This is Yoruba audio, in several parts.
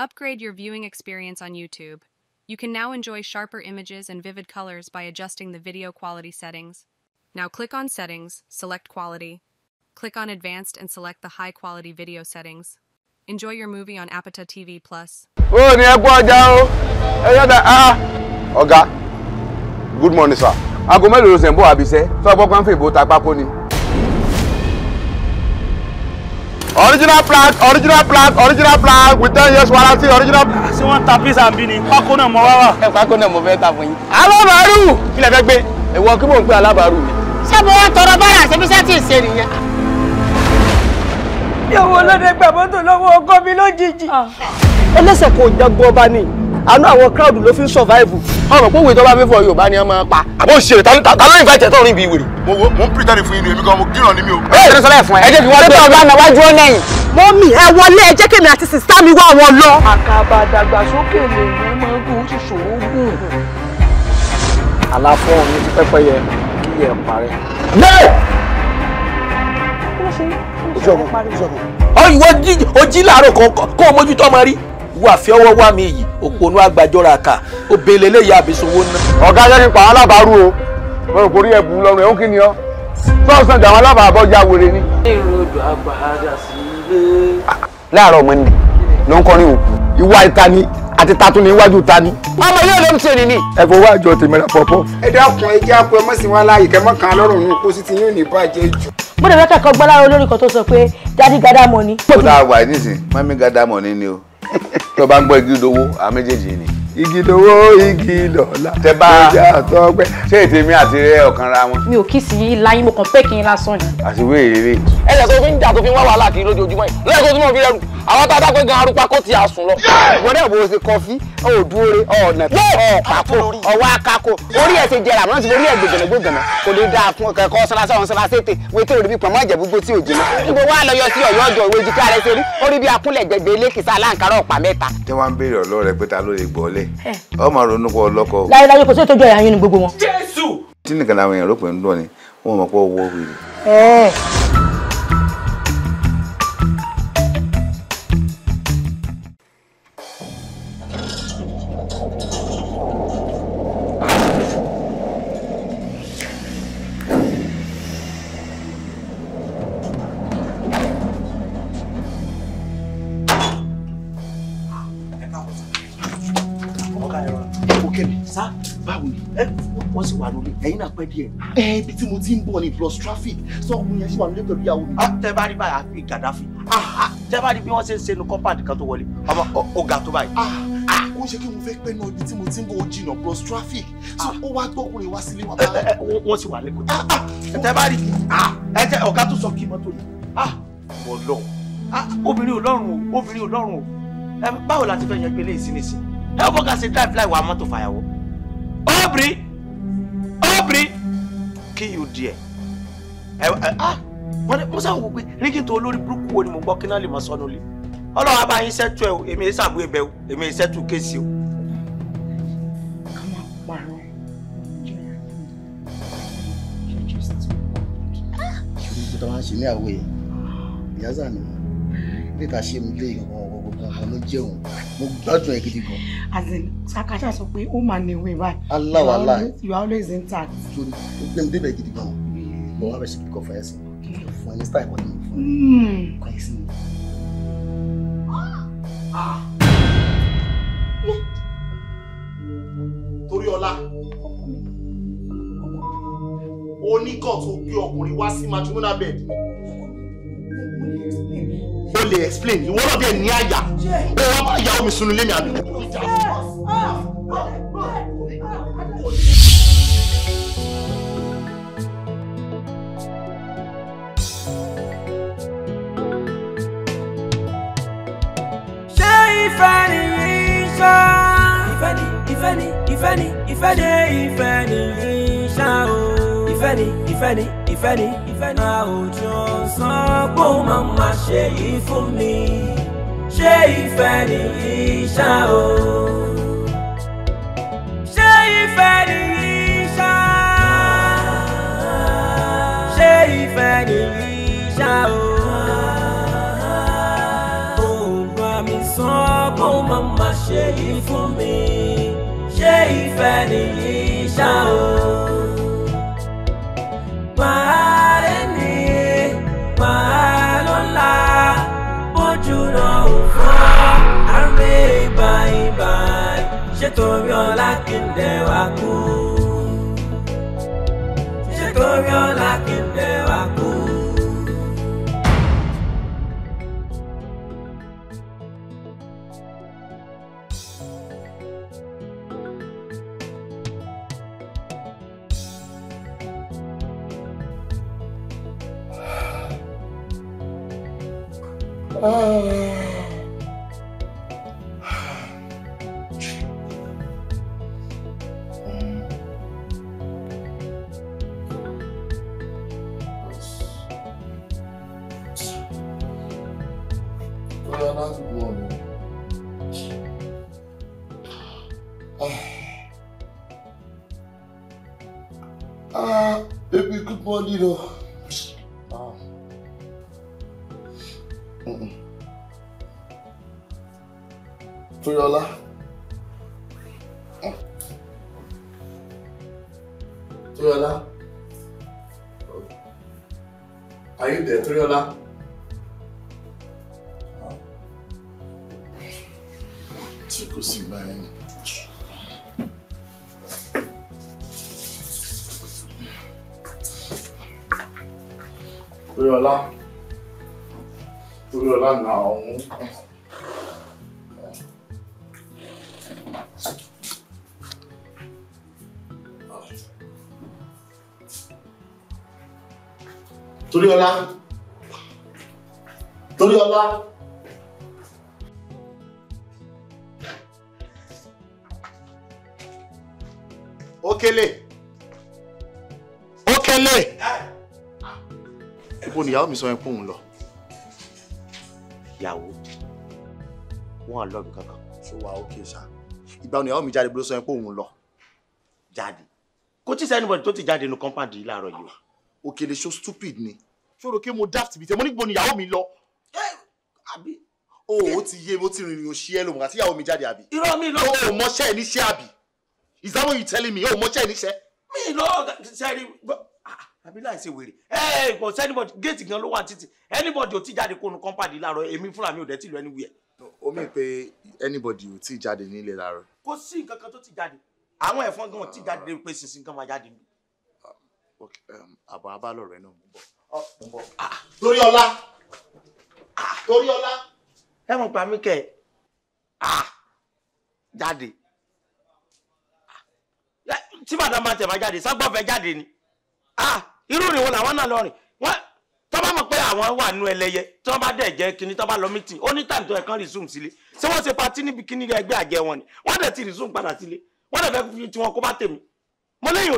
Upgrade your viewing experience on YouTube. You can now enjoy sharper images and vivid colors by adjusting the video quality settings. Now click on Settings, select Quality. Click on Advanced and select the High Quality Video settings. Enjoy your movie on Apata TV+. Plus. Oh, good morning sir. Aago mélòó ló ṣe ń bọ̀ àbí iṣẹ́? Sọ́gbọ́n kan fèbó ta pákó ni. original plaque original plaque original plaque with ten years warranty original. ṣé wọ́n ta pizza bí ni pákó náà mo wá wà. ẹ pákó náà mo fẹ́ ta fún yín. alábàárù kí lẹ fẹ́ gbé. ìwọ kí mò ń pe alábàárù mi. ṣé mo wá tọrọ báyà ṣe fi sẹ́tì ṣe nìyẹn. bí owó lóde gbà mọ́tò lọ́wọ́ ọkọ mi lójijì. Ah. ẹlẹ́sẹ̀ kò jágbó ọba ni àánú àwọn crowd ló fi ń survive ọmọ pé òwe tó bá fẹ́ fọ Yorùbá ni wọ́n máa pa. àbó ṣe ta ló invite ẹ̀ tó rìn bí ìwèrè. mo wo mo ń pretend fún inú èmi gan mo gíràn ní mi o. ẹ ẹ sọlá ẹ fún ẹ. ẹ jẹ́ kí wọ́n gbé ọgbà náà wájú ọ̀nà yìí. mọ́mì ẹ wọlé ẹ jẹ́ kí èmi àti sista mi wá wọn lọ. àkàbà dàgbàsókè lè yẹn máa gùn ó ti ṣòro gùn. àlàfo òun ti pẹ́pẹ́ yẹ kí yẹ parẹ́. ojú ọmọ ojú ọmọ. ọ ìwọ ojí làárọ̀ kó o mójútó ọmọ rí wà fi ọwọ́ wà mí yìí òpònú àgbàjọra kà obìnrin eléyìí àbísowó ná. ọ̀gá jẹ́ nípa àwọn alábàárù o mo rò kórí ẹ̀bù lọ́rùn ẹ̀hún kí ni ọ́ sọ́ọ̀sán jà àwọn alábàábọ̀ já wèrè ni. láàárọ̀ mọ́ndé ló ń kọrin òkú ìwà ìta ni àti tatu ní iwájú ta ni. ọmọ yóò ló ń ṣe nìní. ẹ fọ àjọ tèmi ra ẹ dákun ẹ jẹ́ àpò ẹmọ́sí wọn láàyè kẹ́mọ́ kan lọ́rùn ní kó sì ti yóò ní bàjẹ́ jù. bóde fẹ́ kẹ́kọ̀ọ́ gbọ́lára olórí kan tó sọ pé dádì gádàmọ́ ni. ó wà nísìnyí mami gádàmọ́ ni ni o tó bá ń gbọ́ igi dowó àwọn méjèèjì ni igi dowó igi dọ̀la tẹ bá ọjà àtọ́gbẹ́ ṣé ètèmi àti rẹ ọ̀kan ra wọn. mi ò kí sí i láyé mo kàn pé kí n lásán ni. àṣìwé èrè. ẹ jẹ́ sọ fi ń jà tó fi ń wá wàhálà kiri lójoojúmọ́ yìí lẹ́yìn tó tún mọ̀ fi rẹ̀ rù àwọn tá a dápẹ́ gan arúpa kó ti àsùn lọ. ìwọ náà bó o ṣe kọfí ọ dúró ọ̀nà ọ̀pàkó ọwọ́ akáko orí ẹ̀ ti jẹrà àmọ́ ti fi orí ẹ̀ gbẹ̀gbẹ̀gbẹ̀gbẹ̀nà kò lè dáa fún ọkọ̀ ẹ̀kọ́ sọ́lásọ́ ọ̀hún sọ́lásọ́ ètè wọ́n ti rò bí pọ̀nmọ́ ìjẹ̀bú gbó tí ò jìnnà. níbo wàá lọ yọ sí ọ̀yọ́ ọjọ́ ìwé jíkà rẹ̀ ṣe rí orí bí akúnlẹ̀ jẹgbẹ́ lẹ́kìsà láǹkárọ̀ ọ̀pá mẹ́ta. tí wọ́n ń béèrè ọ̀lọ́ rẹ̀ pé ta ló lè gbọ́ l rẹ ọmọ eh. ronú pọ ọlọkọ o. láyéláyé kò sí ìtọ́jú ẹ̀yà yín ni gbogbo wọn. jésù. tí nìkan làwọn èèyàn rò pé ń dùn ni wọn mọ̀ pé owó wèrè. Eh. pẹ́ díẹ̀ ẹ ibi tí mo ti ń bọ̀ ni plus traffic sọ ọkùnrin yẹn ṣì wà nílé pẹ̀lú ìyàwó mi. Ah, tẹ bá rí báyìí àfi gàdáfì tẹ bá rí bí wọ́n ṣe ń ṣe nu compound kan tó wọlé ọmọ ọ̀gá tó báyìí. ó ah, ah, ṣe kí mo fẹ́ pẹ́ náà ibi tí mo ti ń bọ̀ jìnnà plus traffic so ó wá gbọ́kùnrin wá sílé wa. wọ́n sì wà lẹ́kọ̀ọ́ tẹ bá rí ọ̀gá tó sọ kí mọ́tò ni ọlọ́run obìnrin ọlọ́run o obìnrin ọlọ́run o báwo la ti fẹ́ yẹn gbélé ìsinísìn ẹ kọ́ ká ṣe drive láì wá mọ́tò fàyàwọ́ obìnrin asking you there ah wọ́n ní musa wò pé rígì tó olórí burúkú wo ni mo gbọ́ kí náà lè máa sọnù lé ọlọ́wọ́ bá yín sẹ́tù ẹ̀ o èmi ẹ̀ sàbú ẹ̀bẹ̀ o èmi ẹ̀ sẹ́tù kéèsì o. ká máa parọ́ ìṣòro ah! tó máa ń ṣe ní àwọ̀ yẹn ìyá sàmì níta ṣe mi lé ìgbọ̀ngàn àwọn ló jẹ́ òun mo gbádùn ẹ gidi gan. as in sọ pé ó máa ní ìwé aláwa la you are always intact. sori o gbé mi débẹ̀ gidi gan mo wá bẹ̀ ṣe kíkọ́ fún ẹ sí fún ẹ ní style kan ní fún ẹ hmm. kọ́ torí ọlá oníkọ̀ tó gbé ọkùnrin wá sí matrimonial bed o lè explain ìwọ náà dẹ̀ ní àyà o wá bá ìyàwó mi sunu lémi àbí. ṣé ìfẹ́ nìyí ṣá. ìfẹ́ ni ìfẹ́ ni ìfẹ́ ni ìfẹ́ de ìfẹ́ nìyí ṣá o ìfẹ́ ni ìfẹ́ ni ìfẹ́ ni ìfẹ́ ni. àwùjọ san pé ó máa ma ṣe yìí fún mi ṣé ìfẹ́ ni ìṣá o. ṣé ìfẹ́ o. òun bá mi ṣe ìfẹ́ ni ìṣá o máa lẹ́ni máa lọ́la bójú náà ò fọ́ àárẹ̀ ìbáyìbá ṣètòrí ọ̀la kí n wá kú. Oh. Toríọlá Toríọlá. Okele Okele ibo ni ìyàwó mi sọ yẹn kóhun lọ. ìyàwó wọn lọ bí kankan. ṣé wàá ókè ṣá ìgbà ni ìyàwó mi jáde bí ló sọ yẹn kóhun lọ. jáde kò tí sẹ́ni bọ̀dì tó ti jáde no kọ́ńpáàdì yìí láàárọ̀ yìí o. Okele ṣó stupid ni ṣòro kí mo daft bìtẹ́ mo ní gbóni ìyàwó mi lọ. àbí. o ò ti yé mo ti rìnrìn òṣì ẹ lòmùgbà tí ìyàwó mi jáde àbí. irọ́ mi lọ. o ò mọṣẹ́ ẹ níṣẹ́ àbí is that what you telling me o ò mọṣẹ́ ẹ níṣẹ́. mi lọ sẹ́ni ah, ah, àbí láì ṣe wèrè ẹ kò sẹ́nibọ̀dì géètì gan ló wà títì anybody ò ti jáde kónú kọ́ńpàdé láàárọ̀ èmi fúnra mi ò dẹ̀ tìlú anywhere. o mi pe anybody ò tí jáde nílé láàárọ̀. kò sí nǹkan kan tó ti jáde àwọn ẹ̀fọn gan ò tí jáde torí ọlá torí ọlá. ẹ mọ̀ pa mí kẹ́ ẹ̀ jáde tí bàdá máa tẹ̀ bá jáde ságbọ́fẹ́ jáde ni irú ni wọn làwọn náà lọ rìn wọn tó bá mọ̀ pé àwọn wà nú ẹlẹ́yẹ tó bá dẹ̀ jẹ́ kinní tó bá lọ mítì ó ní tàǹtọ́ ẹ̀kan resume sílé ṣé wọ́n ṣe patí níbi kinní ẹgbẹ́ àjẹ́ wọn ni wọ́n dẹ̀ ti resume padà sílé wọ́n dẹ̀ fẹ́ fi tiwọn kó bá tèmi mo léyìn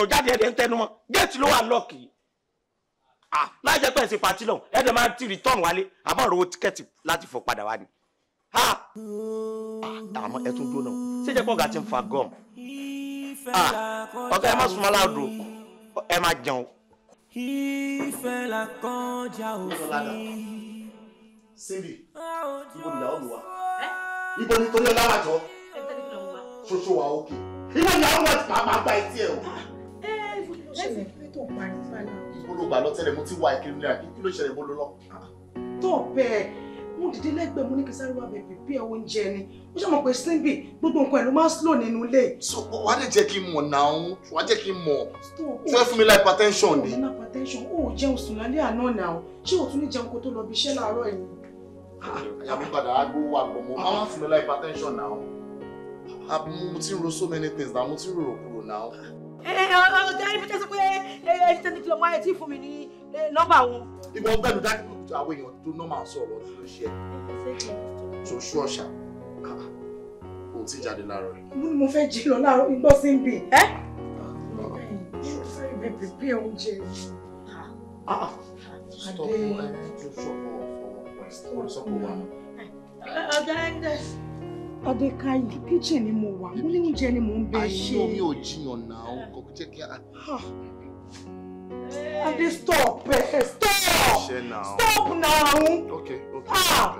ò jáde èyàn ń tẹnu mọ́ géètì ló wà lọ́ọ̀kì yìí láì jẹ́ pẹ̀sìn pàtí lọ́hùn ẹ̀ dẹ̀ máa ti rìtọ́ọ̀nù wálé àbá òróró tíkẹ́ẹ̀tì láti fò padà wá ni. àmọ́ ẹ tún dúró náà ṣé jẹ́ pọ̀gà ti ń fa gọ́ọ̀m. ọ̀gá ẹ má súnmọ́ aláàdùn ẹ má jẹun. ìfẹ́ la kọjá òfin. sèbì ibo ni àwọn olùwà ibo ni torí ọlá wàjọ ṣoṣo wa òkè ibo ni àwọn olùwà ti máa gba etí ẹ o. ẹ ẹ ìfúnni tó ń parí fún àná mo ló gbà lọ tẹ́lẹ̀ mo ti wá ìkiri nílẹ̀ àbí kí ló ṣẹlẹ̀ mo ló lọ. Ah, tó bẹ́ẹ̀ mo dìde lẹ́gbẹ̀ẹ́ mo ní kí sáré wá bẹ̀bẹ̀ bí ẹ oúnjẹ ni mo ṣe mọ̀ pé simbi gbogbo nǹkan ẹ̀ ló máa ń slow nínú ilé. so wàá lè jẹ́ kí n mọ̀ náà wàá jẹ́ kí n mọ̀ tó ẹ fún mi hypertension ni. hypertension ó jẹun sùn lálẹ́ àná náà ṣé o tún ní jẹun kó tó lọ bí iṣẹ́ láàárọ̀ yìí. àyàfi ah, padà á gbó wà pọ̀ mọ́ àwọn fún mi hypertension náà ah, mo ti ń ro so many things náà mo ti ń rò náà normal Ah, ọjà ibi tó sọ pé ẹni tó ti kìlọ̀ mọ́ ayé tí fún mi ní eh, nọ́mbà wọn. ìwọ gbẹnu dákì àwọn èèyàn tó nọ́mbà sọ̀rọ̀ tí ló ṣe tó ṣú ọ̀ṣà kò tí jáde láàárọ̀ rẹ̀. mo ní mo fẹ́ jí lọ láàárọ̀ igbó sí ń bì. ẹ ẹ bèbè oúnjẹ adé ọjà ẹ̀ ń dẹ̀. Adékáyì, kíchìn ni mo wà, mo ní oúnjẹ ni mo ń bẹ ṣe. Ayé mi ò jiyàn náà, kò jẹ́ kí a. Adé stop ẹ, stop! Stop now! Okay, okay. Ah.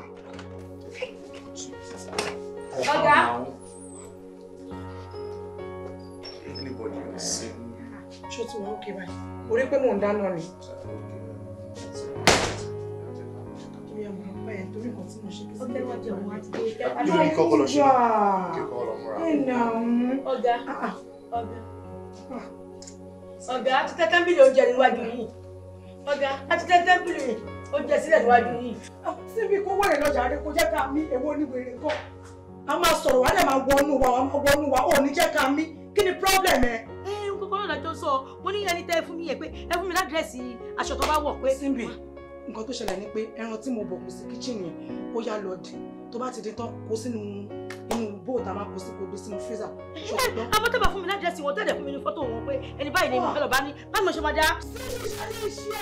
Ọ̀gá. Anybody will see. Ṣé o ti wọ́n ókè báyìí? Orí pé mò ń dáná ni. Ó yẹ torí kan tí mo ṣe kí sí ilé ọjọ́ wa ti dé. lórí kọ́kọ́ lọ ṣe lọ kíkọ́ lọ múra. ọ̀gá ah, ah. Ah. ọ̀gá a ti tẹ́ tẹ́ḿbìlì oúnjẹ níwájú yìí ọ̀gá a ti tẹ́ tẹ́ḿbìlì oúnjẹ sílẹ̀ níwájú yìí. síbi kó wẹ̀rẹ̀ lọ́jà rẹ kó jẹ́ ká mí èwo ni wèrè kọ́ a máa sọ̀rọ̀ wá lè máa wọnú wa máa wọnú wa ò ní jẹ́ ká mí kí ni problem ẹ. ẹ eh, ń gbogbo ọ̀nà tó sọ mo ní ẹni tẹ́ fún mi yẹn pé ẹ fún mi ládírẹ́sì aṣọ tó bá wọ̀ pé. síbi nǹkan tó ṣẹlẹ̀ ni pé ẹran tí mo bọ̀ kù sí kíchìn yẹn ó yá lọ dín tó bá ti dín tán kó sínú inú bó ta máa kó sí kó sínú freezer. Eh, àwọn tó bá fún mi láti ẹsìn wọn tẹ̀lé fún mi ní fọ́tò wọn pé ẹni báyìí ni mo fẹ́ lọ bá ní báwo ṣe máa dá. sẹ́yìn ìṣẹ́lẹ̀ ìṣe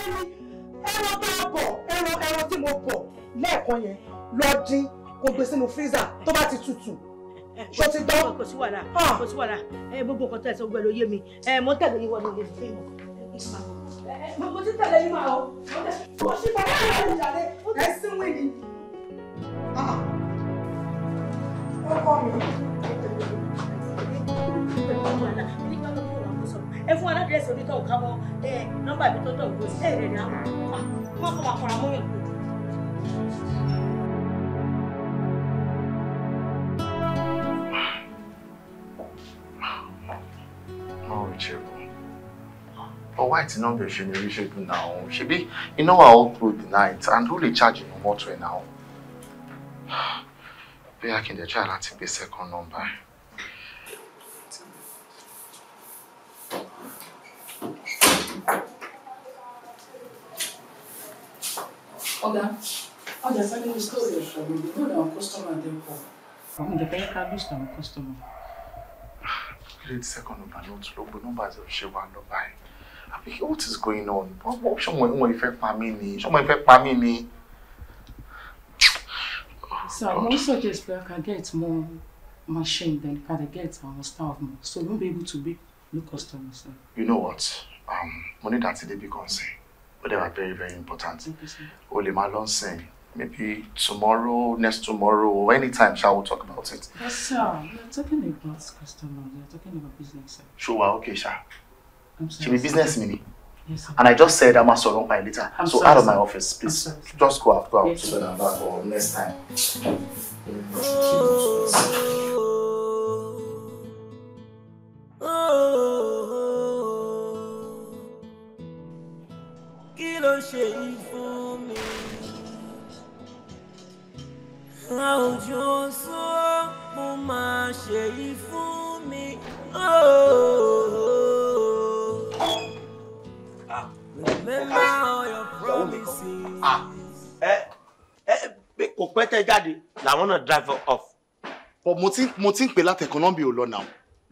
ẹran tó bọ̀ ẹran ẹran tí mo bọ̀ lẹ́ẹ̀kan yẹn lọ dín kó gbé sínú freezer tó bá ti tutù ṣó dán. kò sí wàhálà ah. kò sí wàhálà eh, mo aládìrẹ́sì onítọ̀ ọ̀ká mọ́ nọ́mbà mi tó tọ̀ ọ̀gbọ́n ẹ̀rẹ̀ ni a mọ̀ máa kọ́ mọ́yàn. light náà bẹ̀ ṣe ni oríṣègùn náà ọ̀hún ṣebí iná wà through the night and who lè charge in what way now? bóyá kí n dẹ̀ try láti gbé second number. ọ̀gá ọjà sáré ní sítórì ẹ̀ṣọ́ mi ló dà àwọn kọ́sítọ́mà dé pọ̀. àwọn ìdẹ̀kẹ́ yẹ customer, lùsì àwọn kọ́sítọ́mà. kí ló ti second number náà tún ló gbé nọ́mbà the o ṣe wà lọ báyìí what is going on ṣọmọ ìwọ̀n ìfẹ́ pa mí ni ṣọmọ ìfẹ́ pa mí ni. Sir, i wan suggest that i get more machine than i get our staff more so we won't be able to be new customers. you know what um, mo ní dàtí débi kan but they are very very important o lè máa lọ sẹ́yìn maybe tomorrow, next tomorrow, or anytime, shall we talk about it? Yes, sir. We're talking about customers, we're talking about business, sir. Sure, okay, sir. She be business mini. Yes, and I just said I must run by later. I'm so sorry, out of my office, please. sorry, just go out, go out. Yes. So that I'm back or next time. Kí ló Oh. ìyàwó mi kan ẹ ẹ kò pẹ́ tẹ́ jáde làwọn náà drive off. but mo ti mo ti ń pè látẹ̀kọ́ nọ́mbì ò lọ nà.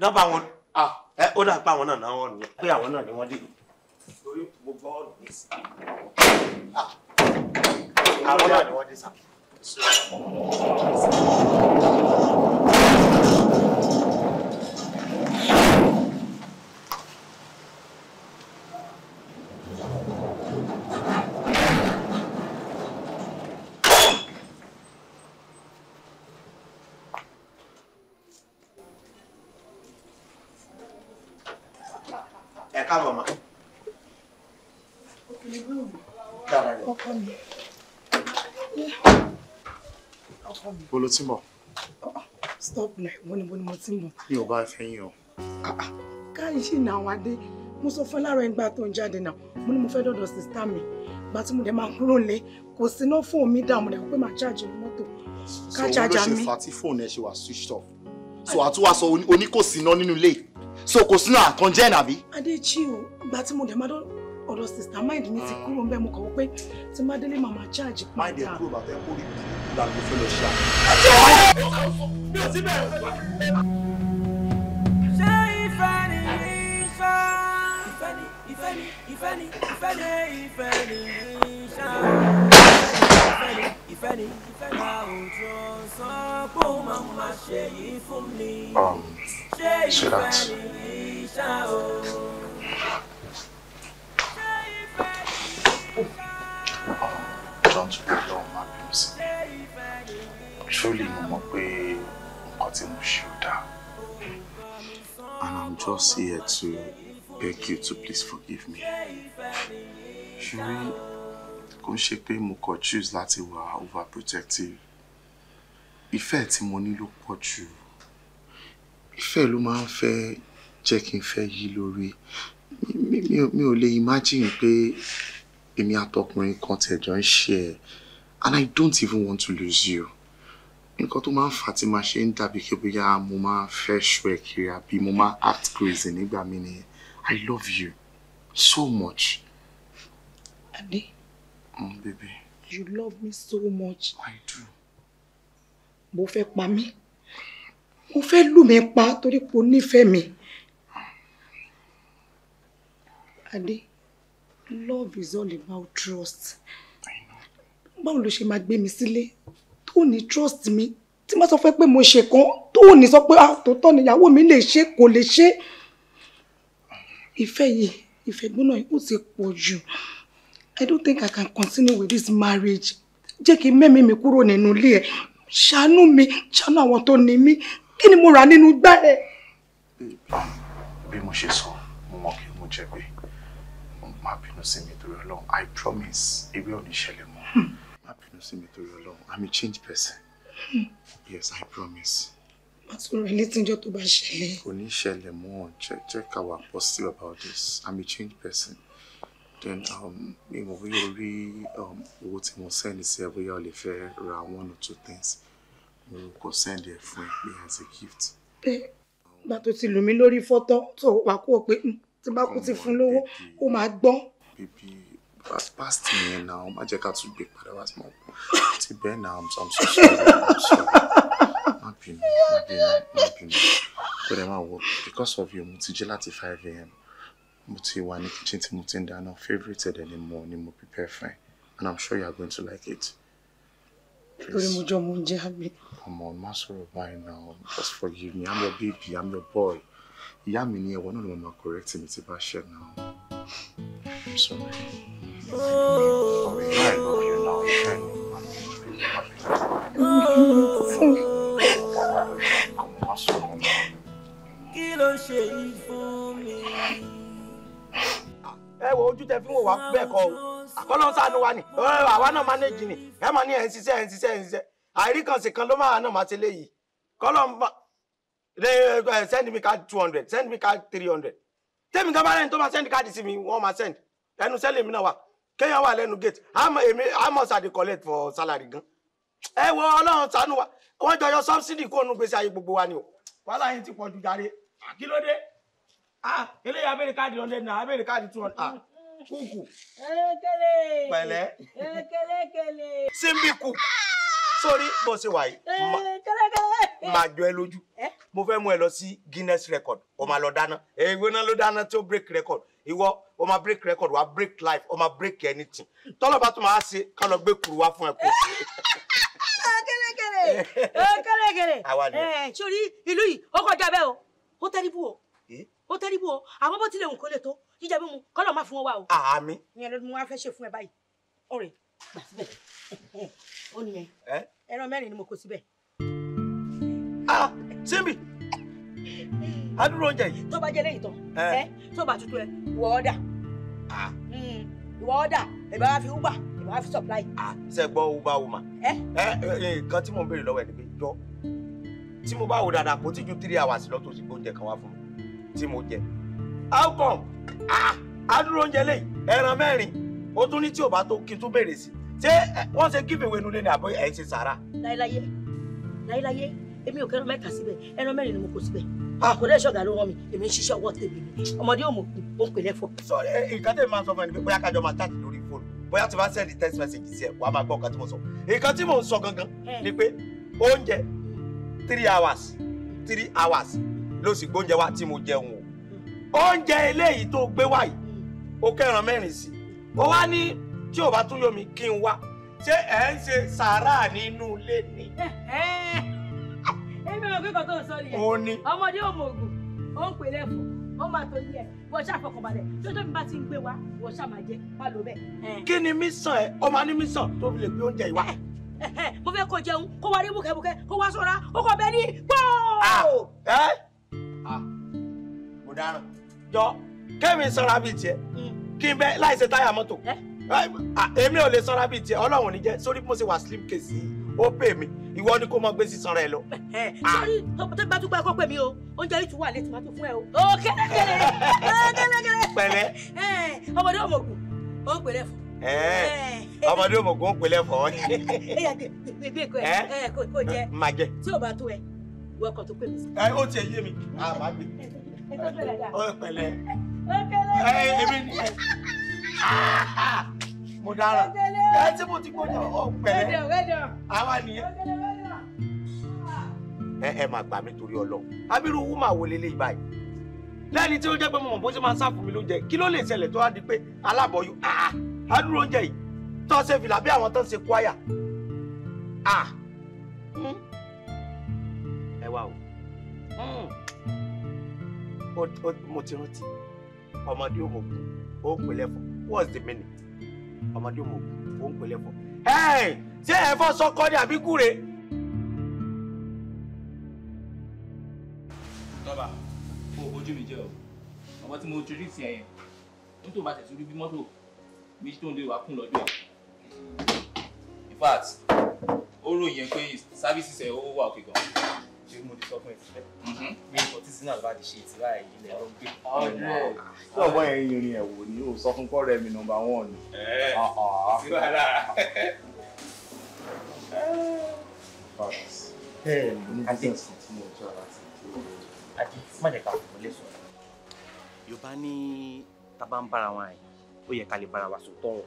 nọ́mbà wọn ah. ẹ ó dà pé àwọn náà náà wọ́n nìyẹn pé àwọn náà ni wọ́n dé. Ah. àwọn náà ni wọ́n dé sá. Bolo ti ń Stop like wọ́n ni bó ni mo ti ń bọ̀. Mi ò bá fẹ́ yín o. Ah, ah. Káyì ṣì nà àwọn adé. Mo sọ fún láàárọ̀ ìgbà tó ń jáde náà. Mo ní mo fẹ́ dọ̀dọ̀ sister mi. Ìgbà tí mo dẹ̀ máa kúrò lé. Kò sí iná fóònù mi dààmú dẹ̀ pé màá ṣáàjì mọ́tò. Ká ṣáàjà mi. So olóṣèlú fati fóònù ẹ ṣe wà switched off. So àtúwà sọ oníkòsí iná nínú ilé yìí so kò sínú àkànjẹ́ nàbí. adéchi o ìgbà tí mo dẹ̀ máa ọ̀dọ̀ sista mind mi ti ah. kúrò ń bẹ́ẹ̀ mo kọ̀ wọ́n pé tí má délé màmá charge mind ẹ kúrò bàtà ẹ kórè bìrì plan mo fẹ́ lọ ṣe àná. Don't be long truly mo mọ̀ pé nǹkan tí mo ṣe ò dáa. And I'm just here to beg you to please forgive me. Ṣùrí kò ń ṣe pé mo kàn choose láti wà overprotective. Ìfẹ́ tí mo ní ló pọ̀ jù. Ìfẹ́ ló máa ń fẹ́ jẹ́ kí n fẹ́ yí lórí. Mi ò lè imagine pé èmi àtọkùnrin kan tẹ̀jọ́ ń ṣe ẹ̀ and I don't even want to lose you nǹkan tó máa ń fà tí máa ṣe ń dàbí kí bóyá mo máa fẹ́ ṣọ ẹ kiri àbí mo máa act crazy nígbà mi nìyẹn I love you so much. Abi. Mm, baby. You love me so much. I do. Mo fẹ́ pa mí. Mo fẹ́ lù mí pa torí pé o nífẹ̀ẹ́ mi. Adé, love is all about trust. I know. Báwo ló ṣe máa gbé mi sílé tó ní trust me. tí má sọ fẹ́ pé mo ṣe kan tó ní sọ pé àtòtọ́ ah, níyàwó mi lè ṣe kò lè ṣe ìfẹ́ yìí ìfẹ́ gbóná yìí ó ti pọ̀ jù I don't think I can continue with this marriage jẹ́ kí mẹ́mí mi kúrò nínú ilé ẹ̀ ṣàánú mi ṣàánú àwọn tó ní mí kí ni mo rà nínú gbá ẹ̀. bí mo ṣe sọ mo mọ kí mo jẹ̀bi má bínú sí mi torí Ọlọ́run I promise ewé ò ní ṣẹlẹ̀ mọ́. Hmm bínú sí mi torí Ọlọ́run I'm a changed person hmm. yes I promise. Màtún rí létíjọ́ tó bá ṣẹlẹ̀. Kò ní ṣẹlẹ̀ mọ́ jẹ́ jẹ́ ká wà positive about this I'm a changed person then um, mi mọ̀ bóyá orí um, owó tí mo send sí ẹ bóyá o lè fẹ́ ra one or two things We kò send ẹ fún ẹ pé a gift. Bẹ́ẹ̀ gbà tó ti lù mí lórí fọ́tọ́ tó wà kó o pé hmm, tí bá kú ti past past yẹn náà má jẹ́ ká tún gbé padà wá sí mọ́ ti bẹ́ẹ̀ náà i'm so sorry i'm bínú má bínú má bínú kó dẹ̀ máa wọ because of you mo ti jí láti five a.m. mo ti wà ní kitchen tí mo ti ń dáná favourite ẹ̀dẹ̀ ni mo ni mo prepare fine and i'm sure you are going to like it. Torí mo jọ mo ń jẹ́ àmì. Come on, má sọ̀rọ̀ báyìí now. Just forgive me. I'm your baby, I'm your boy. Ìyá mi ni ẹ̀wọ̀n náà ló máa correct mi ti bá ṣẹ̀ náà. I'm sorry kí ló ṣe yìí fún mi. ẹ wo ojú tẹ fi ń wò wá bẹ́ẹ̀ kọ́ manage ni ẹ máa ní ẹ̀ ń ṣiṣẹ́ ẹ̀ ń ṣiṣẹ́ ẹ̀ ń ṣiṣẹ́ àìríkànsì kan ló máa náà máa send me card two hundred send me card three hundred tẹ́mi kan bá rẹ̀ ní tó send card sí mi wọ́n máa send ẹnu sẹ́lẹ̀ mi náà wà kéèyàn wà lẹ́nu gate àmọ́ èmi àmọ́ sàdé collect for salary gan ẹ wo ọlọ́run ṣàánú wa wọ́n jọyọ subsidy kó nu gbèsè gbogbo wa o wàhálà yẹn ti pọ̀ ju ah eléyà abẹ́rẹ́ káàdì hundred naira abẹ́rẹ́ káàdì two hundred ah kúkú. elékelé pẹ̀lẹ́. kele. simbi kúkú. sórí bó ṣe wà yìí eh, máa jọ ẹ lójú eh? mo fẹ́ mú ẹ lọ sí Guinness record o máa lọ dáná ewé náà ló dáná tó break record ìwọ o máa break record wa break life o máa break anything tọ́lọ́ba tó máa ṣe ká lọ gbé kuru wá fún ẹ kó sí. kẹ́lẹ́kẹ́lẹ́ ah, kẹ́lẹ́kẹ́lẹ́ ah, eh, sórí ìlú yìí ó kọjá bẹ́ẹ̀ o ó tẹ́rìbù o ó tẹ́rìbù o àmọ́ bó tilẹ̀ nǹkan lè tó jíjẹ mímu kọ́lọ̀ má fún wọn wá o. àmì. ìyẹn ló mú wa fẹ́ ṣe fún ẹ báyìí ọ̀rẹ́ gbà síbẹ̀ ó nìyẹn ẹran mẹ́rin ni mo kó síbẹ̀. síbi adúrò oúnjẹ yìí. tó bá jẹ lẹ́yìn tán ẹ tó bá tutù ẹ wọ ọdà hmm, ìwọ ọdà ìbá wa fi uber ìbá wa fi supply. ṣe gbọ́ uber woman nǹkan tí mò ń béèrè lọ́wọ́ ẹ̀ ni pé jọ tí mo bá wò dáadáa kò tí ju three hours lọ tó sì gbóúnjẹ kan wá fún mi tí mo jẹ how come adúrò oúnjẹ lẹ́yìn ẹran mẹ́rin ó tún ní tí ò bá tó kí n tún béèrè sí i ṣé eh, wọ́n ṣe give away nulẹ̀ ní àbọ̀ ẹ̀ ṣe sàrà. láyéláyé láyéláyé èmi ò kẹ́rọ mẹ́ta síbẹ̀ ẹran mẹ́rin ni mo kó síbẹ̀ ah. kò dẹ́ ṣọ̀gá ló wọ́n mi èmi ń ṣiṣẹ́ ọwọ́ tèmi ni ọmọdé ò mọ̀ ó ń pèlẹ́ fún. sọ eh, nǹkan tẹ́ mi máa sọ fún ẹni pé bóyá kájọ máa tààtì lórí fóònù bóyá tí wọ́n sẹ́ndì text message sí ẹ̀ wàá máa gbọ́ nǹkan tí mo sọ. nǹkan tí mò ń sọ gangan eh. ni pé oúnjẹ three hours three hours ló sì gbóúnjẹ wá tí mo jẹun o. Hmm. oúnjẹ eléyìí tó gbé wáyìí ó kẹ́ran mẹ́rin sí i ó wá ní tí ò bá tún yọ mí kí n wá ṣé ẹ ń ṣe sàárà nínú ilé ni. èmi ò kíkọ tó sọ nìyẹn òun ni ọmọdé ò mọ ògùn ó ń pèlè fún ó máa tó yẹ wọ́n ṣàfọkànbalẹ̀ tó tóbi bá ti ń gbé wa wọ́n ṣàmàjẹ má lò bẹ́ẹ̀. kí ni mí sàn ẹ ọmọ ní mí sàn tó fi lè gbé oúnjẹ ìwá. mo fẹ́ kó jẹun kó wá rí bùkẹ́bùkẹ́ kó wá sọ́ra ó kọ̀ bẹ́ẹ̀ ní gbọ́ọ̀. ẹ mo dáràn jọ kẹ́mi sanra bíi tiẹ̀ hmm. kí n bẹ láì táyà mọ́tò èmi ò lè sanra bíi tiẹ̀ ọlọ́run ní jẹ́ sórí bí mo ṣe wà slim case ó pè mí ìwọ ni kó mọ gbé sísan rẹ lọ. sori tó bá tún gbà kó pè mí o oúnjẹ yìí tún wà létí máa tún fún ẹ o. o kẹlẹkẹlẹ kẹlẹkẹlẹ. pẹ̀lẹ́. ọmọdé òmògùn ó ń pèlè fún. ọmọdé òmògùn ó ń pèlè fún ọ. ẹ yà gbẹgbẹ ẹ kò jẹ tí o bá tó ẹ wọ ọkọ tó pè mí. ẹ ó tiẹ̀ yé mi a máa gbé. ẹ tọ́jú ẹ dáadáa. ó pẹ̀lẹ́. ó pẹ̀lẹ́. ẹ ẹ mi ni ẹ mo dára ẹ tí mo ti gbọ́dọ̀ ọ àwa nìyẹn. ẹ ẹ máa gbà mí torí Ọlọ́run abirú wú máa wọlé lé ibà yìí lẹ́ni tí ó jẹ́ pé mo mọ̀ bó ṣe máa ń sáfù mi lóúnjẹ kí ló lè ṣẹlẹ̀ tó wá di pé alábọ̀yún àádúró ah, ah, oúnjẹ yìí tó ṣe fìlà bí àwọn tó ń ṣe kwaya ah, hmm. ẹ wá o hmm. mo ti rántí ọmọdé òmùkù ó pè lẹ́fọ̀ what's the meaning ọmọdé mo ò ń pèlè fọ. ṣé ẹ̀fọ́ sọkọ ni àbí gúre. tọ́ba kó o bójú mi jẹ́ o ọmọ tí mo torí ìsìn ẹ̀yẹn ní tó bá tẹ̀sí rí bí mọ́tò méjì tó ń lè wá kún lọ́dọ̀ ẹ̀. in fact ó ròyìn pé sáfíìsì ẹ̀ ó wà òkè gan-an sọ fún ẹ sílẹ̀ bí ipò tí sinal bá ti ṣe ti báyìí ilẹ̀ ló ń gbé. Ah, tí ọ̀bọ̀n yẹn yìnrìn ẹ̀ wò ni o sọ fún kọ́rẹ́ mi nọ́mbà wọn ni. Eh, ah, ah, sí wàhálà. Eh. àti má jẹ́ ká fún ilé sọ̀rọ̀. yorùbá ní tábà ń bára wọn àyè ó yẹ ká lè bára wa sòtọ́ ọ̀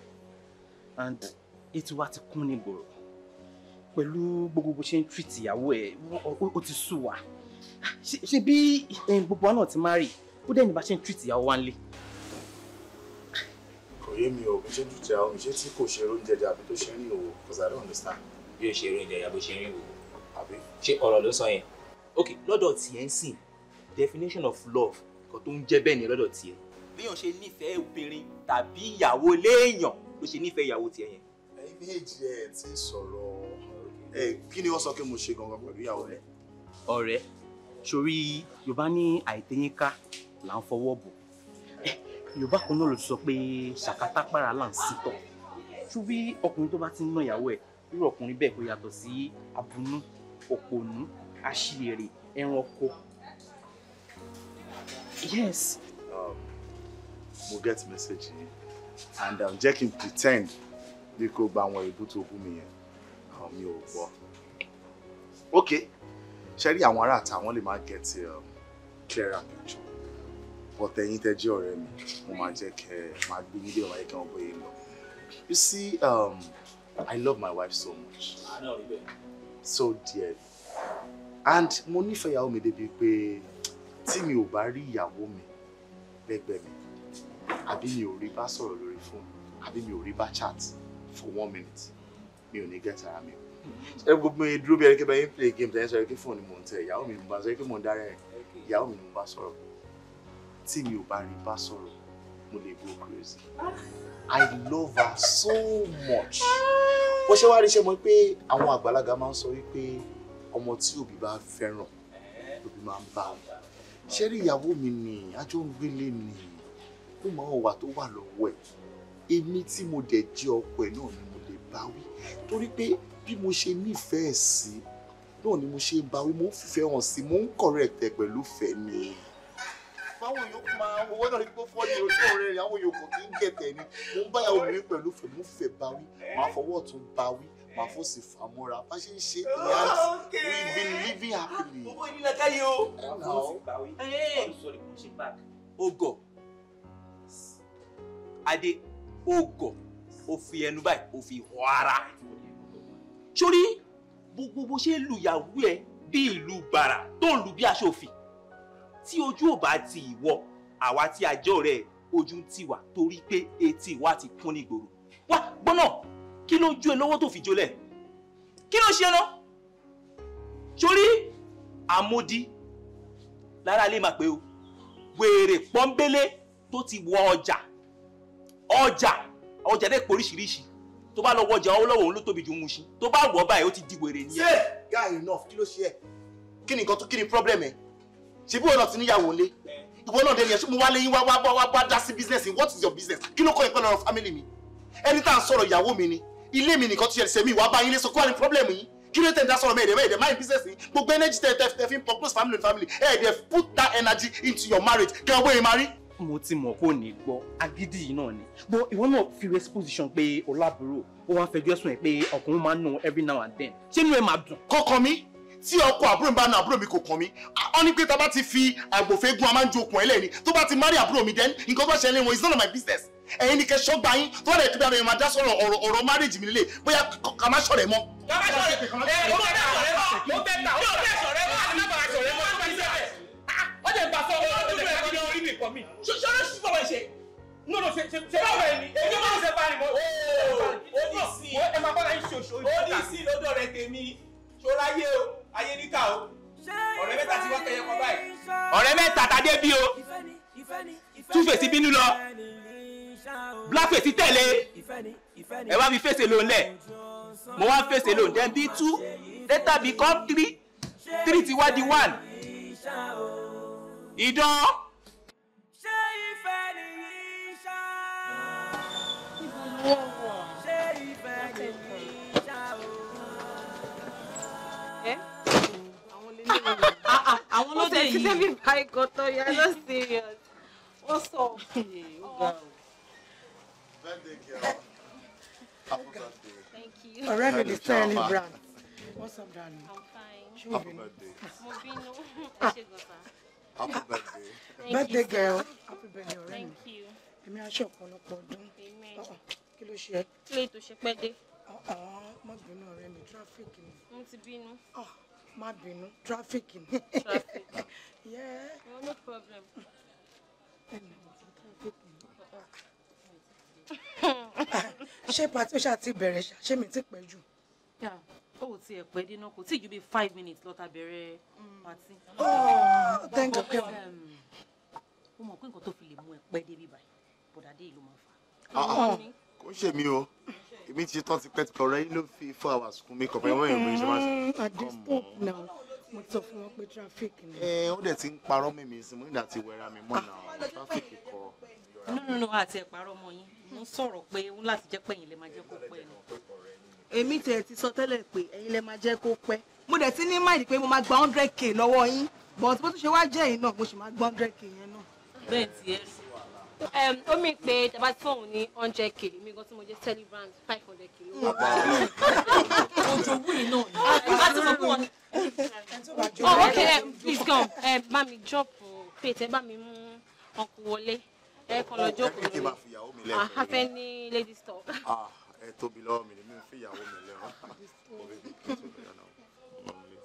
and ètò wa ti kún ní gbòòrò pẹ̀lú gbogbo bó ṣe ń treat ìyàwó ẹ̀ ó ti sú wa ṣe bí gbogbo wa náà ti marry ó dẹ̀ ní bá ṣe ń treat ìyàwó wa nílé. kò mi o mi ṣe dùtì àwọn mi ṣe tí kò ṣe oúnjẹ jẹ àbí tó ṣe rìn òwò because I don't understand. bí o ṣe oúnjẹ jẹ àbí ṣe ń rìn òwò àbí ṣé ọ̀rọ̀ ló sọ yẹn ok lọ́dọ̀ tiẹ̀ ń sìn definition of love nǹkan tó ń jẹ́ bẹ́ẹ̀ ni lọ́dọ̀ tiẹ̀ béèyàn ṣe nífẹ̀ẹ́ obìnrin tàbí ìyàwó léèyàn ló ṣe nífẹ̀ẹ́ ìyàwó tiẹ̀ yẹn. ẹyin méjì ẹ ti sọ̀rọ̀ Eh, kí ni wọ́n sọ pé mo ṣe gangan pẹ̀lú ìyàwó rẹ̀. ọ̀rẹ́ sórí yorùbá ní àìtẹ́yìnká là ń fọwọ́ bọ̀ eh, yorùbá kan náà ló sọ pé ṣàkátá pàrà là ń sítọ̀ sórí ọkùnrin tó bá ti ń ná ìyàwó ẹ̀ irú ọkùnrin bẹ́ẹ̀ kò yàtọ̀ sí abunú òpònú aṣèrè ẹranko yes. Um, mo get message yìí and um, jẹ́ kí n pretend bí kò gba àwọn ìbú tó kú mi yẹn nǹkan mi ò gbọ́ ok ṣe rí àwọn ará àtàwọn lè máa get um, clearer picture but ẹ̀yin tẹ́ jẹ́ ọ̀rẹ́ mi mo máa jẹ́ kẹ́ ẹ máa gbé nílé ọ̀rẹ́ kí wọ́n bóyá lọ you see um, I love my wife so much so dearly and mo nífẹ̀ẹ́ ìyàwó mi débi pé tí mi ò bá rí ìyàwó mi lẹ́gbẹ̀ẹ́ mi àbí mi ò rí bá sọ̀rọ̀ lórí fóònù àbí mi ò rí bá chat for one minute mi ò ní gẹ̀ẹ́tì mi ẹ gbogbo mi dúró bí ẹni kẹbẹ yín play game tẹ́yìn sọ̀rọ̀ kí fóònù ni mò ń tẹ ìyàwó mi ni mo bá sọ̀rọ̀ kí mò ń dárẹ́ ìyàwó mi ni bá sọ̀rọ̀ tí mi ò bá rí bá sọ̀rọ̀ mo lè go crazy I love her so much bó ṣe wá rí ṣe mọ̀ pé àwọn àgbàlagbà máa ń sọ wípé ọmọ tí òbí bá fẹ́ràn òbí máa ń bá wọn ṣe rí ìyàwó mi ni àjọ ń gbélé ni ó máa wà tó wà lọ́wọ́ ẹ̀ èmi tí mo dẹ̀ jẹ́ ọkọ ẹ̀ náà ni bá wí torí pé bí mo ṣe nífẹ̀ẹ́ sí náà ni mo ṣe ń bá wí mo ń hàn sí mo ń correct ẹ pẹ̀lú fẹ́ ni. báwo yóò máa owó náà ní kó fọ́ ní ojú ọ̀rẹ́ rẹ̀ àwọn yòókù kì í gẹ̀tẹ̀ ni mo ń bá ìyàwó mi pẹ̀lú fẹ́ mo ń bá wí màá fọwọ́ ọ̀tún bá wí màá fò sí fàmúra bá ṣe ń ṣe ìyá we ó fi ẹnu báyìí ó fi họ ara sórí gbogbo bó ṣe lùyàwó ẹ bí ìlú bàrà tó ń lù bí aṣọ òfin tí ojú ò bá ti ìwọ àwa tí a jẹ́ ojú ń tì torí pé etí wa ti kún ní ìgboro wá gbọ́nà kí ló ń ju ẹ lọ́wọ́ tó fi jólẹ̀ kí ló ṣe náà sórí àmódi lára lè máa pé o wèrè pọ́ńbélé tó ti wọ ọjà ọjà ọjà dẹ́ pé oríṣiríṣi tó bá lọ wọjà ọlọ́wọ́ òun ló tóbi ju Mushin tó bá wọ̀ báyìí ó ti di wèrè nìyẹn. ṣé guy enough kí ló ṣe ẹ kí ni nǹkan tó kí ni problem ẹ ṣe bí wọn náà ti níyàwó lé ìwọ náà dẹni ẹ ṣé mo wá lẹ́yìn wá wá wá wá dá sí business what is your business kí ló kọ́ ìpẹ́ lọ́rọ̀ family mi ẹni tá à ń sọ̀rọ̀ ìyàwó mi ni ilé mi nìkan ti ṣẹlẹ̀ sẹ́mi ìwà báyìí lé sọ kí wà ní problem yìí kí ló tẹ̀ ń dá sọ̀rọ̀ mẹ́ẹ̀dẹ̀ mẹ́ẹ̀dẹ̀ mind business yìí gbogbo energy tẹ̀ tẹ̀ fi ń pọ̀ close family and family ẹ̀ẹ́dẹ̀ put that energy into your marriage kẹ́ ọwọ́ yìí máa rí mo ti mọ̀ kó ní gbọ́ agídí yìí náà ni but ìwọ náà fi exposition pé ọlábùrò ó wá ń fẹjọ́ sùn ẹ̀ pé ọkùnrin máa ń nù every now and then ṣé inú ẹ máa dùn. kọkàn mi tí ọkọ àbúrò mi bá na àbúrò mi kò kàn mí ọ ní pé tá a bá ti fi àgbòfẹ́gun a máa ń ju tó bá ti marry àbúrò mi then nǹkan bá ṣẹlẹ̀ wọn it's none of my business ẹ̀yin ni kẹ́ ṣọ́gbà yín tó rẹ̀ kíbi àbẹ̀yẹ̀ máa dá sọ̀rọ̀ ọ̀rọ̀ ọ̀rọ̀ marriage mi lélẹ̀ bóyá kà má ṣọ̀rẹ́ mọ́. kà má ṣọ̀rẹ́ mọ́ ẹ̀ ó bẹ̀ tà ó bẹ̀ tà ó bẹ̀ tà ó bẹ̀ tà ó bẹ̀ tà wọ́n jẹ́ gbàsọ́ owó ọdún rẹ̀ kí ni orí mi kọ́ mi ṣọ́ọ́rọ́ sí bọ́wọ́ ṣe no no ṣe ṣe ṣe báwo ẹni èmi máa ń ṣe báyìí mọ́ odisi odisi lọ́dọ̀ rẹ tèmi ṣọ́ra yé o ayé níkà o ọ̀rẹ́ mẹ́ta ti wá kẹyẹ kọ báyìí. ọ̀rẹ́ mẹ́ta tàdé bí o two face bínú lọ black face tẹ̀lé ẹ wá fi fèsè lòun lẹ̀ mo wá fèsè lòun then bí two later bí come three three ti wá di one idán. ṣé ìfẹ́ nìyí ṣá. ṣé ìfẹ́ nìyí ṣá ẹ àwọn lè ní ìwé. Ah, ah, àwọn ló dé yìí. ó tẹ̀sí tẹ́bí báyìí kan tán yà ló serious. ó sọ ó ga o. mi lè tẹ́ brand. What's up, darling? I'm fine. Mo bínú. Ẹ ṣe gbọ̀ta happy birthday. birthday girl. happy birthday ọ̀rẹ́ mi. thank you. èmi aṣọ ọ̀pọ̀lọpọ̀ ọdún. Ah, ah, kí ló ṣe. kí ló ètò ṣe pẹ́ dé. Ah, má bínú ọ̀rẹ́ mi tráfíkì ni. mo ti bínú. má bínú tráfíkì ni. tráfíkì. Yeah. Oh, no problem. ṣé pàtó ṣáà ti bẹ̀rẹ̀ ṣáà ṣé mi ti pẹ́ jù ó ò tiẹ̀ pẹ́ dínà kò tí ju bíi five minutes lọ́ta bẹ̀rẹ̀ pàtí. thank you pẹ́ẹ́n. Um, ó mọ̀ pé nǹkan tó fi lè mú ẹ pẹ́ débi báyìí bọ̀dádé yìí ló máa fà. Ah, ah. kò ṣe mí o èmi ti tán ti pẹ́ ti ọ̀rẹ́ yìí ló fi four hours kún mi kọ̀ọ̀kan ẹ̀wọ̀n ìròyìn ṣe máa ṣe. àdìsọ́p mm, náà mo sọ fún wọn pé traffic ni. ẹ eh, ó dẹ̀ ti ń parọ́ mímì sí mo nígbà tí wẹ́ra mi mọ̀ náà traffic kọ. nínú àti ẹ̀pàrọ̀ ọmọ yín mo sọ̀rọ̀ pé láti jẹ́ pẹ̀yìn lè máa jẹ́ kó pẹ́ ni èmi tẹ̀ ti sọ tẹ́lẹ̀ pé ẹ̀yin lẹ máa jẹ́ kó pẹ́ mo dẹ̀ ti ní máìlì pé mo máa gba hundred k lọ́wọ́ yín but bó tún ṣe wá jẹ́ yìí náà mo sì máa gba hundred k yẹn náà. bẹ́ẹ̀ ti ẹ sùn. ó mì pé tàbá tí fóun ní hundred k mi gan tí mo jẹ́ celebrant five hundred k lọ́wọ́. ojú owó yìí náà ni a ah, ti sọ fún wọn. oh okay um, please come um, bá mi drop pay tẹ bá mi mú ọkùn wọlé ẹ kàn lọ jókòó lórí ah, a fẹ́ ní ladies talk. Ah ẹ tóbi lọ́wọ́ mi ni mi fi ìyàwó mi lẹ́wọ̀n mo fi kí n tóbi lọ́nà mọ̀mílì.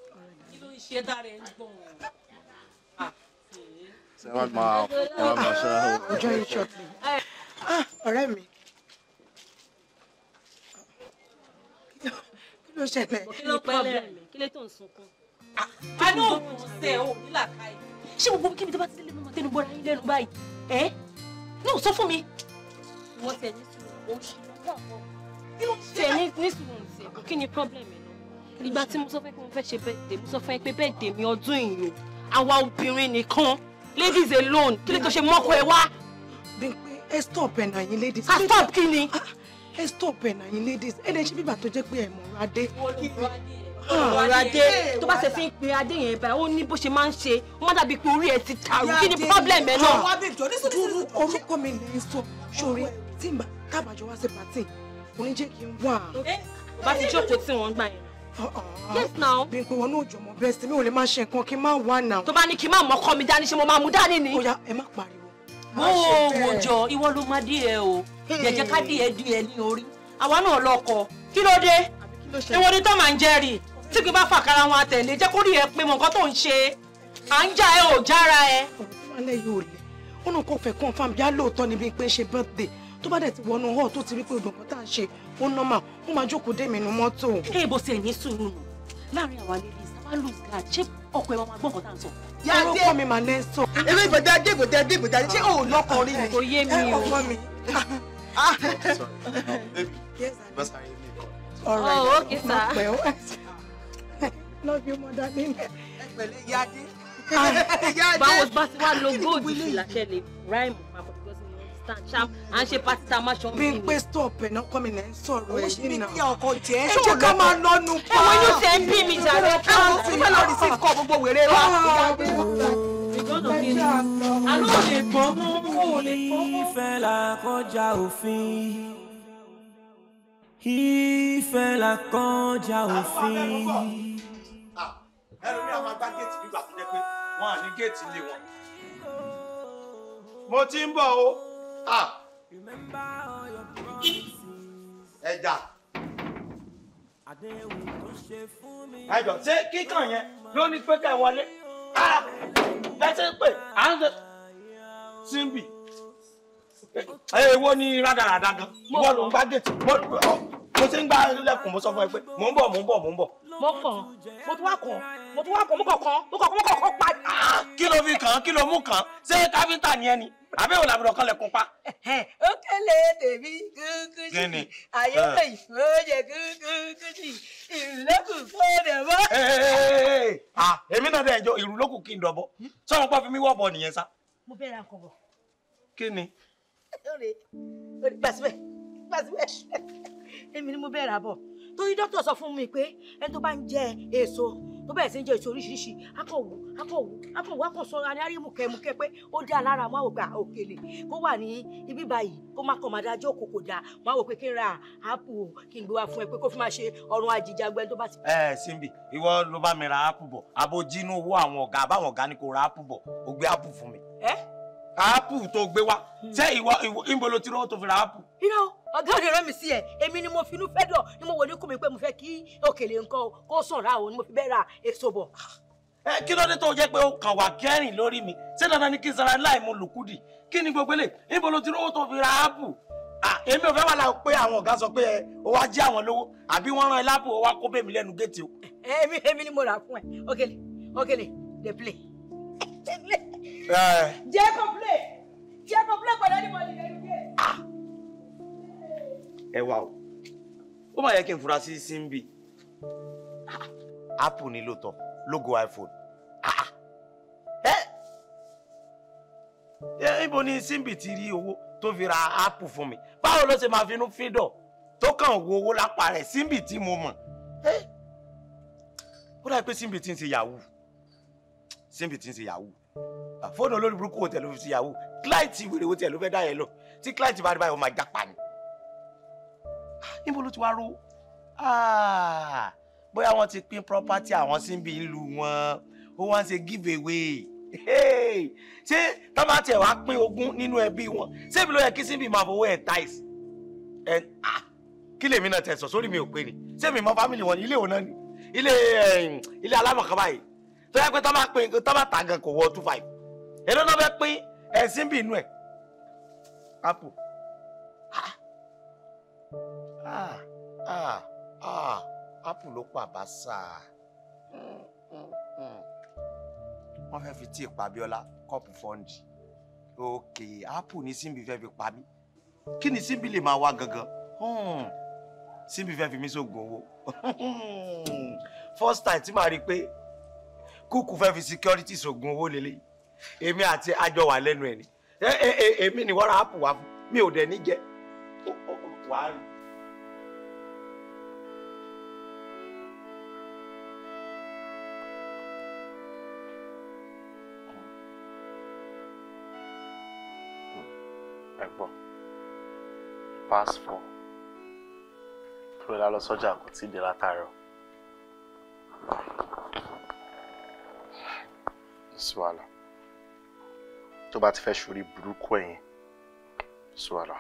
kí ló ń ṣe dára ẹ ń gbọ̀n sẹ́wọ́n ah, máa eh. wọ́n máa ṣọ́ra ó. ọjọ́ yìí ṣọ́ọ̀tì ọ̀rẹ́ mi kí ló ṣẹlẹ̀. kí ló pẹ́ lẹ́rìn kí ló tó ń sunkún. Ah, a ní òògùn ṣe ò nílà káyì. ṣé gbogbo kíbi tó bá ti délé mọ́mọ́ tẹnu bọ́ra yín lẹ́nu báyìí ẹ́ eh? náà sọ fún mi. wọ́n tẹ̀ ní sùúrù ó ń ṣe lọ́wọ́ àwọn ọmọ tẹ̀ ní ní sùúrù ní tiẹ̀ kí ni problem ẹ̀ náà ìgbà tí mo sọ fẹ́ pé mo fẹ́ ṣe birthday mo sọ fẹ́ pé birthday mi ọdún ìyìn àwa obìnrin nìkan ladies alone kí ló tó ṣe mọ́kọ ẹ wá. bí pé ẹ stop ẹ̀ náà yín ladies. a ah, stop kí ni. Ah, ẹ stop ẹ̀ náà yín ladies ẹ lè ṣe bíbà tó jẹ́ pé ẹ̀ mọ̀ adé. ọ̀rọ̀ adé tó bá ṣe fi ń pe adé yẹn báyìí ó ní bó ṣe máa ń ṣe wọ́n dàbí pé orí ẹ ti tàrú kí ni problem ẹ náà. Ah, orúkọ mi lè sọ sórí tí tábàjọ wá sí pàtì kò ní jẹ́ kí n wà. Eh, bá ti jókòó tí wọ́n gbà yẹn. yes now. bí n pe wọn náà jọ mọ bẹ́ẹ̀ sí mi ò lè máa ṣe nǹkan kí n má wà náà. tó bá ní kí n má mọ ọkọ mi dání ṣe mo máa mú dání ni. ó yá ẹ má pariwo. wọ́n ò wò jọ ìwọ ló má díẹ̀ o jẹ̀jẹ̀ ká díẹ̀ díẹ̀ ní orí àwa náà lọkọ kí ló dé ìwọ ni tó máa ń jẹ́rìí tí kì bá fàkàrà wọn àtẹ̀lé jẹ́ kó rí ẹ pé mọ nǹkan tó ń ṣe à ń jà ẹ ò jára ẹ. ọ̀rọ̀ alẹ́ yóò lẹ̀ ó nù kó fẹ́ kàn fáwọn bí á níbi pé ṣe birthday tó bá dẹ̀ ti wọnú hall tó ti rí pé gbogbo tá à ń ṣe ó normal mo máa jókòó dé mi nu mọ́tò. ẹ bó ṣe ní sùúrù nù láàrin àwọn alẹ́ lisa wàá lose guard ṣé ọkọ ẹ wa máa gbọ́ nǹkan tá à ń sọ. yàrá ọkọ mi máa lẹ́ sọ. ewé ìbọ̀dá dé ìbọ̀dá dé ìbọ̀dá ṣé o ò lọ́kọ̀ rí mi. kò yé mi o. ọkọ mi. ọ̀rọ̀ ìdá mo pẹ́ ọ́. love you mother ní ẹgbẹ̀lẹ̀ yáde. báwo bá ti wá lo góòdù ìlàkẹ́ lè ráìmù papọ̀ understand ṣá à ń ṣe pati tá a máa ṣọ́ mi. bí n pé stop ẹ̀ náà kọ́ mi lẹ́ ń sọ̀rọ̀ ẹ̀ yìí náà. ó ṣe ní kí ọkọ jẹ́ ẹ pa. ẹ wo inú tẹ ń bí mi jàre. ẹ wo ti gbogbo wèrè wa. mo ti ń bọ̀ o. Ah. ẹja. ẹjọ ṣé kíkàn yẹn ló ní pé ká wọlé lẹsẹ ah. pé à ń ṣe síbi èwo ni rádaràda gan bọ́ọ̀lù ń bá gèètì bọ́ọ̀lù mo ti ń gbá lẹ́kùn mo sọ fún ẹ pé mò ń bọ̀ mò ń bọ̀ mò ń bọ̀. mo kàn mo tún wá kàn mo tún wá kàn mo kàn kàn mo kàn kàn kàn pa. Ah! kí ló fi kàn kí ló mú kàn ṣé káfíńtà ni ẹ ni àbẹ́ òun làbùrọ̀ kan lẹ̀kùn pa. ó kẹ́lẹ̀ tèmi kúkú sí àyẹ̀wò ìfowóyẹ kúkú sí ìrùlọ́kùn fọ́ọ̀dẹ̀ mọ́. èmi náà dẹ̀ jọ ìrùlọ́kùn kí n dọ̀bọ̀ sọ́wọ́n hmm? pọ́ fi mí wọ́ọ̀bọ̀ nìyẹn sá. mo fẹ́ ra kọ̀bọ̀. kí ni. ó rè é gbàsíbẹ̀ gbàsíbẹ̀ èmi ni mo bẹ̀rẹ̀ àbọ̀ torí dókítà sọ fún mi pé ẹni tó bá ń jẹ èso tó bẹ̀rẹ̀ sí ń jẹ èso oríṣiríṣi akọ̀wò akọ̀wò akọ̀wò akọ̀sọ̀rọ̀ ni arí mùkẹ́mùkẹ́ pé ó dá lára àwọn àwògbà òkèlè kó wà ní ibi báyìí kó má kọ̀ máa dájọ́ kòkò dà wọ́n á wò pé kí n ra ápù kí n gbé wá fún ẹ pé kó fi máa ṣe ọrùn àjìjàgbẹ́ tó bá ti. ẹ Simbi ìwọ ló bá mi ra ápù bọ̀ abojì owó àwọn ọ̀gá àbáwọn ọ̀gá ni kò ra ápù bọ̀ ó gbé ápù fún mi. ẹ ápù tó gbé wá ṣé ìwọ ìwọ tó fi ra ápù. irọ́ ọ̀gá òde rán mi sí ẹ̀ èmi ni mo fi inú fẹ́ dọ̀ ni mo wò ní kùmí pé mo fẹ́ kí òkèlè nǹkan kó sàn ra òun ni mo fi bẹ́ẹ̀ ra èso bọ̀. ẹ kí ló dé tó jẹ́ pé ó kàn wá kẹrin lórí mi ṣé dandan ni kí n sara láì mu lùkúdì kí ni gbogbo lè níbo ló ti rówó tó fi ra áàpù èmi ò fẹ́ wà láwọn pé àwọn ọ̀gá sọ pé ẹ o wá jí àwọn lówó àbí wọ́n rán ẹ lápò o wá kó bèmí lẹ́nu géètì o. èmi èmi ni mo rà fún ẹ òkèlè òkèlè dey play. jẹ́ kó jẹ́ kó pẹ̀lú ẹni mọ̀ nílẹ̀ ẹ wà o ó mà yẹ kí n fura sí símbì apple ni lóòótọ́ logo iphone ẹ ibo ni símbì ti rí owó tó fi ra apple fún mi báwo ló ṣe máa fi inú fídọ̀ tó kàn wo owó lápá rẹ̀ símbì tí mo mọ̀ ó dàbí pé símbì ti ń ṣe yahoo símbì ti ń ṣe yahoo fóònù olórí burúkú hotel ló fi ṣe yahoo client wèrè hotel ló fẹ́ dá yẹn lọ tí client bá rí báyìí ó máa jápa ni níbo ló ti wá rówó ah, bóyá wọ́n ti pín property àwọn síbi ìlú wọn ó wá ń ṣe give away ṣé tó bá tiẹ̀ wá pín ogún nínú ẹbí wọn ṣébi ló yẹ kí síbi máa fowó ẹ̀ táìsì ẹ̀ ah, kí lèmi náà tẹ̀sán sórí mi ò pé ni ṣébi mọ fámìlì wọn ilé òun náà ni ilé ilé alámọ̀kan báyìí tó yẹ pé tó bá pín tó bá tà gan kò wọ two five èló náà fẹ́ pín ẹ̀sìn bì inú ẹ̀ apple ah ah ah apple ló pa àbáṣà wọ́n fẹ́ fi tíì pa Abíọ́lá kọ́ọ̀pù fọ́ǹdì òkè apple ni Simbi fẹ́ fi pa mí kí ni Simbi lè máa wá gangan hmm, Simbi fẹ́ fi mí sóògùn owó first time tí màá rí i pé kúkú fẹ́ fi security sóògùn owó lélẹ́yìí èmi àti àjọ wà lẹ́nu ẹ̀ ni èmi ni wọ́n ra apple wá fún mi ò dẹ̀ ní jẹ́ wàá rí i. past four kúrò lọ sọ́jà kò tí ì dé látàárọ̀. sùwàlà tó bá ti fẹ́ ṣorí burúkú ẹ̀yìn sùwàlà.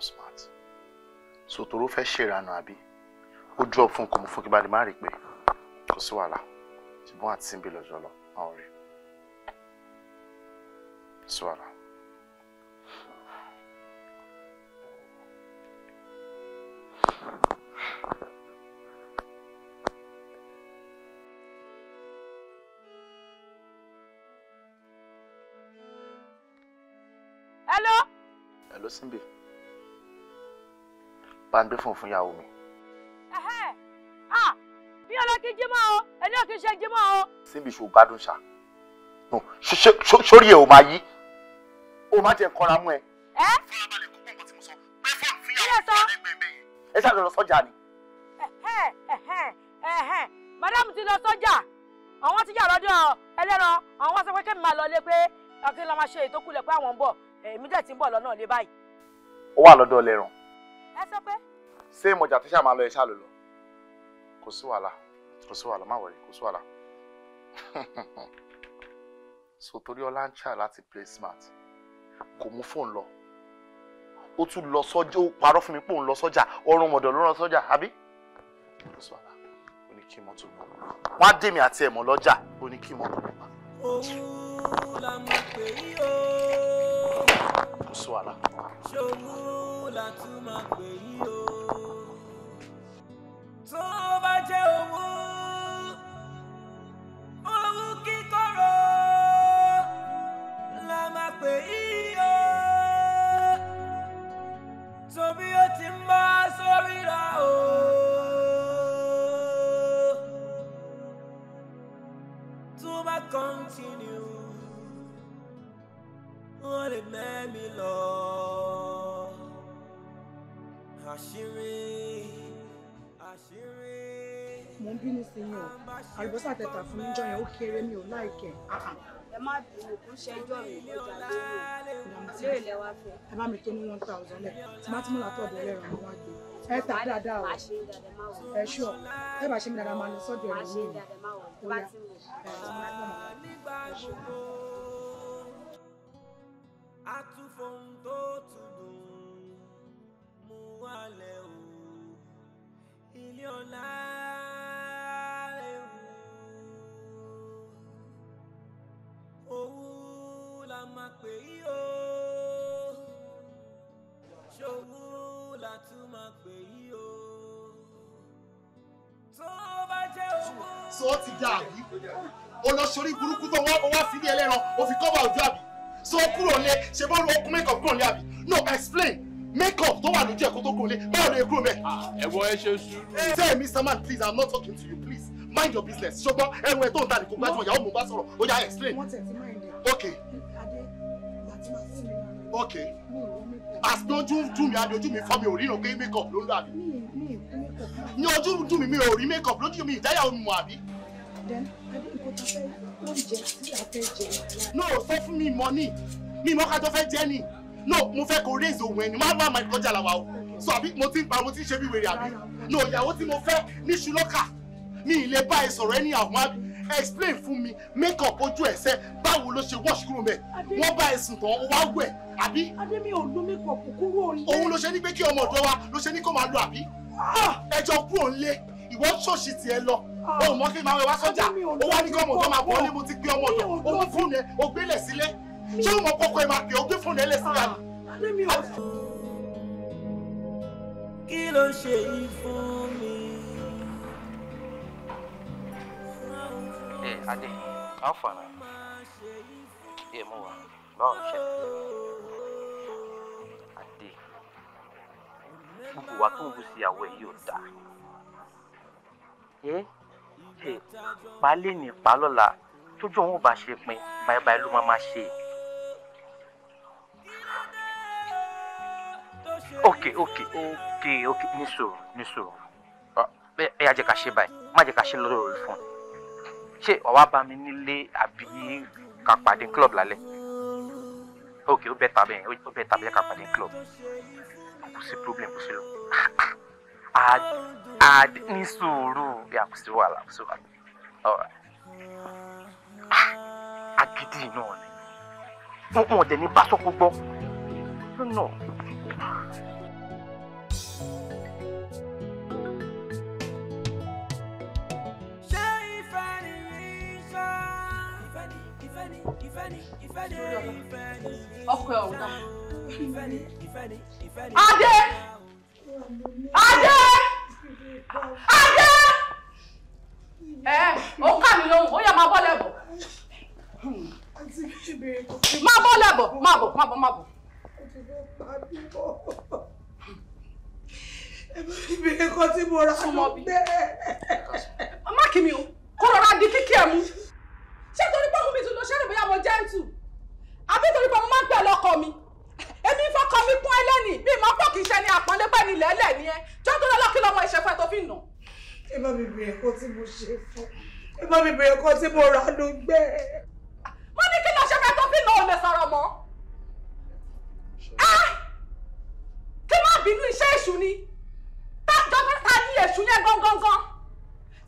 òun smart so toro fẹ́ ṣèrànà àbí ó drop fún kò mú fún kí bá ní má rí pé kò sí wàhálà ṣùgbọ́n àti síbi lọ́jọ́ lọ àwọn rẹ̀ sí wàhálà. Hello. Hello, Simbi bá ń gbé fóònù fún ìyàwó mi. mi ò lọ kí jímọ̀ o ẹni ò kí ṣe jímọ̀ o. síbi ìṣòwò gbádùn ṣá sórí ẹ ò máa yí ó máa jẹ kọra mú ẹ. ẹ ẹ ṣáà lọ sọ́jà ni. madam ti lọ sọ́jà àwọn ti jà lọ́dọ̀ ẹlẹ́ran àwọn wá sọ pé kẹ́mi máa lọ lé pé ọkùnrin lọ́ọ́ máa ṣe ètò kulẹ̀ pé àwọn ń bọ̀ èmi dẹ̀ ti ń bọ̀ lọ́nà lé báyìí. ó wà lọ́dọ̀ ẹlẹ́ran ẹ sọ pé. ṣé ìmọ̀jà tó ṣàmà lọ ẹ ṣá lò lọ kò sí wàhálà kò sí wàhálà má wọrí kò sí wàhálà so torí ọlá ń ṣà láti play smart kò mú fóònù lọ ó tún lọ sọ́jà ó parọ́ fún mi pé òun lọ sọ́jà ọrùn mọ̀dọ̀ ló rán sọ́jà àbí kò sí wàhálà ó ní kí mọ́tò mọ́ wọ́n á dèmi àti ẹ̀mọ́ lọ́jà ó ní kí mọ́tò mọ́. òun la mọ̀ pé yóò. kò sí wàhálà la tún máa pè yí o. tó bá jẹ́ owó owó kíkorò la máa pè yí o. tó bí ó ti ń bá sórí ra o. tó bá continue wọ́n lè mẹ́mi lọ. àṣírí àṣírí. mo ń bínú sí yín o àlùbọ́sà tẹ̀tà fún níjọ́ yẹn ó kéré mi ò láìkẹ́ ah, ah. ẹ má bínú kún ṣẹjọ́ mi lọ́jà lórí lórí lẹ́wà fẹ́. ẹ bá mi tó ní one thousand lẹ tí má tí mo là tọ̀ bọ̀ lẹ́rọ àwọn àgbẹ̀ ẹ tà á dáadáa o ẹ ṣọ ẹ bá ṣe mi dáadáa máa lọ sọ́dọ̀ ẹ̀ lórí o ó yá ẹ ṣe máa gbọ́n mi alẹ́ o ilé ọ̀la rẹ̀ o owó la máa pè yí o ṣòwò la tún máa pè yí o tó bá jẹ́ owó. sọ ti dà bí olóṣorí burúkú tó wọ́n wá fìdí ẹlẹ́ran òfin kọ́ba ojú àbí sọ kúrò lé ṣe bọ́ọ̀lù okùn mẹ́kọ̀ọ́ kúrò ní àbí no explain makeup tó wà lójú ẹ̀ kó tó kúrò lé báwo ni ekúrò mẹ́. Ah, ẹ̀wọ̀ ẹ ṣe sùúrù. say Mr. Man please I'm not talking to you please mind your business ṣùgbọ́n ẹrù ẹ̀ tó ń ta nìkan gbájú ọ̀yà ọ̀mùbá sọ̀rọ̀ ó yá explain. ok ok àti ojú dùn mí àbí ojú mi fọ́ mi ò ríran pé makeup ló ń lò àbí. ní ojú dùn mí mi ò rí makeup lójú mi ìdáyà omi mu àbí. no sọ fún mi money mi mọ́ ká tó fẹ́ jẹ́ ni no mo fẹ́ kó raise ohun ẹni máa wá mycology àlàwà o so àbí mo ti ń pa mo ti ń ṣe bí wèrè àbí no ìyàwó tí mo fẹ́ ní ṣùlọ́kà mi ì lè bá ẹ sọ̀rọ̀ ẹni àwọn explain fún mi make up ojú ẹsẹ̀ báwo ló ṣe wash kúrò mẹ wọn bá ẹsùn tán ó wá Abi? àbí. adémi ò lo make up kúrò nílé. òun ló ṣe ni pé kí ọmọ ọ̀dọ̀ wa ló ṣe ní kó máa lo àbí. Ah! ẹjọ́ kúrò nílé ìwọ ṣòṣì tiẹ̀ lọ òun ah! mọ kí n máa wẹ wá sọ́jà ó wá ní kí ọmọ ọ̀dọ̀ máa bọ ọ ní mo ti gbé ọmọ ọ̀dọ̀ ó mú fóònù ẹ ó gbélé sílẹ̀ ṣé ìwọ kọkọ ẹ máa pè ó gbé fóònù ẹlẹsìn àná. kí ló ṣe yìí fún mi. ẹ eh, adé how Eh, na ẹ mú ni ṣe adé gbogbo wa tó ń wù sí àwọ ẹ yóò dáa ẹ eh? ẹ eh, pa lé ní pa lọ́la tójú òun ò bá ṣe pin ok ok ok ok ní sùúrù ní sùúrù ẹ yà jẹ́ ká ṣe báyìí má jẹ́ ká ṣe lọ́dọ̀ rẹ fún un ṣé ọ̀wá bá mi nílé àbí ká pàdé club lálẹ́ ok ó bẹ́ẹ̀ tàbí ó bẹ́ẹ̀ tàbí ká pàdé club kò sí problem kò sí lọ àdé ní sùúrù yà kò sí wàhálà kò sí wàhálà alright agídí náà ni wọn ò dẹ̀ ní bá sọ́kú gbọ́ no. ìfẹ́ ni ìfẹ́ dé ìfẹ́ ni ọkọ ẹ̀ ò dá. Adé! Adé! Adé! Ẹ ò kà mí lóhùn, ó yá máa bọ́ lẹ́bọ̀. Máa bọ́ lẹ́bọ̀, máa bọ̀, máa bọ̀, máa bọ̀. Ìbéèrè kan tí mo ra ló bẹ́ẹ̀. Má kí mi o, kó rọra di kíkí ẹ̀ mú ṣé torí pé ọkùnrin tuntun ṣé nìbóyá mo jẹ́ ìtù àbí torí pé mo máa ń pẹ̀ lọ́kọ mi èmi fọkọ mi kún ẹlẹ́ni bí mo pọ̀ kì í ṣe ni àpọ́nlé pẹ́ ni lẹ́lẹ̀ ni ẹ jọ́ tó lọ́lọ́ kí lọ́mọ ìṣẹ̀fẹ́ tó fi nà. ẹ bá mi bèrè ẹ̀kọ́ tí mo ṣe fún ẹ bá mi bèrè ẹ̀kọ́ tí mo rà ló gbẹ. mo ní kí lọ ṣe tó fi nà òun sọ̀rọ̀ mọ́. Ah! kí má bínú iṣẹ́ èṣù ni tá ní èṣù yẹn gangan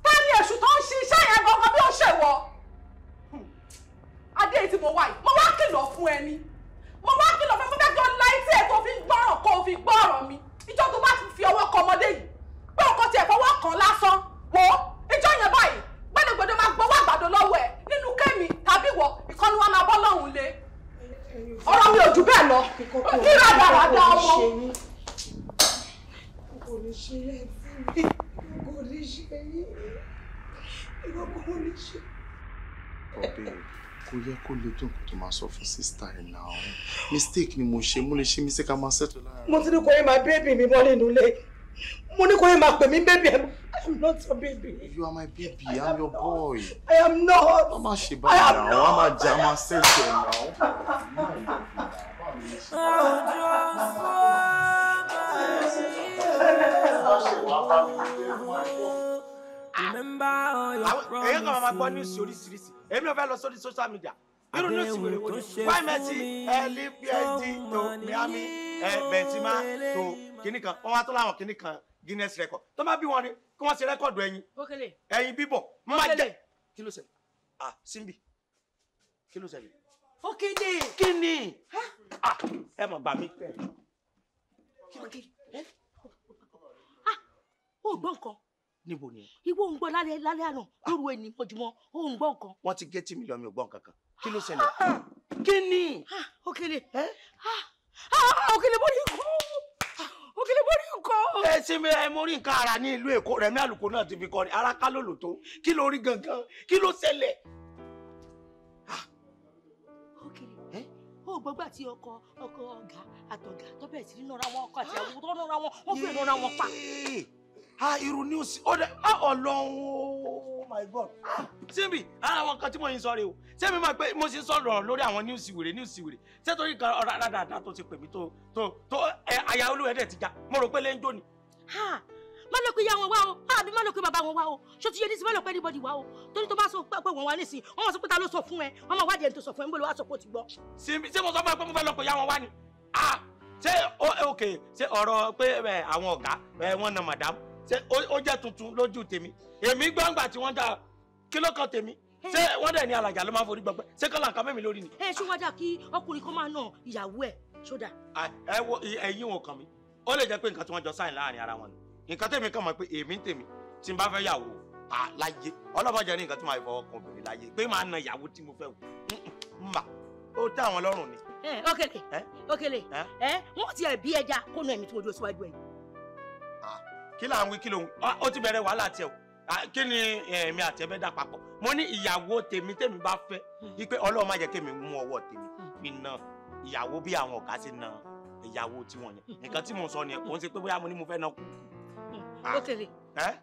tá ní èṣù tó ń ṣiṣẹ́ yẹn gangan bí ó ṣèwọ́ adé yìí tí mo wá yìí mo wá kìlọ̀ fún ẹ ni mo wá kìlọ̀ fún ẹ mo fẹ́ kí o la etí ẹ̀ tó fi gbọ́ràn kó o fi gbọ́ràn mi ìjọ tó bá fi ọwọ́ kọ ọmọdé yìí pé o kò tiẹ̀ fọwọ́ kàn lásán wò ó ìjọ yẹn báyìí gbẹdẹgbẹdẹ máa gbọ́wọ́ àgbàdo lọ́wọ́ ẹ̀ nínú kẹ́mi tàbí wọ ìkọ́ni wa máa bọ́ lọ́hùn lé ọ̀rọ̀ mi ò jù bẹ́ẹ̀ lọ kí rádaràda ọmọ. kò kò yẹ kó lè tó nǹkan tó máa sọ fún sísítà ẹ̀ náà mistake ni mo ṣe mo lè ṣe mistake a máa ṣètò lára. mo ti ní kò yẹ máa bébì mi mọ́ nínú ilé mo ní kò yẹ máa pè mí bébì ẹ̀ I'm not your baby. You are my baby I'm your not. boy. I am not. wọ́n máa ṣe báyìí náà wọ́n máa jẹ́ àwọn ṣètò náà. ọjọ́ sọ́ọ́ bá yẹ remember all your promises. èyí kan máa gbọ́ ní ìsì oríṣiríṣi èmi náà fẹ́ lọ sórí social media irú ní ìsì wèrè wòlé wáyé mẹ́tì ẹ líbi ẹ ti tó miami ẹ bẹ̀tìmá tó kìnnì kan ọwọ́ àtọ́ làwọn kìnnì kan guinness record tó má bí wọn ni kí wọ́n ṣe rẹ́kọ̀dù ẹyin ẹyin bíbọ̀ má jẹ́ kí ló ṣẹlẹ̀ ah simbi kí ló ṣẹlẹ̀. ó kéde. kí ah ẹ mọ̀ gbà mí. ó gbọ́ nǹkan níbo ni ẹ. ìwọ ń gbọ́ lálẹ́ lálẹ́ àná ah. lóru ẹni mọjúmọ ó ń gbọ́ nǹkan. wọ́n ti gé tí mílíọ̀nù mi ò gbọ́ nǹkan kan kí ló ṣẹlẹ̀. Ah, ah. kí ni. òkèlè òkèlè mo rí kọ́ òkèlè mo rí kọ́. ẹ ṣe mi ẹ mo rí nǹkan ara ní ìlú èkó rẹmi àlùkò náà ti fi kọrin ara ká lòlò tó kí ló rí gangan kí ló ṣẹlẹ̀. òkèlè ó gbọ́gbà tí ọkọ ọkọ ọ̀gá àtọ̀gá tó bẹ̀rẹ̀ sí nínú ra wọn ọkọ àti àwọn tó nínú ra wọn wọ́n fẹ́ẹ́ nínú ra wọn pa ah irú news ó dẹ ah ọlọ́run oh my god ah síbi ara àwọn kan tí mo yín sọ rè o sẹ́mi máa pé mo sì ń sọ̀rọ̀ lórí àwọn news wèrè news wèrè sẹ́tọ́rí kan ọ̀rọ̀ àdáadáa tó ti pè mí tó tó tó àyà olúwẹ̀dẹ̀ ti já mo rò pé lẹ́ńjọ́ ni. má lọ pé ya wọn wá o àbí má lọ pé bàbá wọn wá o ṣó ti yé ní sí má lọ pé anybody wá o torí tó so? sọ pé wọn wá nísìnyí wọn sọ pé ta ló so fún ẹ wọn máa wádìí ẹni tó sọ fún ẹ níbo ló wá sọ pé ó ti gbọ́. síbi ṣé mo sọ fún ẹ pé mo fẹ́ lọ pé ya wọn wá ni ah ṣé ok ṣé ọ̀rọ̀ pé àwọn ọ̀gá wọn na madam ṣé ó jẹ́ tuntun lójú tèmi èmi gbangba tí wọ́n dá kí ló kan tèmi ṣé wọ́n dẹ̀ ní alàjà ló máa forí gbọgbẹ́ ṣé kọ́lá nǹkan mẹ́mi lórí ni. ẹ ṣé wájà kí ọkùnrin kan máa nà ìyàwó ẹ sódà. ẹ wo ẹyin wọn kàn mí ó lè jẹ́ pé nǹkan tí wọ́n jọ sáyìn láàrin ara wọn ni nǹkan tèmi kàn mọ̀ pé èmi ń tèmi tí n bá fẹ́ yàwó láyé ọlọ́bàjẹ́ ní nǹkan tí màá fọwọ́ kan obìnrin láyé pé màá na ìyàwó tí mo fẹ́ wò mà ó tẹ́ àwọn lọ́rùn ni. Okele Okele ẹ wọ́n ti ẹ̀ bí ẹja kó nà ẹ̀mí tí ojú oṣù wájú ẹ̀ yìí kí là ń wí kí ló ń ah, ó ti bẹ̀rẹ̀ wàhálà tiẹ̀ o ah, kí ni eh, èmi àti ẹ̀fẹ́ dà papọ̀ mo ní ìyàwó tèmi tèmi bá fẹ́ hmm. wípé ọlọ́run má jẹ́ kémi mú ọwọ́ tèmi hmm. fi na ìyàwó bí àwọn ọ̀gá ti na ìyàwó tiwọn yẹn hmm. nǹkan tí mo sọ ni kò ń ṣe pé bóyá mo ní mo fẹ́ na kú. Ah. ó kéré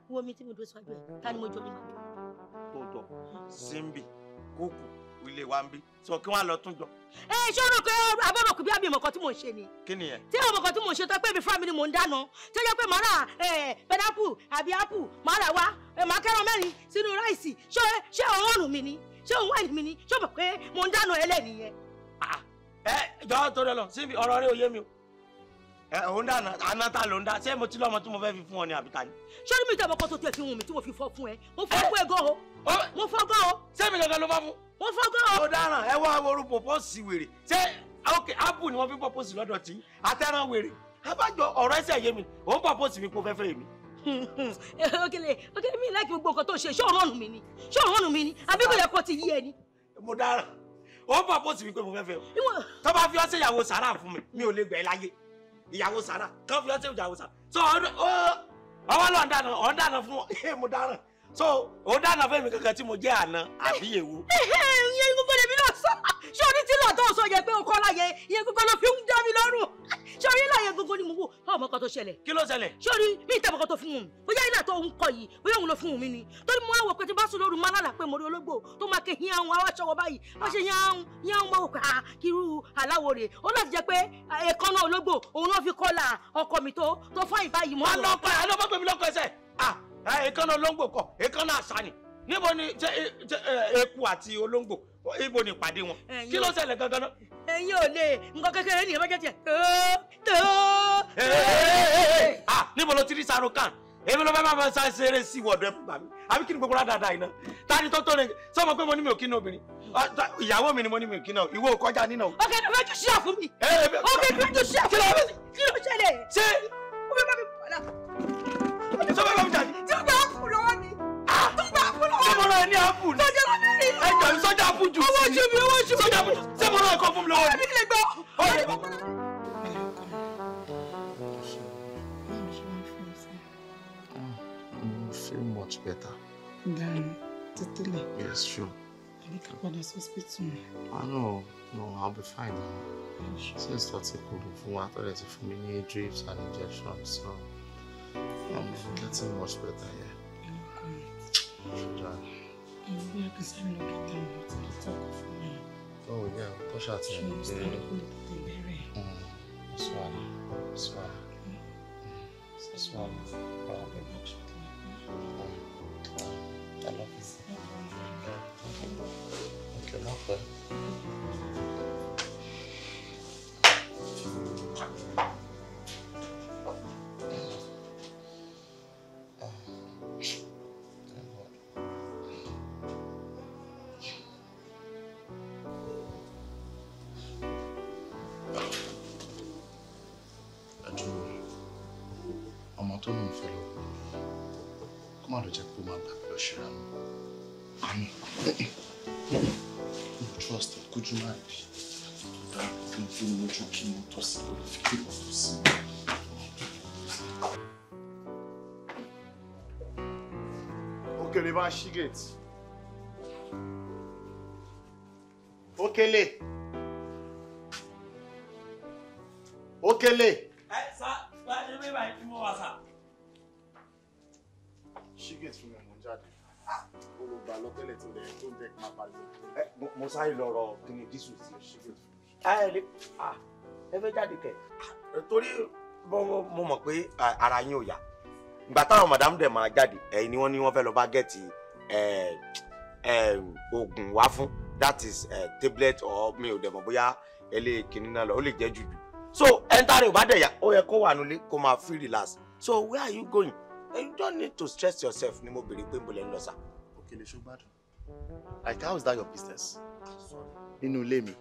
wo mi tí mo dúró síwájú ẹ ta ni mo jọ ní màá. tó tọ simbi kókò ilé wa ń bí sọ kí wọ́n á lọ tún jọ. ẹ ṣé o rò pé abọ́rọ̀ kò bí àmì ìmọ̀kan tí mò ń ṣe ni. kí ni ẹ. tí ìmọ̀kan tí mò ń ṣe tó pé mi fúnra mi ni mò ń dáná tó jẹ́ pé màá ra pẹ́nápù àbí ápù màá wá màá mẹ́rin sínú ráìsì ṣé ṣé òórùn mi ni ṣé òun wáìnì mi ni ṣé o mọ̀ pé mò ń dáná ẹlẹ́nìyẹn. Ah, ẹ jọ̀ọ́ torí Ọlọ́run sí ọ̀rọ̀ rẹ ò mi o ẹ òun dáná àná ta ló ń dá ṣé mo ti lọ́mọ tí mo fẹ́ fi fún ọ ní àbíta ni. ṣé ní mi ìjọba kan tó tiẹ̀ fi hun mi tí mo fi fọ́ fún ẹ mo fọ́ fún ẹgọ́ o mo fọ́ gọ́ o. ṣé mi gangan ló bá fún. mo fọ́ gọ́ o. ó dáná ẹ wá aworo pọ̀pọ́sì wèrè ṣé ok apple ni wọ́n fi pọ̀pọ́sì lọ́dọ̀ tí àtẹ̀ràn wèrè abájọ ọ̀rọ̀ ẹsẹ̀ yé mi òun pọ̀pọ́sì mi kò fẹ́ fẹ́ mi. Okele Okele mi láì gbogbo nǹkan tó ṣe ṣé ọ̀rọ̀ ọ̀nù mi ni ṣé ọ̀rọ̀ ọ̀nù mi ni àbí kò yẹ kó ti yí ẹ ni. mo dára òun pọ̀pọ́sì mi pé o tó bá fi ọ́ ṣèyàwó sàrà fún mi mi ò lè gbẹ́ láyé ìyàwó sàrà kan fi ọtí ìyàwó sàrà so ọwọ́ lọ́ọ̀ dáná ọ̀ ń dáná fún ẹ mo dáná so ó dáná fún èmi kankan tí mo jẹ́ àná àbí èwo. ìyẹn gbogbo lèmi náà sọ ṣé orí tí lọ́ọ̀tọ́ sọ yẹ pé okọ́ láyé ìyẹn gbogbo ló fi ń dá mi lọ́rùn ṣé orí láyé gbogbo ni mo wò ọmọ kan tó ṣẹlẹ̀. kí ló ṣẹlẹ̀. ṣé orí mi ìtẹ́ ọkọ̀ tó fún un bóyá ilé àtọ̀ òun kọ yìí bóyá òun ló fún un mi ni torí mo wá wò pé tí bá sùn lóru máa lálàá pé mo rí ológbò tó máa ké hin àwọn aṣọ wọ báyìí bá ṣe yan àwọn yan àwọn òkà ah, irú aláwo rè ó láti jẹ pé eh, èkánná ológbò òun ló fi kọ́là ọkọ mi tó tó fọ́ ìbáyìí mọ́. ah èékánná olóńgbò kọ èékánná àṣà ni níbo ni eku àti olóńgbò ibo ni ìpàdé wọn kí ló ṣẹlẹ̀ gangan náà. ẹ̀yin ò lè nǹkan kékeré nìyẹn bá jẹ tiẹ tó tó. Ah, níbo ló ti rí saro kan èmi ló fẹ́ máa fẹ́ sá ṣeré sí ìwọ̀dọ̀ ẹ̀fún bàmí àbí kí ni gbogbo dáadáa iná ta ni tó tó ní sọmọ pé mo ní mi o kí ní obìnrin ah, ìyàwó mi ni mo ní mi ò kí náà ìwọ kọjá nínà o. ọkẹ ní fẹjú ṣíà fún mi ọkẹ ní fẹjú ṣíà fún mi kí ló ṣẹlẹ̀ ṣé. ó fẹ́ bá mi pọ̀ náà tó bá bá mi jà ní. tó bá kú lọ́wọ́ mi. tó bá kú lọ́wọ́ mi. sẹ́mọ̀rọ̀ ẹ̀ ní àpù ni. sọ́jà mi rí. ẹ jà mí sọ́jà àpù jù. owó oṣù mi owó oṣù mi. sọ́jà àpù jù sẹ́mọ̀rọ̀ ẹ̀ kọ́ fún mi lọ́wọ́. ọ̀rẹ́ mi lè gbọ́. ọ̀rẹ́ mi lè gbọ́. Mm, feel much better. Than Titile? Yes, sure. I need to go to the hospital. I know. Ah, no, I'll be fine now. Since that's a cool for what I for me, drips and injections, so. I'm getting much better, yeah. Oh, yeah, push out to me. Swallow, swallow. Swallow. I love you. Okay, not bad. má lọ jẹ́ pé ó máa gbàgbé lọ ṣe ra mọ́ àmì mo trust ẹ kójú máa bì kí n fi mi lójú kí n tọ́ sí lórí fi kí n tọ́ sí mi. Okele sáré lọ́rọ̀ kíni dísù ti ṣe. ẹ fẹ́ jáde kẹ̀. Ah, torí mo mọ̀ pé ara yín ò yá ìgbà táwọn madam dẹ̀ máa jáde ẹ̀yin ni wọ́n ní wọ́n fẹ́ lọ bá gẹ̀ẹ́tì oògùn wá fún that is tablet or mi ò dẹ̀ mọ̀ bóyá ẹlẹ́ kìnínní náà lọ ó lè jẹ́ jùjú so ẹntari ò bá dẹ̀ yá ó yẹ kó wà nílé kó máa free relax so where are you going eh, you don't need to stress yourself ni mo béèrè pé mo lè ń lọ sá. òkèlè ṣùgbọ́n like how is that your business nínú ilé mi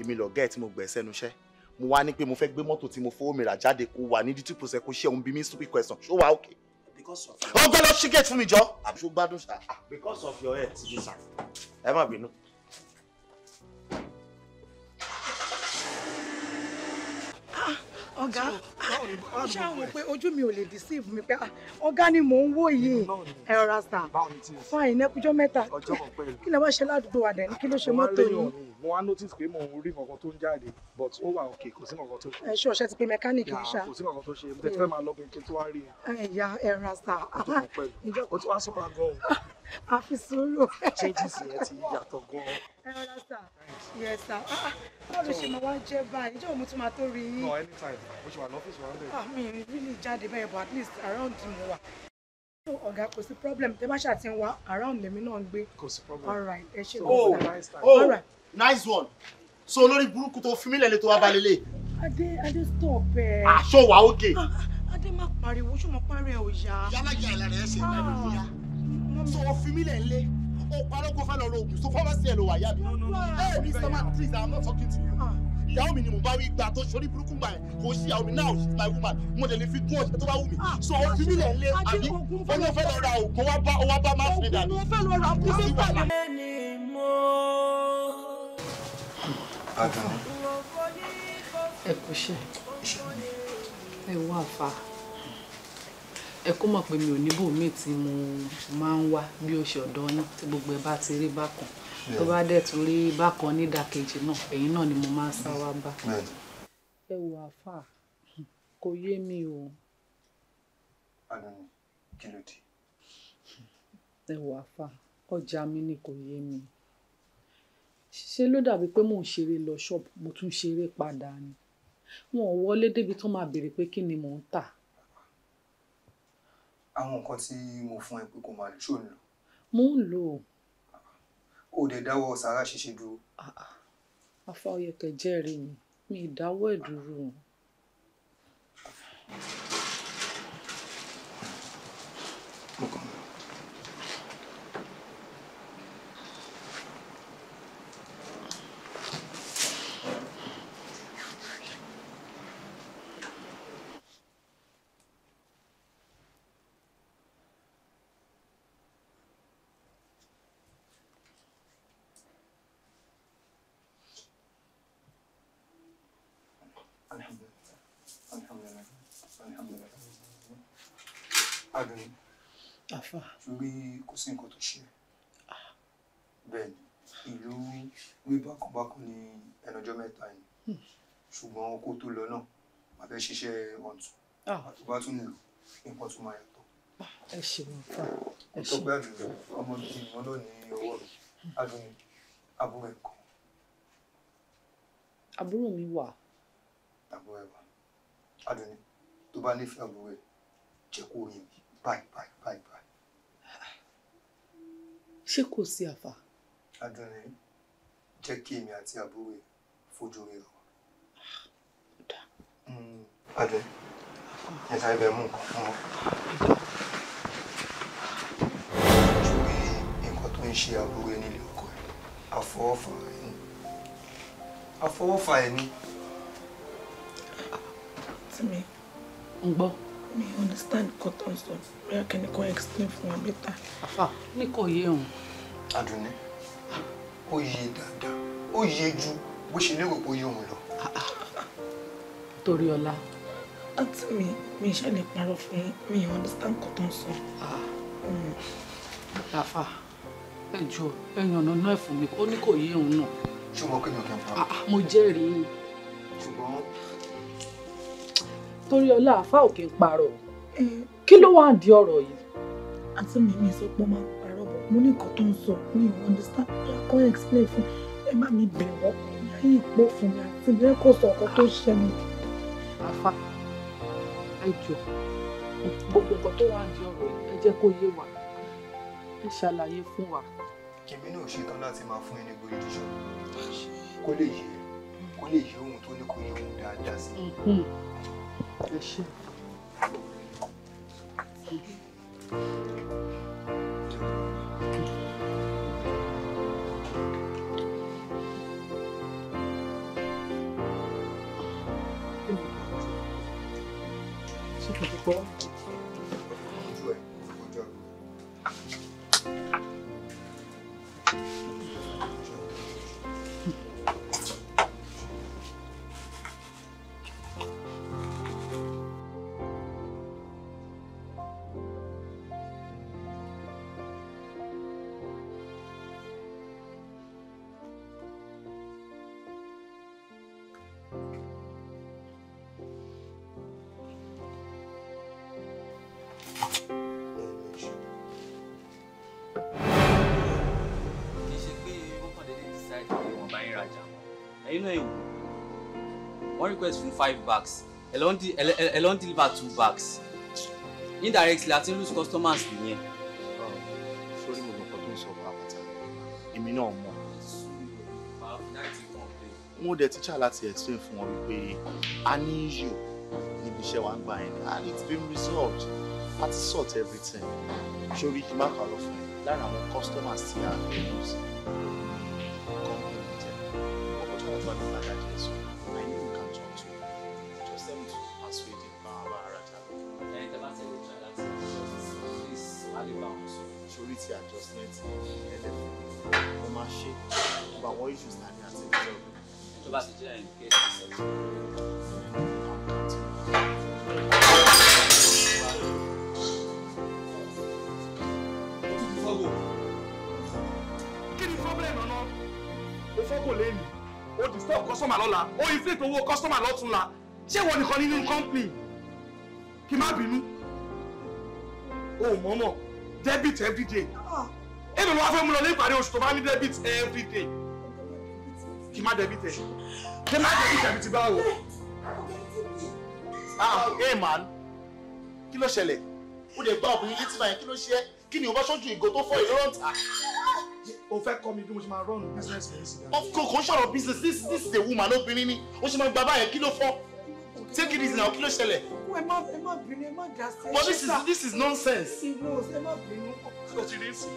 èmi lọ̀gá ẹ̀ tí mo gbẹ̀ sẹ́nu iṣẹ́ mo wá ní pé mo fẹ́ gbé mọ́tò tí mo fowó mi rà jáde kó wà ní duty process kó ṣe òun bí mi stupid question ṣó wà okay. because of your health. ọgbẹ́ lọ ṣí gate fún mi jọ. àbí gbádùn ṣá. because of your health ti sà. ẹ má bínú. Ah, ọ̀gá ó ṣàwọn pé ojú mi ò lè deceive mi pé ah, ọ̀gá ni mò ń wò yìí ẹ̀rọ rasta fine ẹkújọ́ mẹ́ta kí lè wá ṣe ládùúgbò wa dẹ̀ ní kí ló ṣe mọ́tò yìí. mo wá notice pé mo rí nǹkan tó ń jáde but ó wà òkè kò sí nǹkan tó ṣe. ẹ ṣe ọ̀ṣẹ́ ti pe mẹkáníìkì ń ṣá. kò sí nǹkan tó ṣe mo fẹ́ máa lọ kí n tó wá rí i. ẹ̀yà ẹ̀rọ rasta. ó ti wá sọ̀rọ̀ gan-an. máa fi sùúrù. changes yẹn ti yàtọ̀ gan-an. ẹ rọra sà yẹ sà báwo ló ṣe máa wá jẹ báyìí ìjọba mo tún máa tó rí yín. no anytime mo ṣe wà lọ́fíìsì wa ń bẹ̀. àmì ìrírí jáde bẹ́ẹ̀ but at least around mo wà ọ̀gá kò sí problem tẹ bá ṣàti wa around lèmi náà ń gbé. kò sí problem all right ẹ ṣe lọ sí ọ all right. Oh, nice one so olórí burúkú tó fi mí lẹ́nu tó wá balẹ̀ lé. adé adé stop ẹ. aṣọ wa ó gè. adé má pariwo ṣùgbọ́n pariwo ìyá. yálà yàrá rẹ̀ ẹ̀ ṣe ìgbàlódé ah. yá so òfin mi o parọ́ kó lọ ro oògùn so pharmacy ẹ̀ ló wà yá mi. ẹ mi sọ ma please i'm not talking to you. Ah. ìyàwó mi ni mo bá wí gba tó sori burúkú gbà yẹn kò sí ìyàwó mi now she is my woman mo lè lè fi gún ọ̀sẹ̀ tó bá wù mí. Ah. so òfin mi àbí olóò fẹ́ lọ ra oògùn wa bá wa bá máa fi dànù. oògùn ló fẹ́ lọ ra oògùn ló fẹ́ lọ. ẹ kò ṣe ẹ wá fa ẹ kó mọ̀ pé mi ò níbò tí mo máa ń wá bí ó ṣe ọ̀dọ̀ yín tí gbogbo ẹ bá ti rí bákan tó bá dẹ̀ tún rí bákan nídàkejì náà ẹ̀yin náà ni mo máa ń sá wá bá. ẹ wò àáfàá kò yé mi o. kí ẹ wò àáfàá ọjà mi ni kò yé mi ṣe ló dàbí pé mò ń ṣeré lọ ṣọ́ọ̀bù mo tún ṣeré padà ni wọn ò wọlé débi tó máa béèrè pé kí ni mò ń tà àwọn nǹkan tí mo fún ẹ pé kò máa lò ṣó lò. mo ń lò ó. o ò dẹ̀ dáwọ́ sàárà ṣíṣe dúró. Ah, ah. afa oyèkè jẹ́rìí mi mi ì dáwọ́ ẹ̀ dúró. mo kàn kò sí nǹkan tó ṣe bẹ́ẹ̀ ni ìlú wí bákànbákan ní ẹnu ọjọ́ mẹ́ta yìí hmm. ṣùgbọ́n kó tó lọ náà màá fẹ́ ṣiṣẹ́ ọ̀tún ah. àti bá tún nílò nǹkan tó máa yàtọ̀. Ah, ẹ ṣeun fún ah, ẹ ṣeun. ọtọgbẹ́ àdúgbò ọmọ bíi ìwọ náà ní ọwọ́ mi hmm. adúlé àbúrò ẹ̀kọ́. àbúrò mi wà. àbúrò ẹ̀ wà adúlé tó bá nífẹ̀ẹ́ àbúrò ẹ̀ jẹ́ kó yẹ báyìí báyìí báyìí ṣé kò sí àfà. adùnní jẹ́ kí èmi àti àbúrò ẹ̀ fojú rí lọ. adùnní yẹn sáré bẹ́ẹ̀ mú nǹkan fún ọ. ṣùgbọ́n nǹkan tó ń ṣe àbúrò ẹ nílé ọkọ ẹ àfọwọ́fà ẹ ní. àfọwọ́fà ẹ ní. tí mi ń gbọ́ me understand nǹkan tó Where can I go explain for wa bẹ́tà. àfà ní kò yé òun. Àdùnní ó yé dáadáa ó yé ju bó ṣe lérò pé ó yé òun lọ. torí ọlá. àǹtí mi me. ṣe lè parọ́ fún mi understand nǹkan tó ń sọ. àfà ẹ jọ ẹ yànnà náà fún mi ó ní kò yé òun náà. ṣùgbọ́n kí ni o kẹ́ ń pa. mo jẹ́rìí. ṣùgbọ́n torí ọlá àfa òkè ń parọ́ kí ló wàá di ọ̀rọ̀ yìí. àti mi mi sọ pé ó máa ń parọ́ bọ̀ mo ní nǹkan tó ń sọ mi ò understand kọ́ explain fún ẹ má mi bẹ̀ wọ́n láyé ìpò fún mi àti bẹ́ẹ̀ kò sọ ọkọ tó ṣẹlẹ̀. àfa ẹ jọ gbogbo nǹkan tó wàá di ọ̀rọ̀ yìí ẹ jẹ́ kó yé wa ẹ ṣàlàyé fún wa. kèmí náà ṣe tán láti máa fún ẹni gbòòrò jíjọ kó lè yé kó lè yé ohun tó ní kó yé ohun dáadáa sí i. Hmm. 没事。嗯。嗯。辛苦不？náà ewu request fún five bags ẹ lọ deliver two bags indirectly àti lose customers nìyẹn. sórí mo lọkọ tó ń sọ fún àpàtà èmi náà mọ mo dẹ̀ tíṣà láti explain fún wọn wípé a ní yù níbi iṣẹ́ wa ń gbà yẹn and it's been resolved a ti sort everything sórí kí má kà lọ fún ẹ lára àwọn customers tí a fẹ́ lose. àwọn issues tàbí àti ìjọ mi. tó bá ti jẹ́ ẹ̀ ń kí ni problem ọ̀nà o fọ́kò lẹ́nu o disturb customer lọ́la o inflate owó customer lọ́túnla ṣé ìwọ nìkan nínú company kí má bínú o mọ̀ọ́mọ̀ debit every day ah. èmi ló wá fẹ́ mú lọ ní ìpàdé oṣù tó bá ní debit every day kí má dẹ̀bi tẹ̀ kí má dẹ̀bi tẹ̀ bí ti báwo. ẹ ah, màá kí ló ṣẹlẹ̀ ó lè gbá ọkùnrin létí báyìí kí ló ṣe é kí ni o bá ṣojú ìgò tó fọ́ ìlọ́rọ̀ ta. Ah. o fẹ́ kọ́ mi bí mo ṣe máa run business mi sí. ọkọ kò business this this is the woman lóbìnrin ni ó ṣe máa gba báyẹn kí ló fọ́ take it easy now kí ló ṣẹlẹ̀. ẹ má ẹ má bínú ẹ má dá but this is this is nonsense. ìwọ ẹ má bínú. o ti rí sí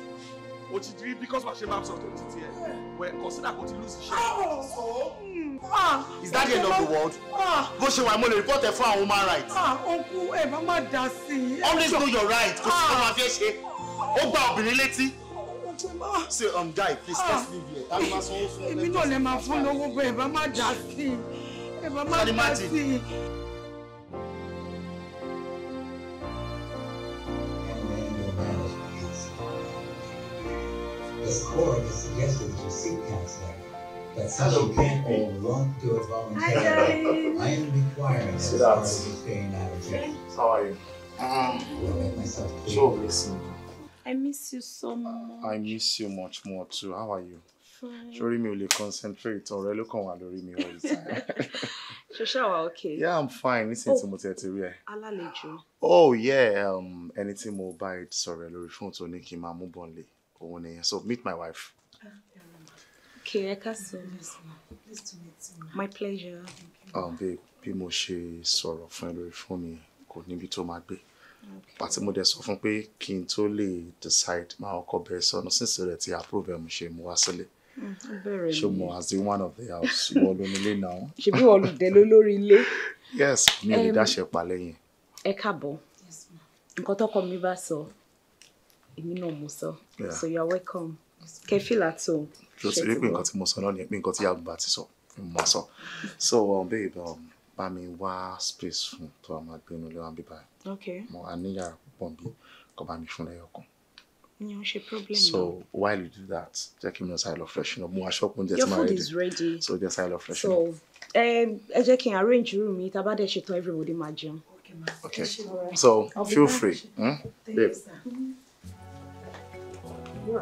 o ti rí because wàá ṣe máa sọ to ti tiẹ̀ well consider kò ti lose iṣẹ́. Ah. Ah. is that the end of the world. Ah. bó ṣe wà mo lè report ẹ fún àwọn human rights. okun ẹ má má dá always know your right kò sí ọmọ àfẹ́ ṣe ó gba be related. say um guy please let's leave here. èmi náà lè máa fún lówó bẹ́ẹ̀ bá má dá sí i. ẹ bá um, má dá sí this court is suggesting that seek counseling, but since you can't or won't do it voluntarily, I am requiring it as part of staying out of jail. How are you? Um, I'll make I miss you so much. I miss you much more too. How are you? Fine. Sorry, mi ò concentrate. Ọ̀rẹ́ look on wá lórí mi all the time. Ṣọṣẹ́ wa okay. Yeah, I'm fine. Listen to mo ti ẹ̀ ti rí Oh yeah, um, anything tí mo bá ẹ sọ̀rọ̀ lórí fóònù tó ní kí òun nìyẹn so meet my wife. okay ẹ ká sọ my pleasure. Um, babe bí mo ṣe sọ̀rọ̀ fún ẹ lórí fóònù yẹn kò níbi tó máa gbé pàtí mo dẹ̀ sọ fún pé kí n tó lè decide máa ọkọ bẹ̀rẹ̀ sọnù sínsìn rẹ̀ ti approve ẹ̀ mo ṣe mú wá sílé mm-hmm, ṣe mo as the one of the house wọ́n ló nílé náà. ṣebí wọ́n lù dẹ́ lórí ilé. yes mi ò lè dáṣẹ pa lẹ́yìn. ẹ káàbọ̀ nǹkan tọkọ mi bá sọ èmi náà mo sọ so you are welcome kẹfìlà tó. ló ti rí pé nǹkan tí mo sọ náà ni pé nǹkan tí yàgùn bá ti sọ mo sọ so um, babe um, bá mi wá space fún tó a máa gbénu lọ́wọ́ bíbá yìí mo àníyàn púpọ̀ bí kò bá mi fún lẹ́yọ̀kan. No, she problem. So while you do that, check him on side of fresh. You know, more shop when Your food ready. is ready. So just side of fresh. So, um, ẹ jẹ́ kí n arrange room. It about that she told everybody my gym. Okay, ma. Okay. So feel free. Hmm? Babe. Um,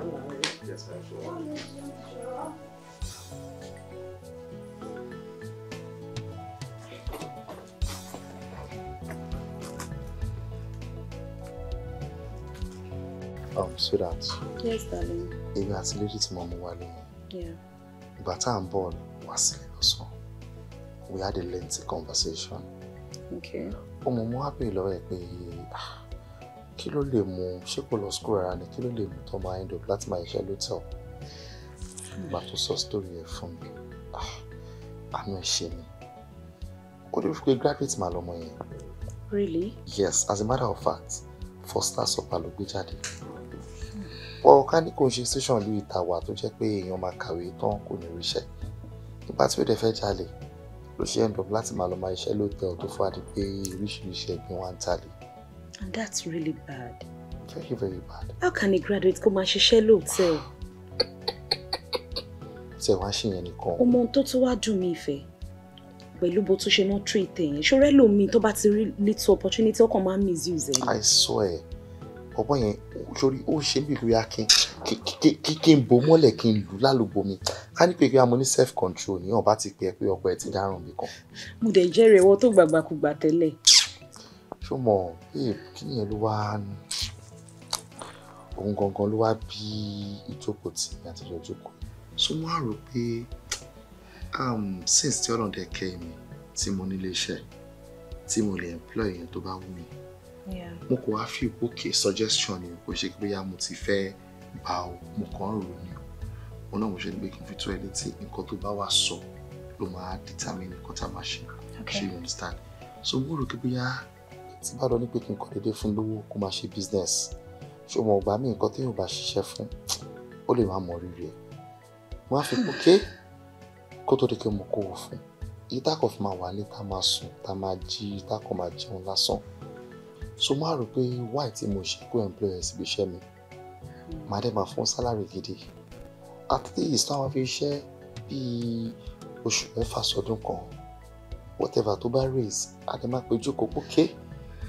sweetheart. Yes, darling. Èmi àti lady tí mo mú wá lóyún. Ìgbà tá à ń bọ̀ We had a lengthy conversation. Okay. Ọmọ mo wá pè lọ́wọ́ ẹ̀ kí ló lè mú ṣé kò lọ school rárá ni kí ló lè mú tó máa end up láti máa ṣiṣẹ́ lótẹ́ọ̀ ìgbà tó sọ story ẹ̀ fún mi ah, àánú ẹ̀ ṣe mi ó dé wípé graduate máa lọ́mọ yẹn. really. yes as a matter of fact first class upper ló gbé jáde wọ́n ká ní kò ń ṣe station ìlú ìtàwà tó jẹ́ pé èèyàn máa kàwé tán kò ní ríṣẹ́ nígbà tí ó dẹ̀ fẹ́ jalè ló ṣe end up láti máa lọ máa ṣiṣẹ́ lótẹ́ọ̀ tó fún àdìpé oríṣiríṣi ẹ̀gbìn wa ń talè And that's really bad. Very, very bad. How can a graduate Come máa ṣiṣẹ́ lóòótọ́? Say, wàá ṣe yẹn nìkan? Ọmọ tó tún what do me fe? pẹ̀lú you both ṣe náà treat ẹ̀yìn. Ṣọ́rẹ́ lòmí tó bá ti rí little opportunity ọkàn come ń misuse ẹ̀. I swear ọ̀pọ̀ yẹn sórí ó ṣe bí ìlú akin kí n bo mọ́lẹ̀ kí n lù lálùbọ́ mi ká ní pé kí amọ̀ ní self control ní ọ̀bá ti pẹ́ pé ọkọ̀ ẹ̀ ti dáràn mi kan. Mo dẹ̀ jẹ́rìí ẹ̀wọ́ tó gbàgbàkùgbà tẹ́lẹ̀ ṣó mọ̀ babe kí nìyẹn ló wá òun gangan ló wá bí ìjókòó tí mi àtijọ́ jókòó so wọ́n á pé um, since tí ọlọ́dẹ kẹ́ mi tí mo nílé iṣẹ́ tí mo lè employ èèyàn tó bá wù mí mo kò wá fi òkè suggestion ni kò ṣe pé mo ti fẹ́ gbà ó mo kàn rò ni mo náà mo ṣe ni pé kí n fi tó ẹ létí nǹkan tó bá wà sọ ló máa determine nǹkan tá a máa ṣe ṣe you understand so mo rò pé bóyá tí bá lọ ní pé kí n kọ́ déédéé fún lówó kó máa ṣe business ṣé mo gbà mí nǹkan téèyàn bá ṣiṣẹ́ fún ó lè má mọ rírì ẹ̀ wọ́n á fi kó ké kó tó di pé mo kó o fún èyí tá a kàn fi máa wà ní tá a máa sùn tá a máa jí tá a kàn máa jẹun lásán so máa rò pé why tí mo ṣe kó employer síbi iṣẹ́ mi màá dẹ́ máa fún sálárì gidi at least táwọn fi ṣẹ́ bíi oṣù mẹ́fà sọdún kan whatever tó bá raise àdèmàpéjú kò kó ké. Okay?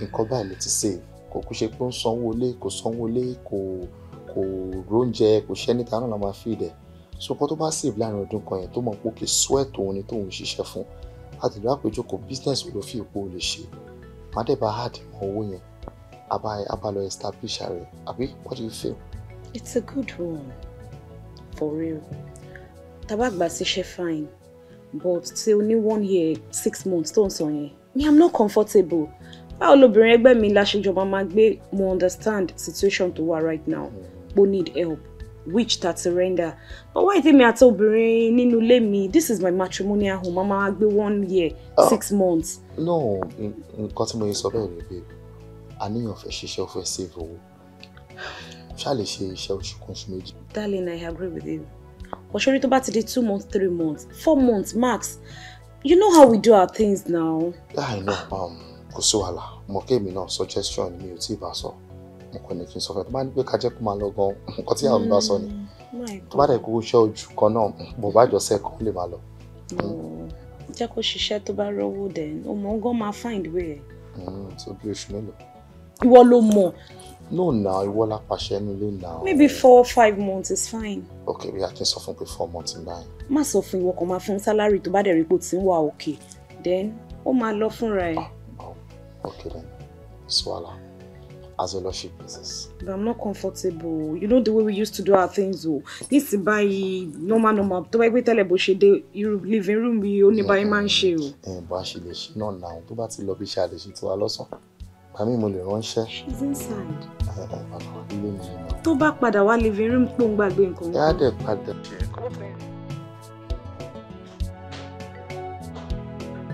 nǹkan báyìí ló ti ṣe kò kú ṣe pé ń sanwó lé kò sanwó lé kò kò róúnjẹ kò ṣẹ́ níta náà máa fi dẹ̀ so tó bá save láàrin ọdún kan yẹn tó mọ̀ pé òkè sweat òun ni tóun ṣiṣẹ́ fún àtìlú àpéjọ kò business ló fi ipò lè ṣe má dẹ̀ bá hard mọ owó yẹn abá establish rẹ̀ àbí what do you feel. it's a good one for real tabagba ṣiṣẹ́ fine but tí o ní one year six months tó ń sọ yẹn me i'm not comfortable báwo lobìnrin ẹgbẹ́ mi la ṣe jọba máa gbé mo understand situation tó wà right now mo need help which that surrender, but why tèmi àti obìnrin nínú ilé mi this is my matrimonial home mama gbé one year uh, six months. no nǹkan tí mo yẹ sọ bẹ́ẹ̀ ni babe àníyàn fẹ́ ṣiṣẹ́ ó save owó ṣáà lè ṣe iṣẹ́ oṣù kan oṣù méjì. darling i agree with you ọ̀ṣọ́rí tó bá ti di two months three months four months max you know how we do our things now. Ah, i know um, kò sí wàhálà mo kéèmí náà suggestion mi ò tí ì bá sọ mo kàn ní kí n sọ fún ẹ tó bá ní pé ká jẹ́ kó máa lọ gan nǹkan tí àwọn bá sọ ni mm, tó bá dẹ̀ kó ṣe ojú kan náà bò bá jọ sẹ́kọ̀ọ́ lè máa lọ. jẹ́ kó ṣiṣẹ́ tó bá rówó dẹ̀ o mọ̀ ń gan máa find way tó mm, bí oṣù mélòó. ìwọ ló mọ. no na ìwọ lápàṣẹ nílé na. maybe four or five months is fine. ok bí a kì í sọ fún pé four months ń báyìí. má sọ fún ìwọ kan máa fún sálárì tó bá dẹ̀ rí pò tí ń wà òkè then ó máa lọ fúnra ẹ̀. Ah, Okay then, swallow. As a lordship business. But I'm not comfortable. You know the way we used to do our things. Oh, this is by normal normal. To buy gbé tẹ́lẹ̀ bó ṣe the irú living room we only buy báyìí máa ń ṣe o. Ẹ eh, bá ṣe lè ṣe náà the tó bá ti lọ bí ṣe àlè ṣe tiwa lọ́sàn-án. Màmí mo She's inside. Ẹ ẹ but ilé mi náà. Tó bá padà living room pò ń gbàgbé nǹkan. Ẹ á dẹ̀ padà.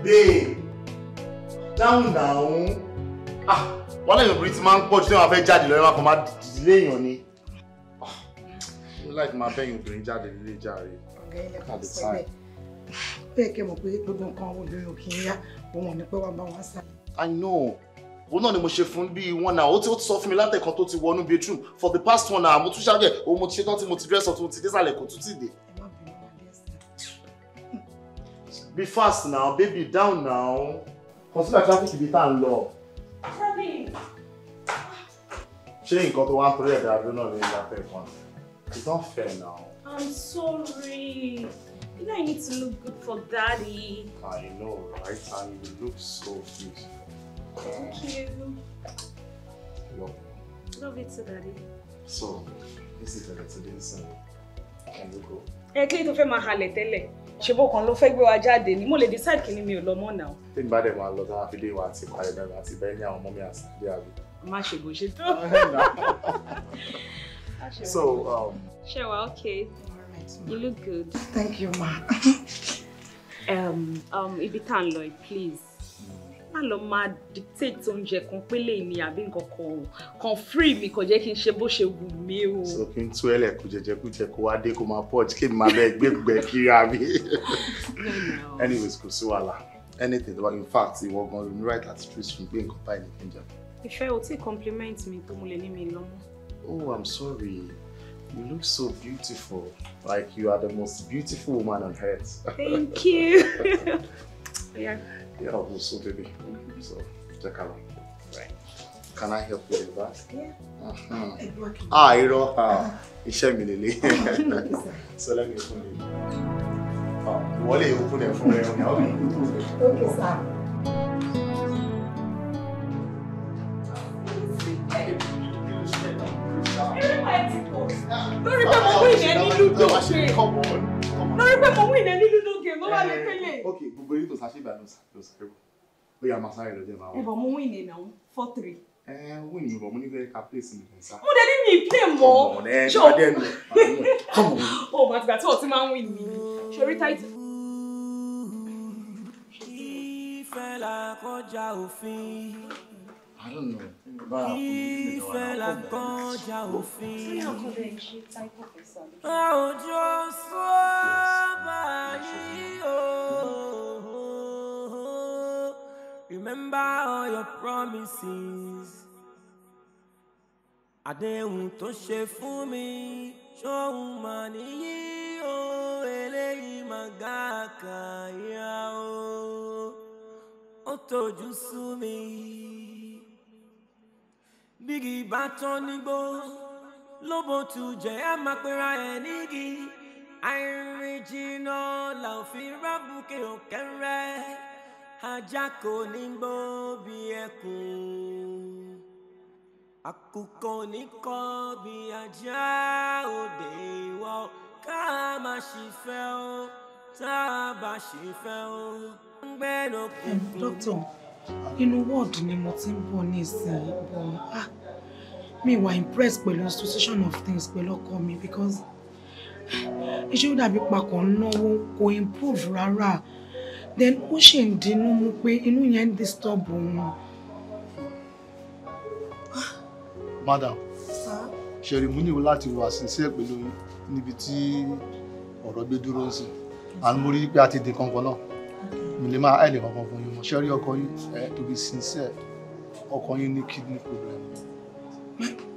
Babe dáhùn làwọn. wọ́n lẹ́yìn obìnrin ti máa ń pọ̀ jù tí wọ́n fẹ́ jáde lọ́yọ́ wọn kò máa dìde èèyàn ni. Ah, mo láti máa bẹ́yìn obìnrin jáde nílé jàre. ọ̀gá ilé kan sọ bẹ́ẹ̀ bẹ́ẹ̀ kẹ́ mọ̀ pé gbogbo nǹkan obìnrin ò kì í yá òun ò ní pẹ́ wá bá wọn sá. I know òun náà ni mo ṣe fún bíi one hour ó ti ó ti sọ fún mi látẹ̀kan tó ti wọnú bedroom for the past one hour mo tún ṣàgẹ̀ òun mo ti ṣetán tí mo ti dress up tí mo ti désàlẹ̀ kò tún ti dé. be fast now baby down now consider traffic to be tan ń lọ. ṣé nǹkan tó wá ń torí ẹ̀dá àdúró náà lè ní afẹ́ kan it's not fair now. I'm sorry. You know I need to look good for daddy. I know, right? And you look so beautiful. Thank you. Love you. Love you too, daddy. So, this is the today, son. Can we go? Ẹ kí ló tó fẹ́ máa halẹ̀ tẹ́lẹ̀? ṣe kan ló fẹ́ gbé wa jáde ni mo lè decide kí ni mi ò lọ mọ́ náà. tí n bá dẹ̀ máa lọ sára fi dé àti ìparí mẹ́rin àti bẹ́ẹ̀ ní àwọn ọmọ mi àsìkò àbí. má ṣe bó ṣe tó. so ṣe um... okay you look good. thank you ma. um, um, ibi tá à ń lọ please má lọ máa dictate oúnjẹ kan pélé mi àbí nǹkan kan free mi kò jẹ́ kí n ṣe bó ṣe wù mí o. sọ kí n tú ẹlẹ kó kó wá dé kó máa port kí ni màá bẹ gbé gbẹ kiri àbí. anyways kò sí wàhálà anything about in fact ìwọ gan ló ní right at least fún gbé nǹkan báyìí nìkan jẹ. ìfẹ́ ò tí compliment mi tó mo lè ní mi lọ́mọ. oh i'm sorry. You look so beautiful. Like you are the most beautiful woman on earth. Thank you. yeah they are also baby. So check out. Right. Can I help you with that? Yeah. Uh-huh. I'm Ah, you know, uh, iṣẹ́ mi lele. So let me open it. Ah, wọ́n lè open it fún ẹ ọ̀nà ọ̀nà. Okay, sir. Lórí pé mo gbé ìyẹn ní lúdò pé come on. lórí pé mo wí ilé nínú lókè ló wà lè eh, pélé. ok gbogbo yìí tó sáṣẹ́ ìbànú ló We bọ̀ ó yà máa sáré lọ́jọ́ máa wọ̀. ẹ̀bọ̀ mo wí ilé náà four three. ẹ eh, wí ni ìbọn mo ní fẹ́ ká place mi kàn sá. mo dé ní mi ìpè mọ́. ọmọ ẹ ṣe wá dẹ́nu ọmọ mi. Oh, o mà I don't know. Ìfẹ́ la kọjá òfin. Àwùjọ sọ́ọ̀bà yìí o. Remember all your promises. Àdéhùn tó ṣe fún mi ṣóhun mà níyì o. Eléyìí máa gá àkàyà o. Ó tójú sú mi bígi ìbátan nígbó lóbo tù jẹ́ á máa pera ẹ̀ nígi àìrìn jìnnà là ò fi rábùkẹ́ ajá kò ní bó bí ẹkùn àkùkọ ní kọ́ bí ajá òde ìwọ ká máa ṣì fẹ́ o tá a bá ṣì fẹ́ o ń gbẹ́ lókùnkùn inú wọ́ọ̀dù ni mo ti ń bọ̀ ní ìsìn ìbọn ah mi wà impressed pẹ̀lú institution of things pẹ̀lú ọkọ mi because ah, iṣẹ́ ó dàbí papọ̀ náwó kò improve rárá then ó ṣì ń dinú mú pé inú yẹn ń disturb òun. Ah. madam ṣẹ̀rì mú níwò láti wà sincere pẹ̀lú níbi tí ọ̀rọ̀ gbé dúró sí and mo rí i pé a ti dín kankan náà mo lè máa ẹ̀lẹ̀ kankan fún yín mo ṣe rí ọkọ yín ẹ to be sincere ọkọ yín ní kidney problem.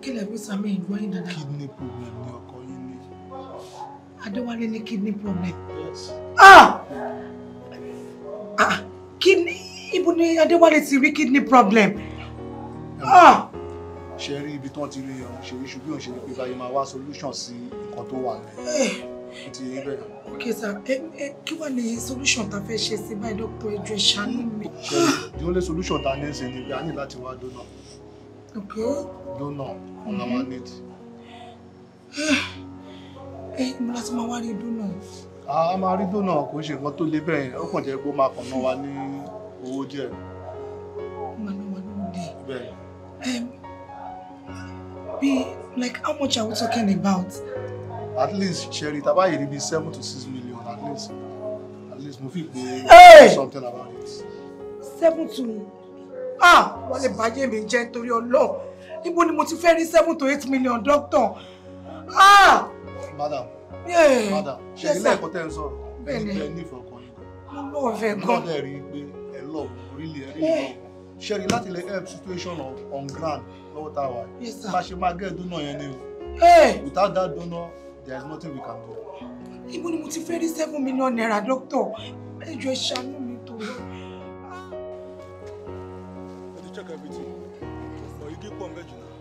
kí lè gbèsè àmì ìgbọ́ yín dáadáa. kidney problem ni ọkọ yín ní. Adéwálé ní kidney problem. Yes. ah ah kidney ibo ni Adéwálé ti rí kidney problem. ah ṣe rí ibi tí wọ́n ti rí ọ̀hún ṣe rí ṣùgbọ́n ṣe rí pé báyìí máa wá solution sí nǹkan tó wà lẹ́yìn. Okay sir, ẹ ẹ kí wàá ní solution ta fẹ́ ṣe sí báyìí dọ́kítọ̀ ẹjọ́ ìṣàánú mi. The only solution ta ní ṣe ni pé a ní láti wá dóná. Okay. Dóná ọ̀la wa ní ti. Ẹ mo láti máa wá rí dóná. A máa rí dóná kò ṣe nǹkan tó le bẹ́ẹ̀ ó kàn jẹ́ pé ó máa kàn náà wa ní owó díẹ̀. Màá náà wà lóhùn dé. Bẹ́ẹ̀. Bí like how much are we talking about? at least share it. About it yẹ níbi seven to six million at least at least mo fi pe something about it. seven to ah wọ́n lè bàjẹ́ mi jẹ́ nítorí ọlọ́run níbo ni mo ti fẹ́ rí seven to eight million doctor ah. madam yeah. madam ṣèyí lẹ́ẹ̀kọ́ tẹ́ ń so. bẹ́ẹ̀ ni bẹ́ẹ̀ nífẹ̀ẹ́ ọkọ yìí gan. mo lọ fẹ́ gan. mo lọ rí i pé ẹ lọ orílẹ̀ ẹ rí i lọ help situation on ground lọ́wọ́ tá a wà. bá a ṣe máa gẹ́ donor yẹn ni o without that donor there is nothing we can do. Even if mo ti fẹ́ seven million naira doctor ẹ jọ̀ọ́ ẹ ṣàánú mi tó. Ah. ẹ ti check everything ọ̀ you pọ̀ mẹ́jọ náà.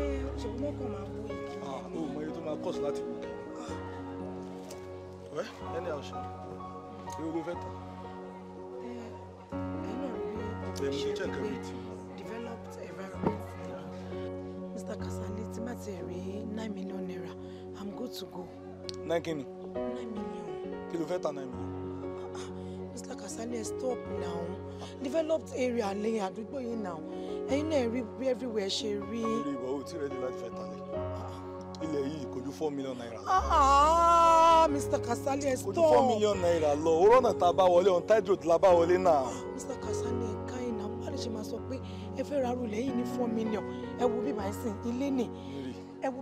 ẹ ṣùgbọ́n mọ́kàn máa wú igi. ah o mọ iye tó máa cost láti wú igi. ẹ ẹni àwọn ṣe é ogun fẹ́ tán. ẹ ẹ náà rí i. check everything. developed environment. Mr. Kasali ti bá ti nine million naira I'm good to go. Nine kini? Nine million. Kí ló fẹ́ nine million? Mr. Ah, like stop now. Developed area lẹ́yìn àdúgbò yìí now. Ẹyin náà rí everywhere ṣe rí. Ilé ìwà ò ready like fẹ́ ta ah, lẹ̀. Ilẹ̀ ju four million naira Ah, Mr. Kasali, stop. Kò ju four million naira Lo, Ó rọ̀nà tá a bá on tide road la bá wọlé náà. Ah, Mr. Kasali, ẹ̀ka ìnáwó bá lè ṣe máa sọ pé ẹ fẹ́ ra rú lẹ́yìn ní four million. Ẹ wo bí màá sìn ilé nì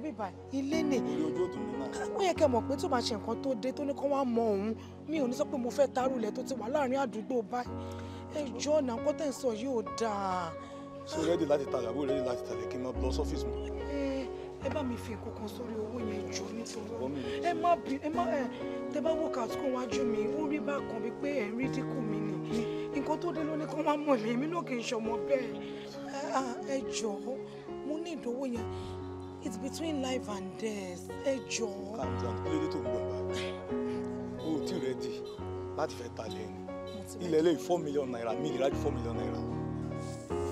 bíbá ilé nì. ilé ojú ó yẹ kẹ́ mọ̀ pé tó máa ṣe nǹkan tó dé tó ní kó wá mọ òun mi ò ní sọ pé mo fẹ́ tarú tó ti wà láàrin àdúgbò báyìí ẹ ọ̀nà nǹkan tẹ̀ ń sọ yìí dáa. ṣé rẹ́dì láti tajà bó rẹ́dì láti tajà kí n máa lọ sọ́fíìsì mi. ẹ bá mi fi nǹkan kan sórí owó yẹn jọ nítorí ẹ má ẹ tẹ bá wọ́ọ̀kà tó wájú mi ó rí bákan bíi pé ẹ̀ ń rí dínkù mi nì nǹkan tó dé lónìí kan wá mọ̀ mí èmi náà kì í ṣọmọ bẹ́ẹ̀ ẹ jọ̀ọ́ mo ní ìdánwò yẹn it's between life and death ẹ John? calm down kí ló dé tó ń gbọ́ báyìí o ò tí ì rẹ́dì láti fẹ́ ta four million naira mi lè rájú four million naira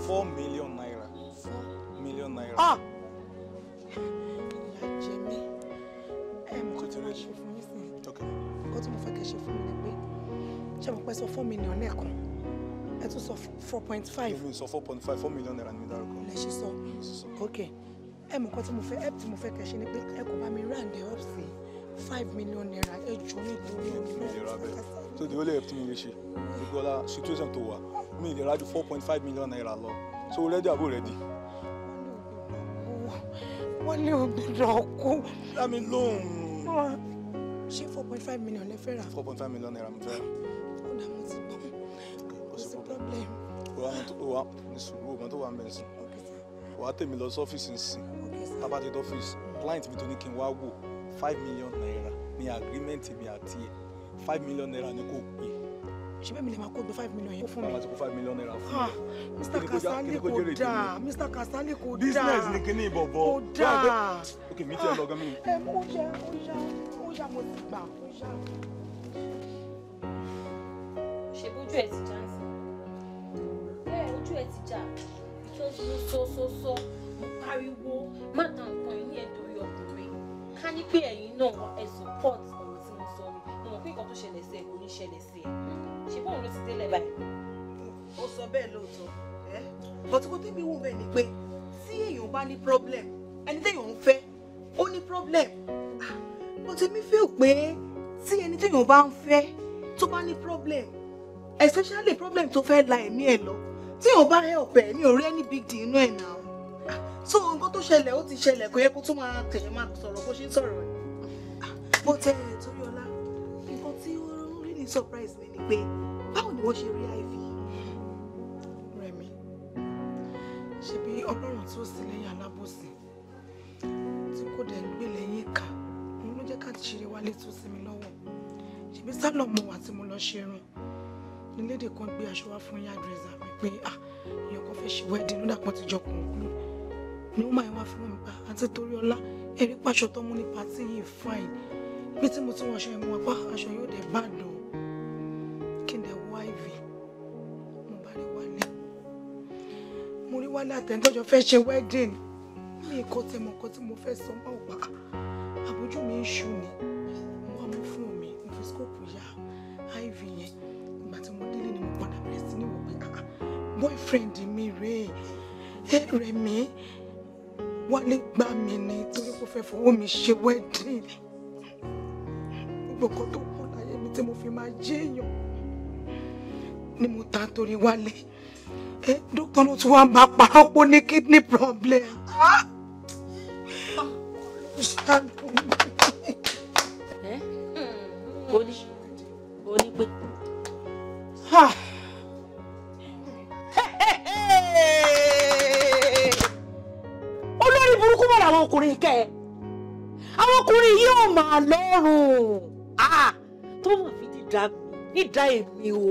four million naira four million naira. ah ìyá jẹ ṣe mo fẹ́ sọ four million lẹ́ẹ̀kan ẹ tún sọ four point five. èmi sọ four point five four million naira ni mi dárúkọ. lẹ ṣe sọ ok ẹ mọ̀ nǹkan tí mo fẹ́ help tí mo fẹ́ kẹ́ ṣe ni pé ẹ kò bá mi round ẹ̀ up sí five million naira ẹ jọ nítorí ọ̀nà so the only help tí mo lè ṣe nígbọ́lá situation tó wà mi lè rájú four point five million naira lọ so ready àbò ready. wọ́n ní ògbìdọ̀ kú. dámi lóhùn. ṣé four point five million lẹ fẹ́ rà. four point five million naira mo fẹ́ rà. ó dààmú ti gbọ́ mo ti problem. ó wà ní sùúrù ọmọ tó wà ń bẹ̀ sùn wàá tèmi lọ sí ọ́fíìsì office tábàtì tó ọ́fíìsì client mi tó ní kí n wá wò five million naira ní agreement mi àti ẹ̀ five million naira ni kò pè. ṣé bẹ́ẹ̀ mi lè máa kó gbé five million yẹn fún mi. bàbá ti kó five million naira fún ah, mi. Mr. Kasali kò dáa Mr. Kasali kò dáa business ni kíní ìbọ̀bọ̀ kò dáa. ok mi ti ẹ lọ gan mi. ẹ mo yá mo yá mo yá mo ti gbà mo yá. ṣèbójú ẹ ti já ń sìn bẹ́ẹ̀ ojú ẹ ti já sọ́sọ́sọ́sọ́sọ́ mo pariwo má ta nǹkan ẹ̀ ní ẹ̀dọ́ yọ ọkùnrin ká ní pé ẹ̀yin náà ẹ̀ support ọ̀rọ̀ tí mo sọ ni mo mọ̀ pé nǹkan tó ṣẹlẹ̀ sí ẹ̀ kò ní ṣẹlẹ̀ sí ẹ̀ ṣe bóun ló ti délẹ̀ báyìí. ó sọ bẹ́ẹ̀ lóòótọ́ ẹ́ tẹ́mi wù bẹ́ẹ̀ ni pé tí èèyàn bá ní problem ẹni téèyàn ń fẹ́ ó ní problem mo ti mi feel pé tí ẹni téèyàn bá ń fẹ́ tó bá ní problem especially problem tó fẹ́ la ẹ̀mí ẹ̀ lọ tí ò bá help ẹ mi ò rí big deal inú ẹ̀ náà so nǹkan tó ṣẹlẹ̀ ó ti ṣẹlẹ̀ kò yẹ kó tún máa tẹ̀yìn máa sọ̀rọ̀ bó ṣe ń sọ̀rọ̀ ẹ̀ bó tẹ ẹ torí ọlá nǹkan tí ó really surprise mi ni pé báwo ni wọ́n ṣe rí iv rẹmi ṣebí ọlọ́run tí ó sì lẹ́yìn alábòsí tí kò dẹ̀ ń gbé lẹ́yìn ìka òun ló jẹ́ ká ti ṣeré wálé tó sí mi lọ́wọ́ ṣebí sálọ̀ mo wà tí mo lọ ṣerun nílédè kan gbé aṣọ wá fún yín àdírẹ́sà mi pé ah èèyàn kan fẹ́ ṣe wedding ló dàpọ̀ tíjọ conclude ni wọ́n máa wá fún mi pa àti torí ọlá ẹ̀rí pàṣọ tó mú ní pàtí yìí fine bí tí mo ti wọṣọ ẹ̀ mú wá pa ah, aṣọ yóò dé bá dùn kí n dẹ̀ wá ìvì mo bá rí wálé mo rí wálé àtẹ̀ńtọ́jọ́ fẹ́ ṣe wedding mi kò tẹ̀ mọ̀ nǹkan tí mo fẹ́ sọ mọ́ ọ̀pá ah, àbójú mi ń ṣù ni. boyfriend mi rèé ẹ rẹ̀ mí wálé gbà mí ni torí kò fẹ́ fowó mi ṣe wedding gbogbo kan tó kù mi tí mo fi máa jẹ́ èèyàn ni mo ta torí wálé ẹ dókítà ló tún wá ń bá pa kidney problem. Ah! Ah! kò ní. kẹ́ ẹ̀ àwọn ọkùnrin yìí ò máa lọ́rùn ah, tó mà fi dídá mi dídá èmi o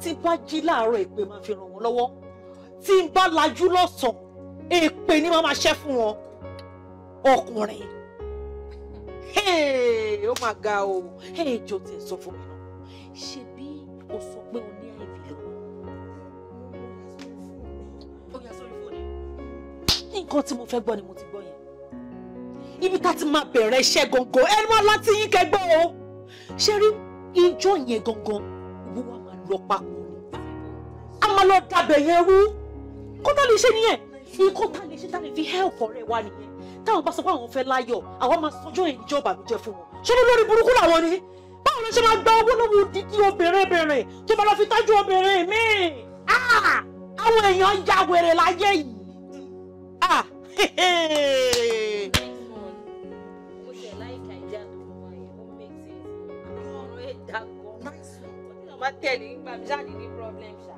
tí bá jí láàárọ̀ èpè máa fi ràn wọ́n lọ́wọ́ tí n bá lajú lọ́sàn èpè ni màá máa ṣẹ́ fún wọn ọkùnrin ó máa ga o ìjọ tí ẹ sọ fún mi náà ṣe bí o sọ pé o ní àìbí lọ́wọ́. nǹkan tí mo fẹ́ gbọ́ ni mo ti gbọ́ yẹn ibi tá a ti máa bẹ̀rẹ̀ iṣẹ́ gangan ẹni máa láti yín kẹgbọ́ o ṣe rí ijó yẹn gangan owó wa máa lọ papọ̀ ni a máa lọ dabẹ̀ yẹn rú kó tá lè ṣe nìyẹn nǹkan tá lè ṣe tá lè fi help ọ̀rẹ́ wa nìyẹn táwọn bá sọ pé àwọn fẹ́ láyọ̀ àwọn máa sọjọ́ yẹn níjọ́ ìbànújẹ́ fún wọn ṣé ní lórí burúkú làwọn ni báwo ló ṣe máa gba owó lọ́wọ́ dídí obìnrin bìnrin tó bá lọ fi tọ́jú obìnrin míì ah! àwọn èèyàn ya wèrè láyé yìí. Ah! bá tẹ̀lé nígbà mi ṣáà ní ní problem ṣá.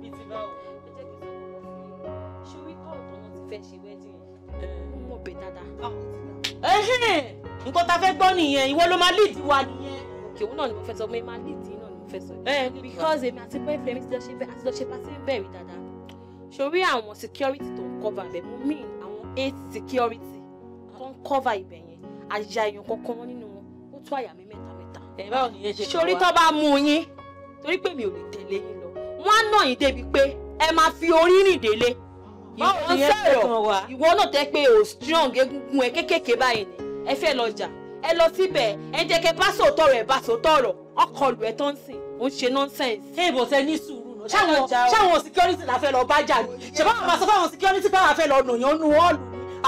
bí ti bá wò. ẹ jẹ́ kí n sọ kókó fún yín ṣé wíkọ̀ tó wọn ti fẹ́ ṣe wedding yẹn. mo mọ̀ bẹ́ẹ̀ dáadáa. Ah, nǹkan ta fẹ́ gbọ́ nìyẹn ìwọ ló máa lead wa nìyẹn. òkè òun náà ni mo fẹ́ sọ mo máa lead yín náà ni mo fẹ́ sọ. because èmi àti pé fẹ́mi ti lọ ṣe bẹ́ẹ̀ àti lọ ṣe pàṣẹ bẹ́ẹ̀ rí dáadáa. sori àwọn security tó ń cover bẹ́ẹ̀ mo mean àwọn eight security tó ń cover ibẹ̀ yẹn àyà èèyàn kankan nínú wọn ó tó àyà mi mẹ́ta mẹ́ta. ẹ báwo nìyẹn ṣe kọ́ wa sori tó bá mú yín torí pé mi ò lè tẹ̀lé yín lọ wọ́n á nà yín débi pé ẹ máa fi orí rìn délé ìwọ ń sọ̀rọ̀ ìwọ náà tẹ́ pé o strong egungun ẹ kékèké báyìí ni ẹ fẹ́ lọ jà ẹ lọ síbẹ̀ ẹ jẹ́ kẹ́ bá sòótọ́ rẹ̀ bá sòótọ́ rọ̀ ọkọ̀ lù ẹ tó ń sìn ó ń ṣe nonsense. ṣé ìbọ̀sẹ̀ ní sùúrù náà ṣáwọn security la fẹ́ lọ bá jà ní ṣèbá àwọn sọ fáwọn security bá wà fẹ́ lọ nà yàn nu ọ́ọ̀lù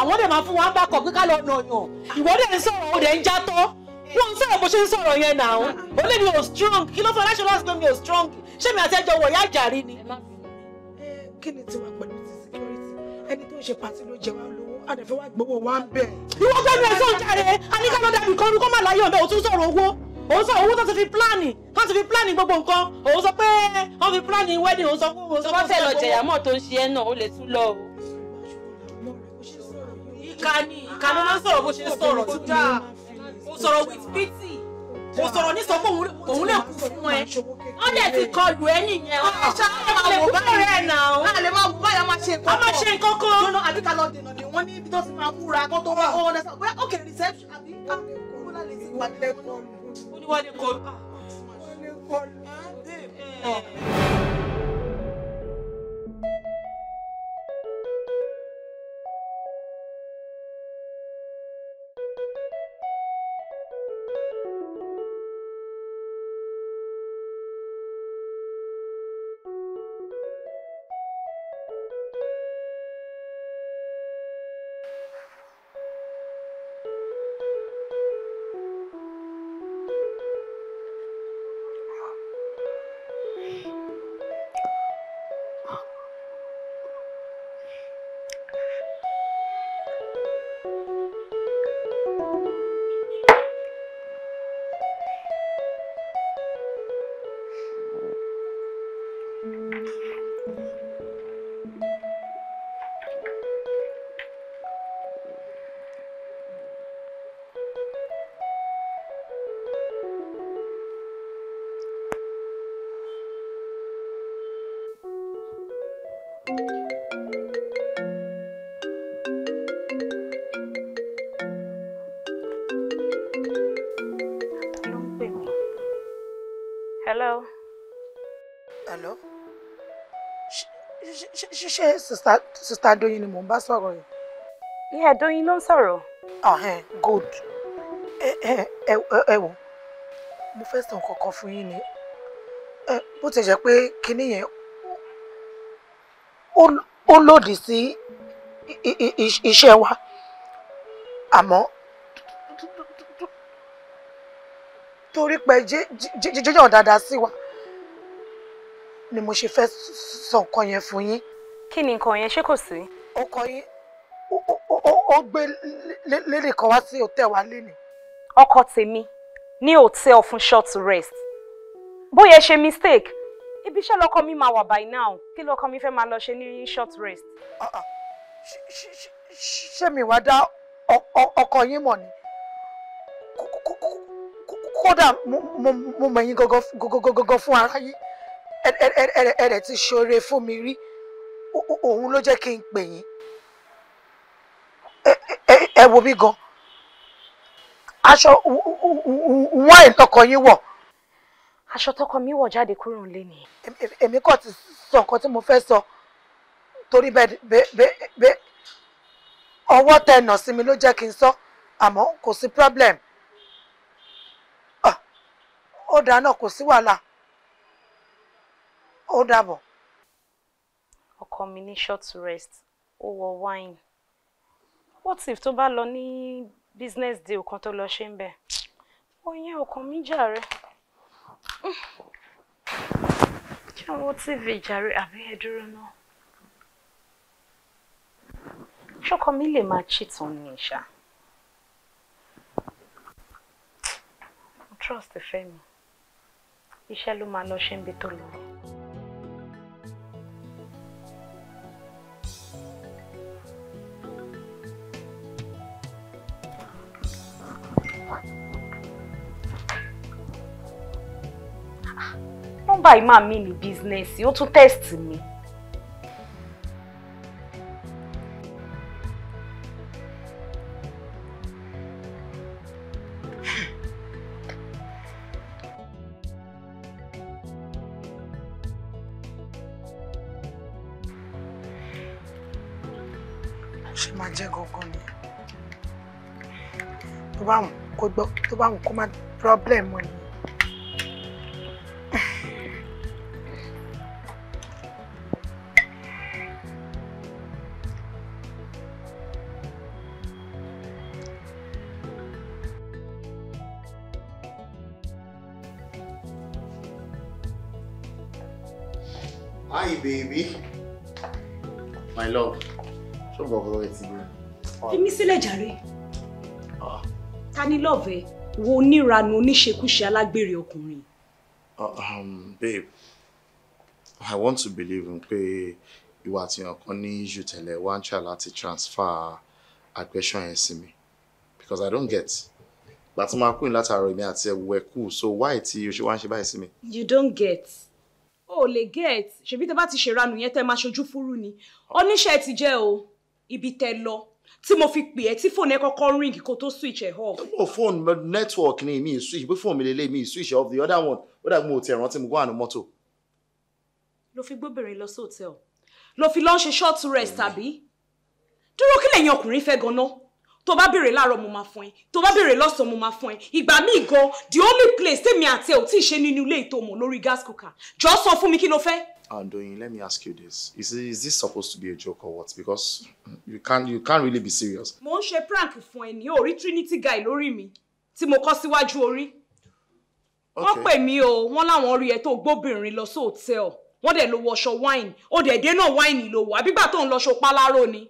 àwọn dẹ̀ máa fún wa bá kọ̀ pé ká lọ nà yàn ń sọ̀rọ̀ ó dẹ̀ ń já tọ́ wọ́n sọ̀rọ̀ bó ṣe ń sọ̀rọ̀ yẹn náà ó lè mi ò strong kí ló fọ aláṣọ láti pé mi ò strong ṣé mi àti ẹjọ́ wọ̀nyá jàrí ni. kí ni tiwa pẹ̀lú ti security ẹni tó ń ṣe pàtí ló jẹ wá lówó àdàfẹ́ wá gbowó wá ń bẹ̀. ìwọ gbé mi ẹ̀sán jàre àníkà ló dàbí kan orúkọ màláyé ọ̀bẹ òtún sọ̀rọ̀ owó òun sọ owó tó ti fi pílánì tó ti fi pílánì gbogbo nǹkan òun sọ pé wọ́n fi pílánì wedding òun sọ pé òun sọ pé. tó bá fẹ́ lọ jẹ̀yàmọ́ tó ń ṣe ẹ́ náà ó lè tún lọ o. ìkànnì ìkànnì máa ń sọ̀rọ̀ bó ṣe sọ̀rọ̀ tó dáa kò sọ̀rọ̀ with pity kò sọ̀rọ̀ ní sọ pé òun lè kú fún ẹ wọ́n dẹ̀ ti kọlù ẹ nìyẹn wọ́n lè ṣá ẹ máa ah, wò ah, ah, báyìí ẹ nà ó a lè máa wò báyìí a máa ṣe nǹkan kan a máa ṣe nǹkan kan lọ́nà àbí ká lọ dènà ni wọ́n ní ibi tó ti máa kúra kó tó wá ọwọ́ lẹ́sà bóyá okay reception àbí àbí kó lálẹ́ sí ìwádìí lẹ́kọ̀ọ́. ó ní wọ́n lè kọlù. ó ní kọlù. Eh, eh. sista Doyin ni mò ń bá sọ̀rọ̀ yìí. ìyá Doyin ló ń sọ̀rọ̀. Ah, eh, good ẹ eh, eh, wò mo fẹ́ sọ nǹkan kan fún yín ni bó ti jẹ́ pé kinní yẹn ó lòdì sí iṣẹ́ wa àmọ́ torí pé jíjọ́ dáadáa sí wa ni mo ṣe fẹ́ sọ nǹkan yẹn fún yín kí ni nǹkan yẹn ṣé kò sí. ọkọ yín ó gbé lédè kan wá sí hòtẹ́ẹ̀ wa lé ni. ọkọ tèmi ní hòtẹ́ẹ̀ fún short rest bóyá ṣe mistake ibi iṣẹ́ lọ́kọ mi máa wà by now kí lọ́kọ mi fẹ́ máa lọ ṣe ní short rest. Ah, ah. ṣé mi wá dá ọkọ yín mọ̀ ni kódà mo mọ̀ yín gọ́gọ́ fún aráyé ẹ̀rẹ̀ ti ṣoore fún mi rí òun ló jẹ́ kí n pè yín ẹ wo bí gan aṣọ wáìn tọkọ yín wọ̀. aṣọ tọkọ mi wọ̀ jáde kúrò nílé ni. èmi kàn ti sọ nǹkan tí mo fẹ́ sọ torí bẹ́ẹ̀ ọwọ́ tẹ nà sí mi ló jẹ́ kí n sọ àmọ́ kò sí problem ah, ó dáa náà kò sí wàhálà ó dàbọ̀. Come mi short rest ó wọ wine what if tó bá lọ ní business deal kan tó lọ ṣe ń bẹ̀ ó yẹn ọkàn mi jàre kí wọ́n tv jàre àbí ẹ dúró náà ṣọkọ mi lè máa chìtàn ní ìṣá trust ìfẹ́ mi iṣẹ́ ló máa lọ ṣe ń bi tó lọ. báyìí máa mí ní bísínẹ́sì ó tún tẹ́sítì mi. ṣe máa jẹ́ gangan ni tó bá wù kó gbọ́ tó má problem wọn ni. love wo oníranu oníṣekúṣe alágbèrè ọkùnrin. Uh, um babe i want to believe in pé ìwà àti ọkàn ní ju tẹ́lẹ̀ wá ń ṣà transfer aggression yẹn sí mi because i don't get But máa kúrin látàárọ̀ èmi àti ẹ̀wù ẹ̀ kù so why tí o ṣe wá ń ṣe báyìí you don't get o oh, lè get ṣebí tẹ bá ti ṣèrànù yẹn tẹ máa ṣojú fúrú ni oh. oníṣẹ́ ti jẹ́ o ibi tẹ lọ tí mo fi pè ẹ́ tí fóònù ẹ kọ́kọ́ ring kó tó switch ẹ̀ off. mo fóònù network ni mi switch bí fóònù mi lè lè mi switch off the other one ó dàgbé mo tẹ̀ rántí mo gbọ́ àná mọ́tò. Lo fi gbóbìnrin lọ sí hòtẹ́ẹ̀lì Lo fi lọ ń ṣe short rest tàbí dúró kí lẹ́yìn ọkùnrin fẹ́ gan tó bá béèrè láàárọ̀ mo máa fún ẹ tó bá béèrè lọ́sàn mo máa fún ẹ ìgbà míì gan the only place tèmi àti ẹ ò tí ì ṣe nínú ilé ìtò mọ lórí gas cooker jọ sọ fún mi kí ló fẹ́. Andoyin, let me ask you this. Is, is this supposed to be a joke or what? Because you can't, you can't really be serious. Mo ń ṣe prank fún ẹ ní orí Trinity guy lórí mi tí mo kọ́ síwájú orí. Wọ́n pè mí o, wọ́n láwọn rí ẹ tó gbóbìnrin lọ sí hòtẹ́ẹ̀lì. Wọ́n dẹ̀ lọ wọṣọ wáìnì. Ó dẹ̀ dé náà lo ló wọ̀. Àbígbà tó ń lọ ṣopá láró ni.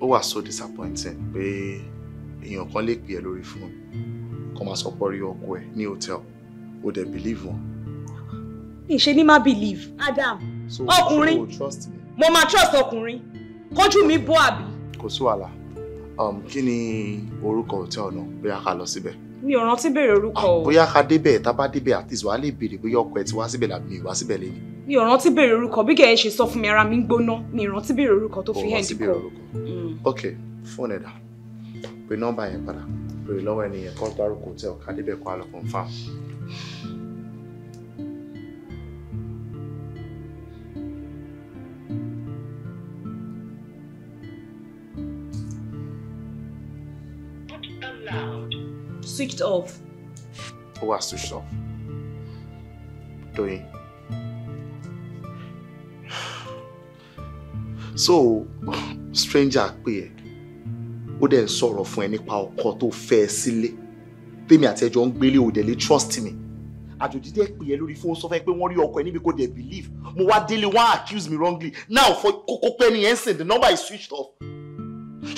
ó wà so disappointing pé èèyàn kan lè pè ẹ́ lórí fóònù kó máa sọ pọ́ rí ọkọ ẹ̀ ní hotel ó dẹ̀ believe wọn. ìṣe ni má believe Adam ọkùnrin mo máa trust ọkùnrin kójú mi bọ́ àbí. kò sí wàhálà um, kí ni orúkọ hotel náà bóyá ká lọ síbẹ̀ mi ò rántí béèrè orúkọ ah, o. bóyá ká débẹ̀ tá a bá débẹ̀ at least wàá lè béèrè bóyá ọkọ ẹ ti wá síbẹ̀ làbí mi wá síbẹ̀ lẹ́yìn mi ò rántí béèrè orúkọ bí kẹ́hìn ṣe sọ fún mi ara mi ń gbóná mi ò rántí béèrè orúkọ tó fi hẹ́ǹd kọ. Mm. ok fóònù ẹ̀dá pé nọ́mbà yẹn padà béèrè lọ́wọ́ ẹnìyẹn kọ́ gbárùkù tẹ ọ̀ka débẹ̀ kọ́ àlọ́ confam. Switched off. Ó wà switched off. Doyin. so stranger pè ẹ́ ó dẹ̀ ń sọ̀rọ̀ fún ẹ nípa ọkọ tó fẹ́ ẹ sílé tèmi àti ẹjọ́ ń gbélé òdẹ̀ lè trust me àjòjì dẹ́ pè ẹ́ lórí fún sọ fún ẹ pé wọ́n rí ọkọ ẹ níbi kò dẹ̀ believe mo wá délé wọ́n accuse me wrongly now for kókó pẹ́ ni ẹ̀ ń sìn the number is switched off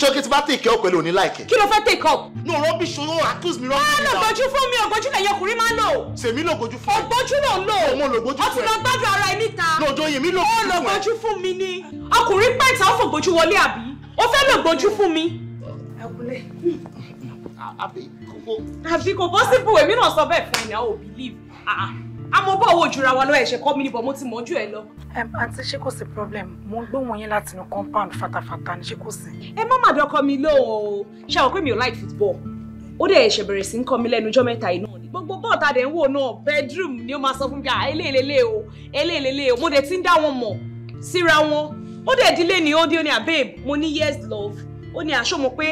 ṣókè tí bá take up pẹ̀lú òní láìkẹ́. kí ló fẹ́ take up. no rubbish o accuse me rubbish. wọ́n ah, lọ gbójú fún mi ògbójú lẹ̀yìn ọkùnrin máa ń lò. sèmi ló gbójú fún mi. ògbójú ló ń lò. ọmọ ló gbójú fún ẹ. ọtún lọ gbádùn ara ẹ níta. lọ́jọ́ yèmí ló gbójú fún ẹ. ó lọ gbójú fún mi ni. ọkùnrin pẹ̀ntà ó fògbójú wọlé àbí. ó fẹ́ lọ gbójú fún mi. àbí kò possible èmi náà sọ bẹ́ẹ̀ fún ẹ̀ àmọ́ bá owó ìjura wa lọ ẹ̀ṣẹ̀ kọ́ mi níbọ̀ mo ti mọ̀ ju ẹ lọ. àǹtí ṣé kò sí problem mo ń gbóhùn yín láti inú compound fatafata ni ṣé kò sí. ẹ má màdán kọ mi lóhùn o ṣe àwọn pé mi ò like football ó dẹ̀ ẹ̀ṣẹ̀ bẹ̀rẹ̀ sí ń kọ́ mi lẹ́nu ọjọ́ mẹ́ta iná ni gbogbo bọ́ọ̀ ta dẹ̀ ń wò náà bedroom ni ó máa sọ fún mi ah eléèlélé o eléèlélé o mo dẹ̀ ti ń dá wọn mọ̀ síra wọn ó dẹ̀ dílé ni ó dé ó ní àbẹ́ẹ̀ mo ní yes love ó ní àṣọ mọ̀ pé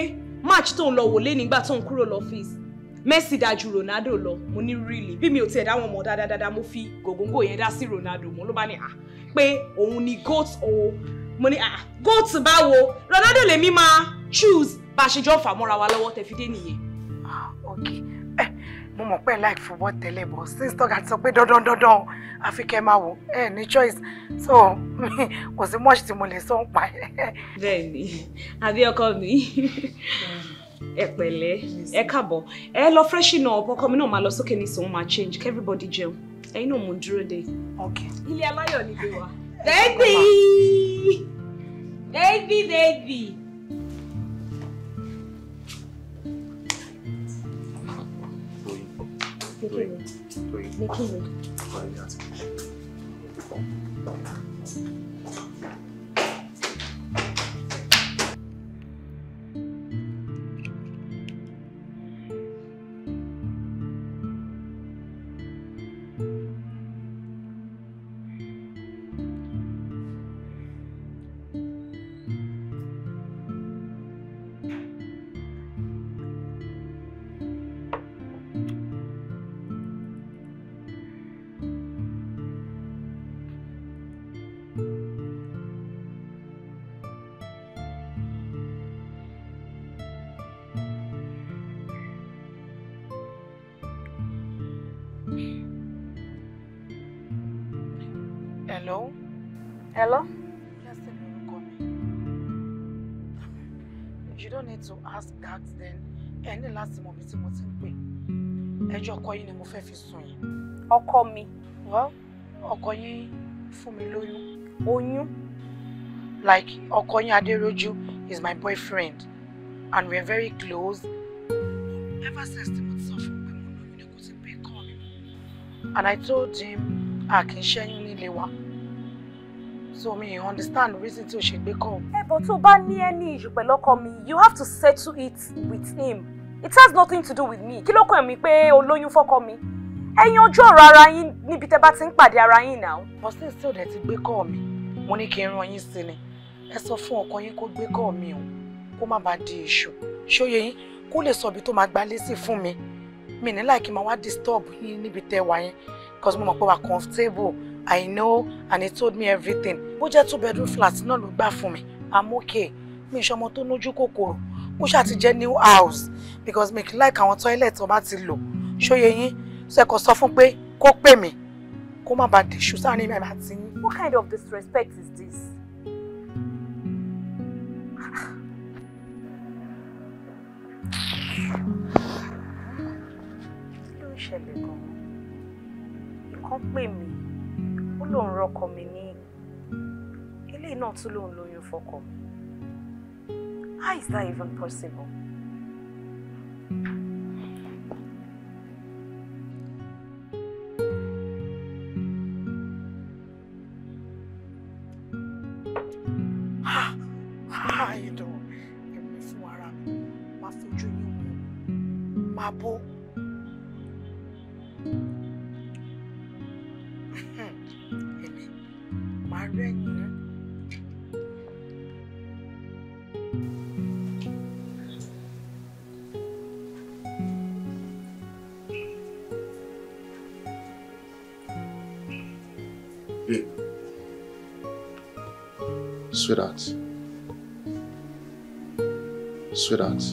match tó ń lọ wò lé nígbà tó ń kúrò lọ́fíìsì Messi dájú Ronaldo lọ mo ní really bí mi ò tiẹ̀ dá wọn mọ̀ dáadáa mo fi gògóńgò yẹn dá sí Ronaldo mo ló bá ní ah pé òun ni goat o mo ní ah goat báwo Ronaldo lèmi máa choose bá a ṣe jọ fà mọ́ra wa lọ́wọ́ tẹ fi dé nìyẹn. ok ẹ eh, mo mọ̀ pé like football tẹ́lẹ̀ bọ̀ since tọ́ka ti sọ pé dandan dandan àfi kẹ́ máa wò ẹ ní choice so kò sí much tí mo lè sọ ń pa ẹ. bẹ́ẹ̀ni àbí ọkọ mi. ẹ pẹ̀lẹ́ ẹ káàbọ̀ ẹ lọ freshen up ọkọ mi náà máa lọ sókè nísìnyí wọn máa change kí everybody jẹun ẹyin náà mò ń dúró de. ilé aláyọ̀ nílé wa. baby baby baby. Níkìlì. Níkìlì. Hello? Justin lorúkọ mi. You don't need to ask that then. any last moment, mọ̀ bí tí mo ti ń pè. Ẹjọ́ ọkọ yín ni mo fẹ́ fi sùn yín. Ọkọ mi. Well, ọkọ yín fún mi lóyún. Oyún? Like ọkọ yín is my boyfriend and we're very close. Ever since tí mo ti sọ fún pé mo lóyún And I told him I can share ṣẹ́yún nílé wa so mi understand reason to o be come. Hey, but to tó me any issue pẹ̀lú ọkọ mi you have to settle it with him it has nothing to do with me Kilo ko kàn pe pé olóyún fọ́kọ mi ẹ yanjú ọ̀rọ̀ ara yín níbi tẹ́ bá ti ń pàdé ara yín náà. but still, still ò dẹ̀ ti gbé call mi mo ní kí n ran yín sí ni ẹ sọ fún ọkọ yín kó gbé call mi o kó má bàa di issue ṣóyè yín kó lè sọ ibi tó máa gbálé sí fún mi mi ní láì kí n máa wá disturb yín te tẹ́ wà yín because mo mọ̀ pé comfortable I know and he told me everything. Bó jẹ́ two bedroom flat náà ló gbà fún mi. I'm okay. Mi ìṣọmọ tó lójú kòkòrò. Mo ṣáà ti jẹ́ new house because mi kì í like àwọn toilet tó bá ti lò. Ṣóye yín ṣe kò sọ fún pé kó pè mí kó má bàa dèṣù sáárín mi àti yín. What kind of disrespect is this? Kí ló ń ṣẹlẹ̀ gan-an? Ìkan pè mí lòun rọkọ mi ní eléyìí náà tún lòun lóyún fọkọ how is that even possible. Sweetheart. Sweetheart.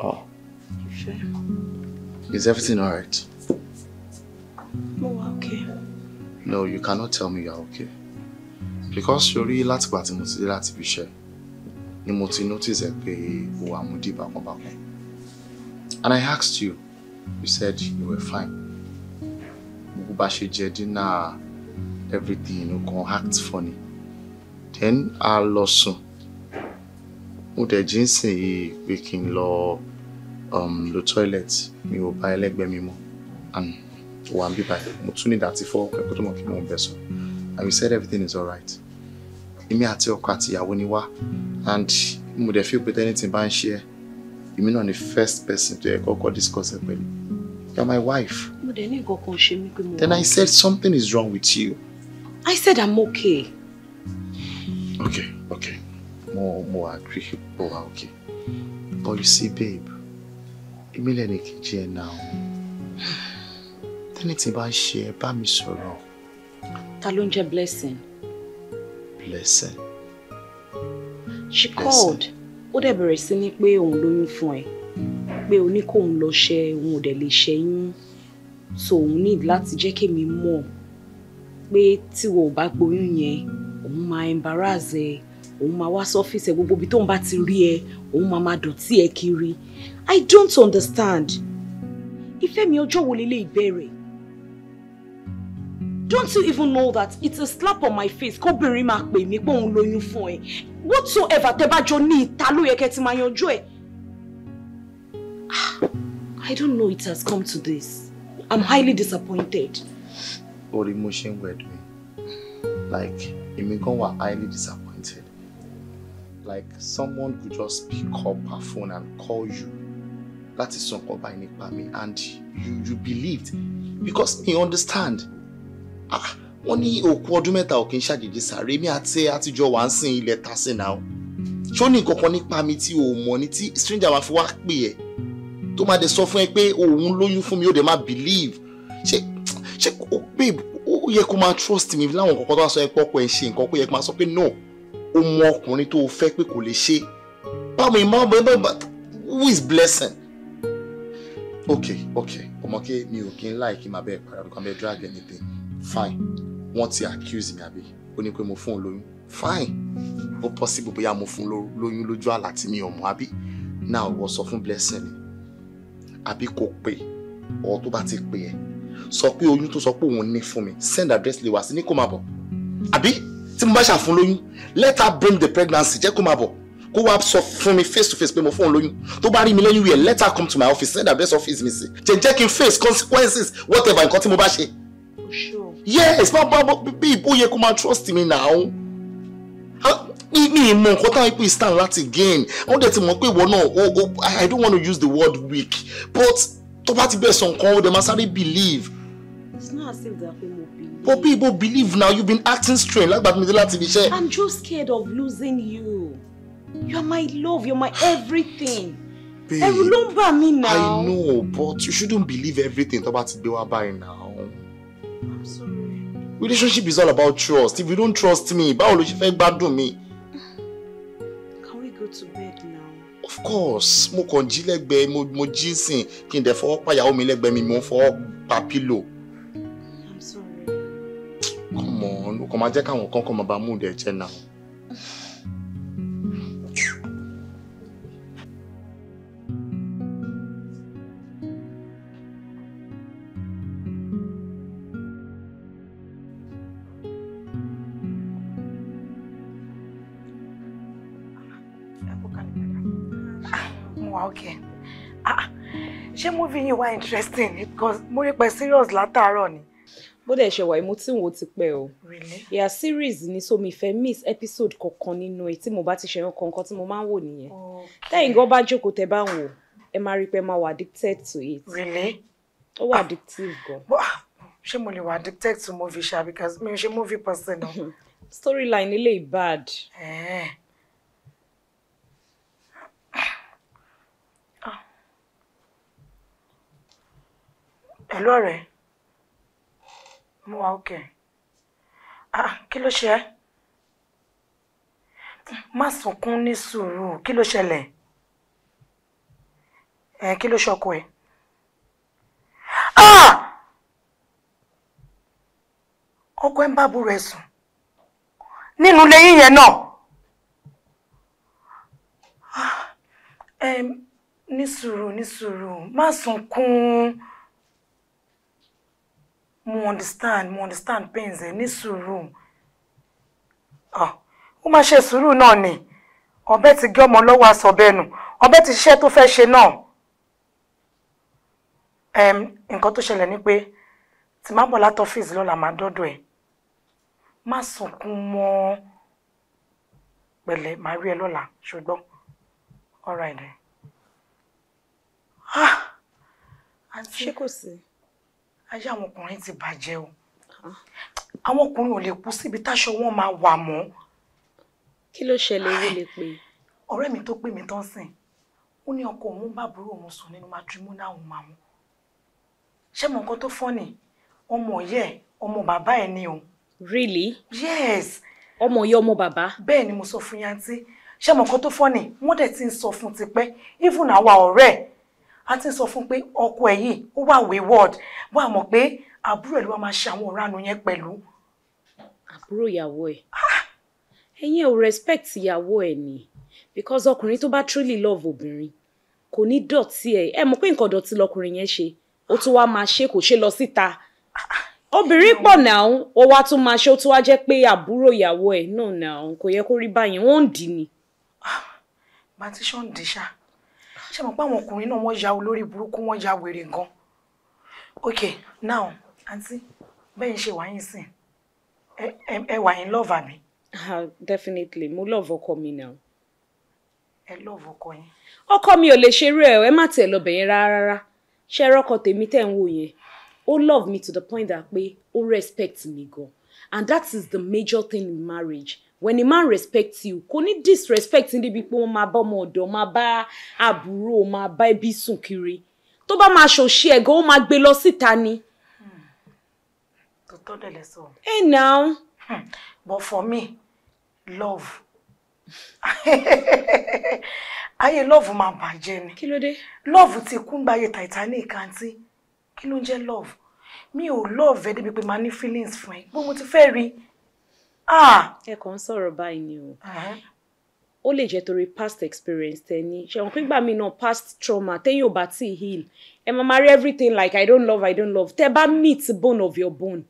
Oh. Ah. Ìfẹ́. Is everything alright? Mo oh, wà okay. No, you cannot tell me you're okay. Because sori látìgbà tí mo ti dé láti fi ṣe ni mo ti notice And I asked you, you said you were fine. Gbogbo bá ṣe jẹ everything you know, kan act funny then I lost. sùn mo dẹ̀ jí ń sìn yìí pé kí n lọ um, lo toilet mi ò bá ẹlẹ́gbẹ́ mi mọ́ and wà ń bí báyìí mo tún ní ìdàtí fọ́ ẹ̀kọ́ tó mọ̀ kí mo bẹ̀ and we said everything is alright èmi àti ọkọ àti ìyàwó ni wá and mo dẹ̀ feel pé anything bá ń ṣe ẹ́ èmi the first person to go kọ́kọ́ discuss ẹ pẹ̀lú you are my wife. then I said something is wrong with you. I said I'm okay. Okay, okay. more. mo agree. Mo okay. But you see, babe, èmi lẹ́ni kejì ẹ̀ náà. Tẹ́ni tí bá ń ṣe ẹ bá mi sọ̀rọ̀. Ta blessing? Blessing. She blessing. called. Ó dẹ̀ bẹ̀rẹ̀ sí ní pé òun lóyún fún ẹ. Pé o ní kóun lọ ṣe òun ò dẹ̀ lè ṣẹ́yún. So òun need láti jẹ́ kémi mọ̀ pé tí wọn ò bá gboyún yẹn òun máa embarrass ẹ òun máa wá sọ́fíìsì ẹ gbogbo ibi tóun bá ti rí ẹ òun máa máa dọ̀tí ẹ kiri I don't understand ìfẹ́ mi ọjọ́ wo lélẹ̀ ìbẹ̀rẹ̀ don't you even know that it's a slap on my face kóbìnrin máa pè mí pé òun lóyún fún ẹ whatsoever tẹ bá jọ ní ìta ló yẹ kẹ́ ti máa yanjú ẹ. Ah, I don't know it has come to this. I'm highly disappointed. Or emotion with me, wed mi like èmi gan wà highly disappointed like someone could just pick up her phone and call you láti sọ nǹkan by nípa mi and you you believed because me understand ah wọ́n ní òkú ọdún mẹ́ta ò kí n ṣàjèjì sáré mi àti àtijọ́ wà ń sin ilẹ̀ ta sí náà ṣó ní pamiti nípa mi o mọ̀ ní stranger wa fi wá pè ẹ́ tó máa dé sọ fún ẹ pé òun lóyún fún believe ṣé ṣe o babe ó yẹ kó máa trust me. láwọn kọ̀ọ̀kan tó wá sọ ẹ pọ́pọ́ ẹ ṣe nǹkan kó yẹ kó máa sọ pé no o mọ ọkùnrin tó o fẹ́ pé kò lè ṣe báwo ni báwo báwo báwo who is blessing. ok ok ọmọkè mi ò kí ń láì kí n máa bẹ́ẹ̀ para mi bẹ́ẹ̀ drag anything fine wọ́n ti accuse mi àbí ó ní pé mo fún un lóyún fine ó possible bóyá mo fún un lóyún lójú àlá tí mi ò mọ̀ àbí now wọ́n sọ fún blessing ni àbí kò pè ọ́ tó bá ti pè ẹ́ sọ pé oyún tó sọ pé òun ní fún mi send address lè wá sí ní kó máa bọ̀ àbí tí mo bá ṣàfún lóyún let her bring the pregnancy jẹ́ kó máa bọ̀ kó wá sọ fún mi face to face pé mo fún òun lóyún tó bá rí mi lẹ́yìn wíyẹn let her come to my office send address office mi sí jẹ́ jẹ́ kí n face consequences whatever nǹkan tí mo bá ṣe. yes bí ìbò yẹ kó máa trust me now mi mọ nǹkan táwọn ipò stand láti gain wọn dẹ̀ ti mọ̀ pé ìwọ náà i don't want to use the word weak but tó bá ti bẹ̀ sọ nǹkan ó dẹ̀ máa sáré believe. it's not as if they are believe. But people believe now you've been acting strange like that middle TV I'm just scared of losing you. You are my love, You are my everything. Babe, Ẹ̀rù ló ń bà mí now. I know, but you shouldn't believe everything tó bá ti gbé wá báyìí now. I'm sorry. Relationship is all about trust. If you don't trust me, báwo lo ṣe fẹ́ gbádùn mi? Can we go to bed? course mo kàn jí lẹ́gbẹ̀ẹ́ mo mo jí sìn kí n dẹ̀ fọwọ́ pàyàwó mi lẹ́gbẹ̀ẹ́ mi mo fọwọ́ pa pílò. I'm sorry. come on o kàn máa jẹ́ káwọn kan kàn máa bá mood ẹ̀ jẹ́ náà. ṣé múvi yìí wá interesting because mo rí pé serious látàárọ̀ ni. bó dẹ̀ ṣe wà ìmú tí n wo ti pẹ́ o. really. ìyá series ni so mi fẹ́ miss episode kankan nínú ẹ̀ tí mo bá ti ṣẹ̀yàn kankan tí mo máa ń wò nìyẹn. tẹ́yìn gan bá jókòó tẹ́ bá ń wò ẹ máa rí pé máa wà addicted to it. really. ó wà addictive gan. ṣé mo lè wà addicted to movie ṣá because mi ò ṣe movie person náà. storyline ilé bad. Eh. ẹ lọ́rẹ̀ẹ́ mo wà òkè ah kí ló ṣe ẹ́ má sunkún ní sùúrù kí ló ṣẹlẹ̀ ẹ kí ló ṣọkọ ẹ ah ọkọ ẹ ń bá burú ẹ sùn nínú lẹ́yìn yẹn náà ah, ní sùúrù ní sùúrù má sunkún mo understand mo understand pains ẹ ní sùúrù ah, ó máa ṣe sùúrù náà ni ọ̀bẹ ti gé ọmọ lọ́wọ́ aṣọ bẹ́ẹ̀ nù ọ̀bẹ ti ṣiṣẹ́ tó fẹ́ ṣe náà nǹkan tó ṣẹlẹ̀ ni pé tí má bọ̀ láti ọ́fíìsì lọ́la máa dọ́dọ̀ ẹ̀ má sunkún mọ́ pẹ̀lẹ́ máa rí ẹ lọ́la ṣùgbọ́n all right. Ah, ṣé kò sí? ayé àwọn ọkùnrin ti bàjẹ́ o ah. àwọn ọkùnrin ò lè kú síbi táṣọ wọn máa wà mọ́. kí ló ṣẹlẹ̀ owó lè ah, pè. ọ̀rẹ́ mi tó pè mí tán sìn ó ní ọkọ òun bá òun sùn nínú matrimonial òun àwọn ṣé mo nǹkan tó fọ́nì ọmọ ọ̀yẹ́ ọmọ bàbá ẹ̀ ni o. really. yes. ọmọ ọ̀yẹ́ ọmọ bàbá. bẹ́ẹ̀ ni mo sọ fún yanti ṣé mo nǹkan tó fọ́nì wọ́n dẹ̀ ti ń sọ fún tipẹ́ even àwa ọ̀rẹ́ ẹ̀ a ti sọ fún pé ọkọ ẹ̀ yìí ó wà wayward wà mọ̀ pé àbúrò ẹ̀ ló wà máa ṣe àwọn ọ̀rànù yẹn pẹ̀lú. àbúrò ìyàwó ẹ̀ ẹ̀yin ò respect ìyàwó ẹ̀ ni because ọkùnrin tó bá truly love obìnrin kò ní dọ̀tí ẹ̀ ẹ mọ̀ pé nǹkan dọ̀tí lọkùnrin yẹn ṣe ó tún wá máa ṣe kò ṣe lọ síta obìnrin pọ̀ náà ó wá tún máa ṣe ó tún wá jẹ́ pé àbúrò ìyàwó ẹ̀ náà náà kò yẹ kó rí báyẹn wọ́n ń dì ní. matisha ń dì ṣáà ṣe mọ̀ pé àwọn ọkùnrin náà wọ́n ya olórí burúkú wọ́n ya wèrè gan ok now àǹtí bẹ́ẹ̀ ṣe wà yín sìn ẹ wà yín lọ́ọ̀fù àbí. Ah, definitely mo lọ́ọ̀fù ọkọ mi náà. ẹ lọ́ọ̀fù ọkọ yín. ọkọ mi ò lè ṣerú ẹ ẹ má tẹ̀ lọ́bẹ̀ yẹn rárá ṣe rọ́kọ tèmi tẹ̀ ń wò yẹn ó love me to the point that pé ó respect me gan and that is the major thing in marriage when a man respects you kò ní disrespect níbi pé wọ́n máa bá ọmọ ọ̀dọ̀ máa bá àbúrò máa bá ẹbí sùn kiri tó bá máa ṣòṣì ẹ̀ gan ó máa gbé lọ síta ni. tòótọ́ dẹ̀ lẹ sọ. ẹ náà. Hmm. but for me love ayé love máa bàjẹ́ ni kí love ti kún gbáyé Titanic àǹtí kí ló ń love mi ò love ẹ débi pé màá ní feelings fún ẹ gbọ́n mo ti fẹ́ rí Ah! ẹ kàn ń sọ̀rọ̀ báyìí ni o ó lè jẹ́ torí past experience tẹ́ni ṣẹ̀wọ̀n pígbà mi náà past trauma tẹ́yìn ò bá tí heal ẹ máa ma rí everything like i don't love i don't love tẹ́ bá meet bone of your bone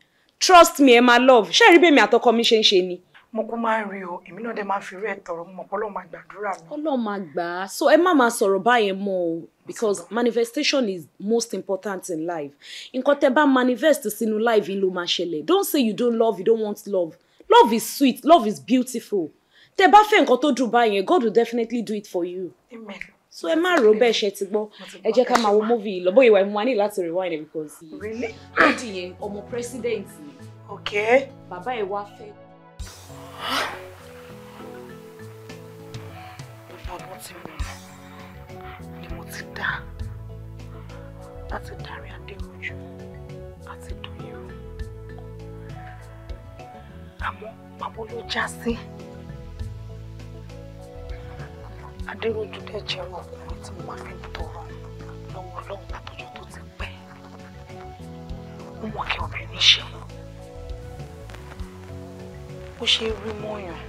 trust me ẹ máa love ṣé rí bèmi àtọkọ mi ṣe ń ṣe ni. mo kún máa ń rí o èmi náà dé máa fi rí ẹ tọrọ mo mọ Ọlọ́run máa gbàdúrà mi. Ọlọ́run máa gbà á so ẹ má máa sọ̀rọ̀ báyẹn mọ́ o because manifestation is most important in life nǹkan tẹ́ bá manifest sínú life yìí ló máa ṣẹlẹ̀ don't say you don't love you don't want love love is sweet love is beautiful Te ba fe nǹkan tó dùn báyẹn god will definitely do it for you. amen so ẹ má ro bẹ́ẹ̀ ṣe ti gbọ́ ẹ jẹ́ ká máa wo movie lọ bóyá ìwà ìmúwa ní láti rewind because. really lady yẹn ọmọ president ni. ok. bàbá ẹ wá fẹ́. gbogbo ọdún tí mo ni mo ti dá láti darí adé ojú. àmọ́ pàbó ló já sí adéròjú dẹ̀ jẹ́ ọkùnrin tí mo máa fi ń tọrọ lọ́wọ́ ọlọ́run látọjọ́ tó ti pẹ́ ó mọ̀ kí obìnrin ṣe ó ṣe rí mọ́yàn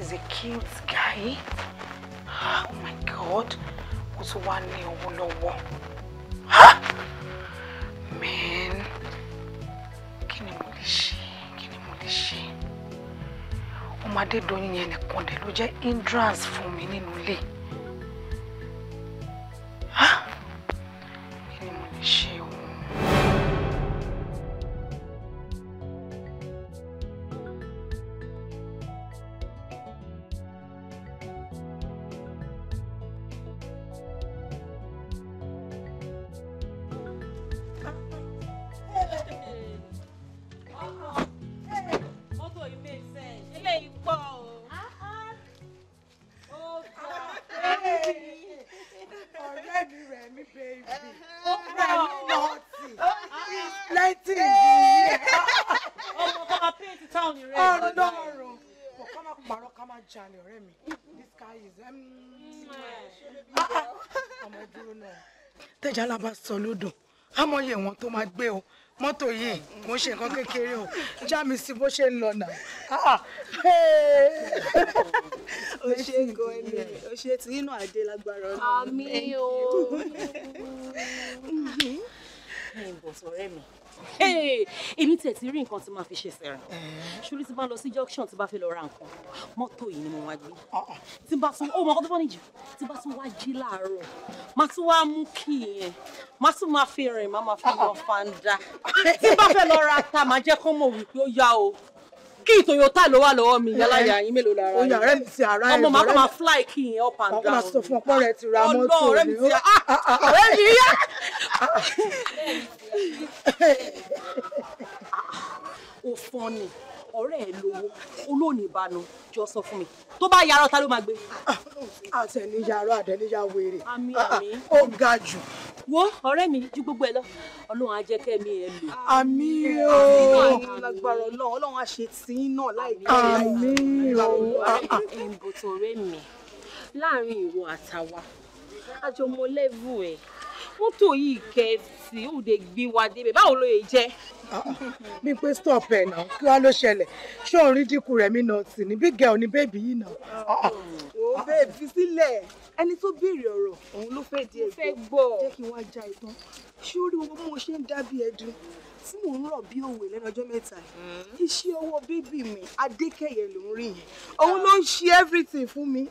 is a cute guy ah, oh my god ó tún wá ní owó lọ́wọ́ ah! man kí ni mo lè ṣe lè ṣe ọmọ adédọyìn yẹn nìkan dẹ ló jẹ́ hindrance fún mi nínú ilé tẹjálá bá sọ lódò àmọye wọn tó máa gbé o mọ́tò yìí mo ṣe nǹkan kékeré o já mi sí bó ṣe ń lọ nà. Ah, o ṣe gan ni o ṣe tí inú àdé lágbára ọ̀nà. àmì o. kí n bọ̀ sọ̀rẹ́ mi. èmi tiẹ̀ ti rí nǹkan tí màá fi ṣe sẹ̀rìn ṣùlù tí bá lọ sí junction tí bá fẹ́ lọ ra nǹkan mọ́tò yìí ni mo wá gbé tí bá tún ó oh, mọ tó bọ́ níjù tí bá tún wá jí láàárọ̀ màá tún wá mú kí yẹn màá tún máa fi rìn màá máa fi lọ fanda tí bá fẹ́ lọ ra ta màá jẹ́ kó mọ̀ wípé ó yá o kí toyota ló wà lọ́wọ́ mi eh, yálàyà yín mélòó lára yín ọ̀rẹ́ mi ti ara ẹ̀ ọmọ màá kọ́ máa fly kí yẹn up and down ọkọ máa sọ fún ọpọ rẹ ti ra mọ́tò ọ̀rẹ́ mi ti ah, ah, ah, ọ̀rẹ́ mi yá. ó fọ́ ni ọ̀rẹ́ ẹ̀ lówó olóòní ìbánu jọ sọ fún mi tó bá yarọ ta ló máa gbé. àtẹniyarọ àtẹniya wèrè ah, ó ga jù. wo ọ̀rẹ́ mi ju gbogbo ẹ lọ ọlọ́run á jẹ́ kẹ́mi ẹ lò. àmín o lágbára ọlọ́run ọlọ́run á ṣe tí náà láìpẹ́. àmín o ẹ̀ǹbùtò ọ̀rẹ́ mi láàrin ìwọ àtàwa àjọmọ́lẹ́bù ẹ̀ mọ́tò yìí kẹ̀sì ò dé gbé wa débẹ̀ báwo ló yẹ jẹ́. Ah, ah, mi pé stop ẹ̀ náà kí wàá ló ṣẹlẹ̀ ṣé òun rí dínkù rẹ̀ mí náà sì ní bí gẹ̀ ọ́ ní bébì yìí náà. o ah, bẹ́ẹ̀ fi sílẹ̀ ẹni tó béèrè ọ̀rọ̀ òun ló fẹ́ di ẹ̀gbẹ́ jẹ́ kí n wá já ìtàn ṣé ó rí wọn bó ṣe ń dábìí ẹdun tí mò ń rọ̀ bí òwe lẹ́nu ọjọ́ mẹ́ta yìí hmm. iṣẹ́ ọwọ́ bébì mi adékẹ̀yẹ ló ń rí yẹn òun ló ń ṣe everything fún mi.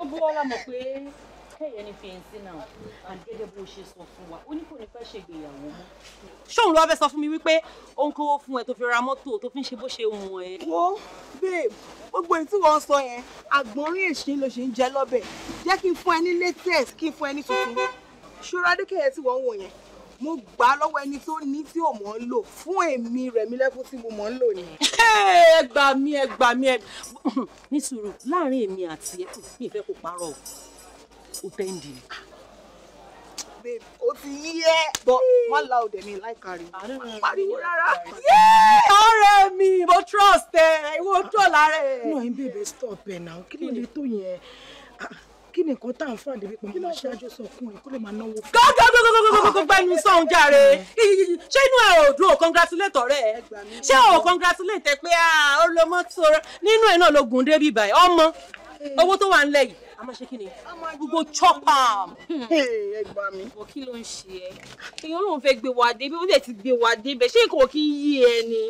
ó bọ́ wá lámọ̀ pé kẹ́yẹ ni fèyìntì náà and gẹ́gẹ́ bó ṣe sọ fún wa ó ní kò ní fẹ́ ṣe ìgbéyàwó mọ́. ṣóun ló wá fẹ́ sọ fún mi wípé ó ń kówó fún ẹ tó fi ra mọ́tò tó fi ń ṣe bó ṣe wù ẹ. wo babe gbogbo èyí tí wọ́n sọ yẹn àgbọ̀nrín èṣì ló ṣe ń jẹ lọ́bẹ̀ jẹ́ kí n fún ẹ ní latest kí n fún ẹ ní tuntun ṣọ́ra adékẹ́yẹ tí wọ́n wò yẹn mo gbà lọ́wọ́ ẹni tó ní tí ò mọ̀ ń lò fún èmi rẹ̀ mi lẹ́kún tí mo mọ̀ ń lò ni. ẹ gbà mí ẹ gbà mí ẹ ní sùúrù láàrin èmi àti ẹ mi ìfẹ́ kò parọ́ o o tẹ́ǹdì ni. babe o ti yí ẹ but má la òde mi láì kárí pariwo rárá. ọ̀rẹ́ mi mo trust ẹ ìwọ ojú ọ̀la rẹ. náà ń bèbè stop ẹ̀ náà kí ló lè tó yẹn ah, kí ni nǹkan tá à ń fà débi pé mo ṣáájú sọkùnrin kó lè máa náwó. gọ́gọ́gọ́gọ́gọ́gọ́gọ́ gbẹ́nu sọ̀hún jàre ṣé inú ẹ̀ ò dùn ò congratulate ọ̀rẹ́ ẹ̀ ṣé ò congratulate ẹ pé ah, ó lo mọ́tò nínú ẹ̀ náà ló gùn débi báyìí ọmọ eh. owó tó wà ń lẹ̀ yìí a máa ṣe kí ni gbogbo chop am. ẹ gbà mí. wò kí ló ń ṣe ẹ èèyàn lòun fẹ́ gbé wa dé bí wọ́n dẹ̀ ti gbé wa dé bẹ́ẹ̀ ṣé nǹkan ò kí ń yí ẹ ni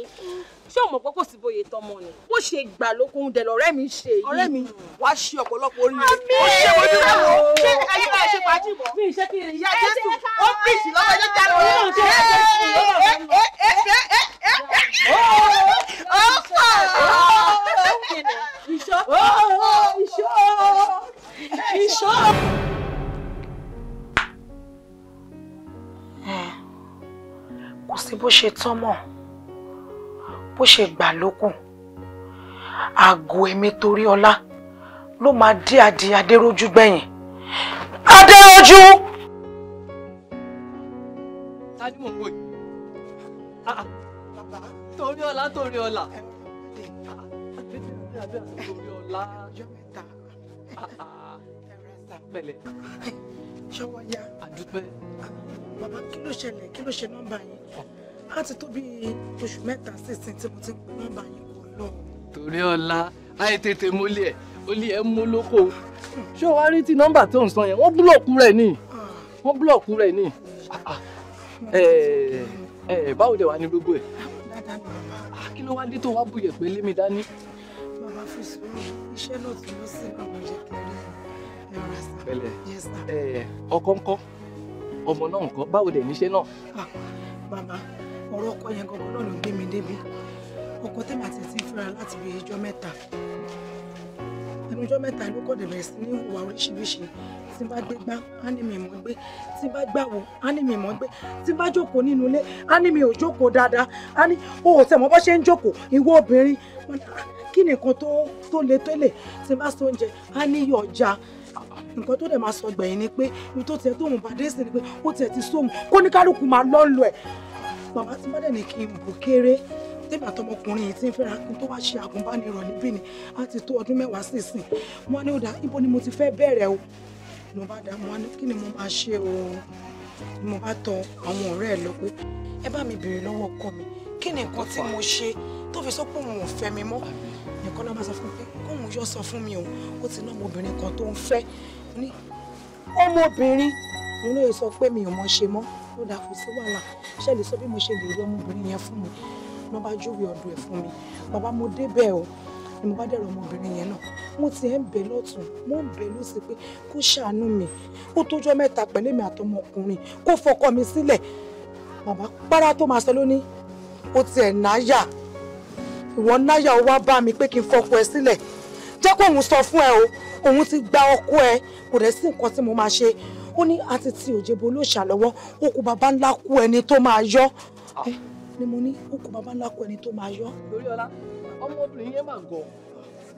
ṣé o mọ̀ pé kò sí bóyá tọmọ ni bó ṣe gbà lókun dẹ̀ lọ́rẹ́ mi ṣe yìí ọ̀rẹ́ mi wá ṣe ọ̀pọ̀lọpọ̀ oríire ó ṣe ojú rẹ̀ wò ó ṣe ayé máa ṣe fàájì bọ̀ mi ṣe kí ìyá jésù ó bìsì lọ́wọ́ ẹjọ́ jáde ọ̀rẹ́ mi ṣe é é é é é é. ṣe tọ́mọ̀ bó ṣe gbà lókùn àgọ́ èmi torí ọlá ló máa dí adìẹ adérójú gbẹ̀yìn adérójú. tájú mò ń wò yìí torí ọlá torí ọlá torí ọlá pẹ̀lẹ́ ṣọwọ ya àdúpẹ́. bàbá kí ló ṣẹlẹ̀ kí ló ṣe nọ́mbà yìí á ti tó bíi oṣù mẹ́ta sísìn tí mo ti ń pè nọ́mbà yìí kò lọ. torí ọlá àì tètè mólé ẹ olè ẹ mú lóko ṣé o wá rí ti nọ́mbà tó ń sọ yẹn wọ́n búlọ̀kù rẹ̀ ni wọ́n búlọ̀kù rẹ̀ ni báwo dẹ̀ wá ní gbogbo ẹ̀ ah, kí ló wá dé tó wá bu yẹ̀pẹ̀ lé mi dání. bàbá fi sùúrù iṣẹ́ náà tún lọ sí àwọn jẹ́ kẹrin ẹ̀rọ sá. pẹ̀lẹ́ ọkọ ńkọ́ ọmọ náà ńkọ́ báwo dẹ̀ níṣẹ́ náà. bàbá ah, ọ̀rọ̀ ọkọ yẹn gangan náà ló gbé mi débi ọkọ tẹ́mi àti ẹ̀ ti fẹ́ra láti bí ijọ́ mẹ́ta ẹnu ijọ́ mẹ́ta ló kọ́ dẹ̀ bẹ̀rẹ̀ sí ní ìwà oríṣiríṣi tí bá gbé gbá á ní mi mọ̀ gbé tí bá gbàwò á ní mi mọ̀ gbé tí bá jókòó nínú ilé á ní mi ò jókòó dáadáa á ní o ò tẹ̀ ṣe ń jókòó ìwọ obìnrin ah, kí nìkan tó le tó lè tí bá so oúnjẹ á ní yọ̀ ọjà nǹkan tó dẹ̀ máa sọ gbẹ̀yìn ni pé ibi tó tiẹ̀ tóun bá dé sí ni pé ó tiẹ̀ ti sóhun kóníkálukú máa lọ́ọ́ lọ ẹ̀ màmá tí má dẹ̀ ní kí n bò kéré débà tọmọkùnrin yìí ti ń fẹ́ra kí n tó wá ṣe àgùnbánirọ̀ níbí ni á ti tó ọdún mẹ́wàá sísìn wọn ní ó dá ibo ni mo ti fẹ́ bẹ̀rẹ̀ o mo bá dá mo wá ní kí ni mo máa ṣe o ni mo bá tọ àwọn ọ̀rẹ́ ẹ̀ lọ pé ẹ bá mi béèrè lọ́wọ́ ọkọ mi kí ni nǹkan tí mo ṣe tó fi sọ pé òun ò fẹ́ mi mọ́ nìkan náà bá sọ fún mi pé kóun yọ sọ fún mi o ó ti ná ọmọbìnrin kan tó ń fẹ́ ní ọmọbìnrin òun lóye sọ pé mi ò mọ ṣe mọ́ ó dáa kò sí wàhálà ṣe lè sọ bí mo ṣe lè rí ọmọbìnrin yẹn fún mi lọ́ bá júwe ọ̀dọ̀ ẹ̀ fún mi bàbá mo débẹ̀ o ni mo bá dẹ̀rọ ọmọbìnrin yẹn náà mo ti ẹ̀ ń bẹ̀ lọ́tún mo ń bẹ̀ lọ́sí pé kó ṣàánú mi ó tójọ́ mẹ́ta pẹ̀lú èmi àtọmọkùnrin kó fọkọ mi sílẹ̀ bàbá párá tó máa sọ lónìí ó ti ẹ̀ náyà ìwọ náyà ó wá bá mi pé kí n fọkọ ẹ sílẹ̀ jẹ́ kó òun sọ fún ẹ o òun ti gba ọkọ ẹ kò dẹ̀ sí nǹkan tí mo máa ṣe ó ní àti ti òjèbo ló ṣàlọ́wọ́ ó kú bàbá ńlá kú ẹni tó máa yọ́ ah. ni mo ní ó kú bàbá ńlá kú ẹni tó máa yọ́. lórí ọlá ọmọbìnrin yẹn máa ń gọ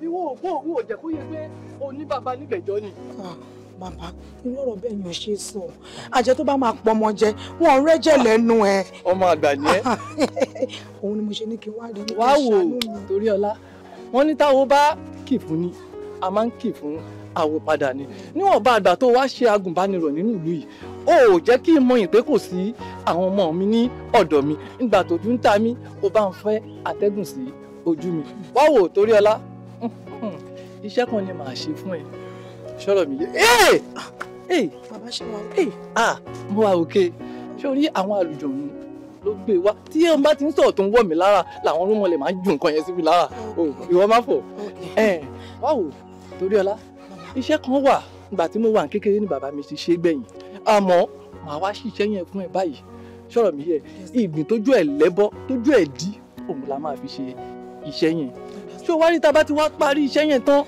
ìwọ òkú òun ò kó yẹ pé o ní bàbá nígbẹjọ ni. Ah, bàbá irú ọ̀rọ̀ bẹ́ẹ̀ yàn ṣe sọ àjẹ tó bá máa pọ ọmọ jẹ wọn ò rẹ́jẹ̀ lẹ́nu ẹ. ọmọ àgbà ni ẹ. òun ni mo ṣe ní kí n wá rí i. wá wò torí ọlá wọn ní táwọn bá kì fún ni a máa ń kì fún àwò padà ni níwọ̀nba àgbà tó wá ṣe agùnbánirọ̀ nínú ìlú yìí ó jẹ́ kí n mọyìn pé kò sí àwọn ọmọ mi ní ọ̀dọ̀ mi nígbà tójú ń ta mí ó bá ń fẹ́ atẹ́gùn sí ojú mi wáwo torí ọlá iṣẹ́ kan ni màá ṣe fún ẹ ṣọ́rọ̀ mi yé bàbá ṣe wà ó mo wà òkè sórí àwọn àlùjọ̀nù ló gbé wá tí ẹ bá ti ń sọ̀rọ̀ tó ń wọ̀ mí lára làwọn rúmọlẹ̀ máa ń ju nǹkan yẹn síbi lára ìwọ má fò ẹ wáwo torí ọlá iṣẹ́ kan wà ìgbà tí mo wà ní kékeré ni bàbá mi ti ṣe gbẹ̀yìn àmọ́ màá wá ṣiṣẹ́ yẹn fún ẹ báyìí ṣọ̀rọ̀ mi yẹ ìgbín tójú ẹ̀ lẹ́bọ́ tójú ẹ̀ dí òun la máa fi ṣe iṣẹ́ yẹn ṣé o wá rí tá bá ti wá parí iṣẹ́ yẹn tán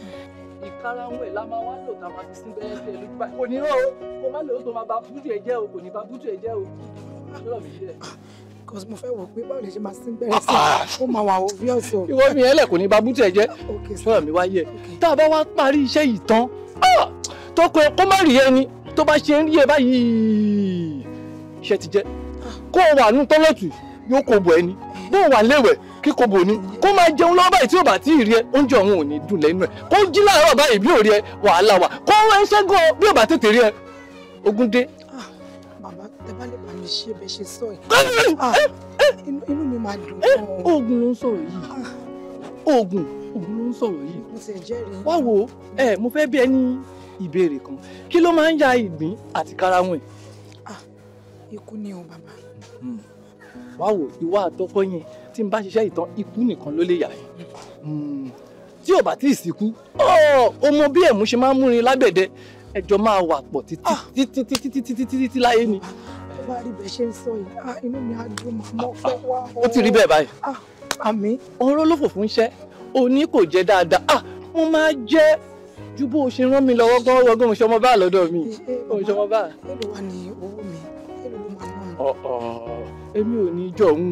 ìkarahun ẹ̀ la máa wá lò tá a máa fi síbẹ̀ ẹ̀ tẹ̀ lójú kò ní rán o kò má lè o tó máa ba bútù ẹ̀ jẹ́ o kò ní ba bútù ẹ̀ jẹ́ o ṣọ̀rọ̀ mi yẹ because mo fẹ́ wò pé báwo lè ṣe máa sín gbẹ́rẹ́ sí ah, ah. ó máa wà obvious o. ìwọ mi ẹlẹ kò ní ba bútẹ jẹ sọ̀rọ̀ mi wá tá a bá wá parí iṣẹ́ yìí tán ah, tó kọ kó má rí ẹni tó bá ṣe ń rí ẹ báyìí iṣẹ́ ti jẹ́ kó o wà nù tọ́lẹ̀tù yóò kó bọ̀ ẹni bó o wà léwẹ̀ kí kò bò ní kó máa jẹun lọ́wọ́ báyìí tí ò bá tí ì rí ẹ oúnjẹ ọ̀hún ò ní dùn lẹ́nu ẹ̀ kó jí láàárọ̀ báyìí bí ò rí ẹ wàhálà wà kó ẹ ṣẹ́gun bí ò bá tètè rí ẹ ogun ṣe bẹ ṣe sọ ẹ ah, eh, eh. inú mi máa dùn gan. Eh, oògùn ló ń sọ̀rọ̀ yìí ah. oògùn oògùn ló ń sọ̀rọ̀ yìí. mo ti jẹ́rìí. wá wo ẹ mo fẹ́ bi ẹ ní ìbéèrè kan kí ló máa ń ya ìgbín àti karahun ẹ̀. Ah, ikú ni o bàbá. Hmm. wá wo ìwà àtọkọ yẹn tí n bá ṣiṣẹ́ ìtàn ikú nìkan ló lè yà ẹ́ hmm. tí ò bá tí ì sìnkú ó mọ bí ẹ̀mú ṣe máa ń múrin lágbẹ̀dẹ ẹjọ́ máa wà pọ̀ títí títí títí títí láyé ni bá rí bẹ́ẹ̀ ṣe ń sọ yìí ah inú mi á dùn màmá ọpẹ́ wá o. Ah, ó ti rí bẹ́ẹ̀ báyìí. ah àmì. ọ̀rọ̀ ló fò fún iṣẹ́ òní kò jẹ́ dáadáa ah, mo máa jẹ́ ju bó o ṣe rán mi lọ́wọ́ gan ọwọ́ gan mo ṣe ọmọ báà lọ́dọ̀ mi. Eh, eh, mo ṣe ọmọ báà. èlò wa ni owó mi èlò ló máa ná. ọ̀ọ̀ èmi ò ní jọ ń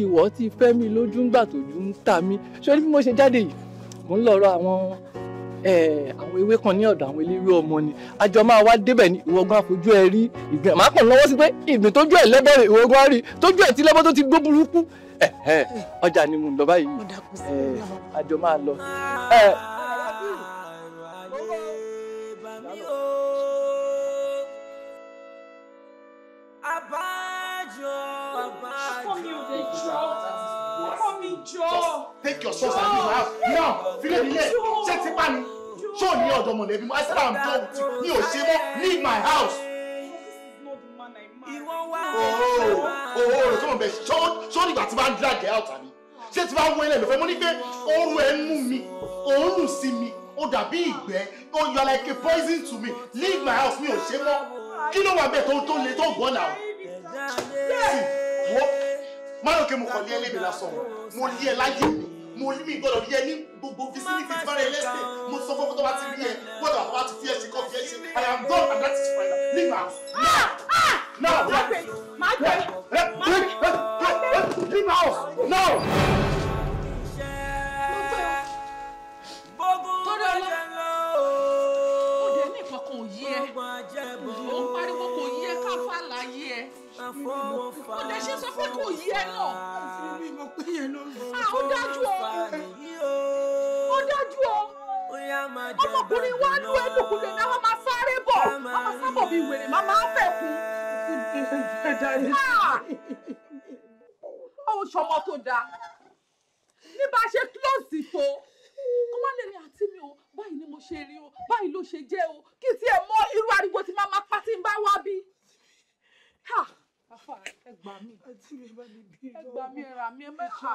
ìwọ ti fẹ́ mi lójú ńgbà tójú ń ta mi ṣé bí mo ṣe jáde yìí mo ń lọ rọ àwọn Eh, àwọn ewé kan ní ọ̀dọ̀ àwọn eléwé ọmọ ni àjọ máa wá débẹ̀ ní ìwọ̀gbọ́n àfojú ẹ rí ìgbẹ́ màá kàn lọ́wọ́ sí pé ìgbìn tójú ẹ̀ lẹ́bẹ̀rẹ̀ ìwọ̀gbọ́n rí tójú ẹ̀ tí lẹ́bọ́ tó ti gbó burúkú eh, eh, ọjà ni mò ń lọ báyìí àjọ máa lọ. Abájọ, abájọ. Come you dey draw. Come you draw. Take your sauce and leave my house. No, feel it here. Check the money ṣó ní ọ̀dọ̀ mọ̀lẹ́bí I said I'm twenty mi ò ṣe mọ́ leave my house. ooo ooo rẹ̀ tó mọ̀ bẹ́ẹ̀ ṣó nígbà tí wọ́n á drag ẹ̀ out àbí ṣé tí wọ́n á wọlé lọ́fẹ́ mo ní pé oorun ẹ̀ ń mú mi òórùn sí mi ó dàbí ìgbẹ́ ó oh, yọ like a poison to me leave my house mi ò ṣe mọ́ kí ló wà bẹ́ẹ̀ tó tó le tó gbọ́n náà. wọ́n máa ń kí mo kàn lé ẹ lébi lásán mo lé ẹ láyé mi mo ní mi gbọ́dọ̀ yẹ ní gbogbo vicinity ti bára ẹlẹ́sìn mo sọ fún fọtọ́wá ti rí ẹ gbọ́dọ̀ àtọ́wá ti fi ẹ̀sìn kan fi ẹ̀sìn I am done and that is final leave my house now now no, my house now. tọ́lá ọlá òde ní ìfọkàn òyí ẹ òun no, kò yí ẹ ká fà láyé ẹ ó lè ṣe sọ pé kò yí ẹ náà. Ah, ó dájú ọ ó dájú ọ ọmọkùnrin wa lú ẹlòkulè náà máa sáré bọ̀ máa sábọ̀ bíi wèrè máa máa fẹ́ kú. Ah! ó ṣọmọ tó dáa ní bá a ṣe kílọ̀sì tó kó wá lè àti mi o báyìí ni mo ṣe rí o báyìí ló ṣe jẹ́ o kí n tiẹ̀ mọ irú ariwo tí máa máa pa bá wá bí gbà mí ẹ gbà mí ẹ rà mí ẹ mẹ́ta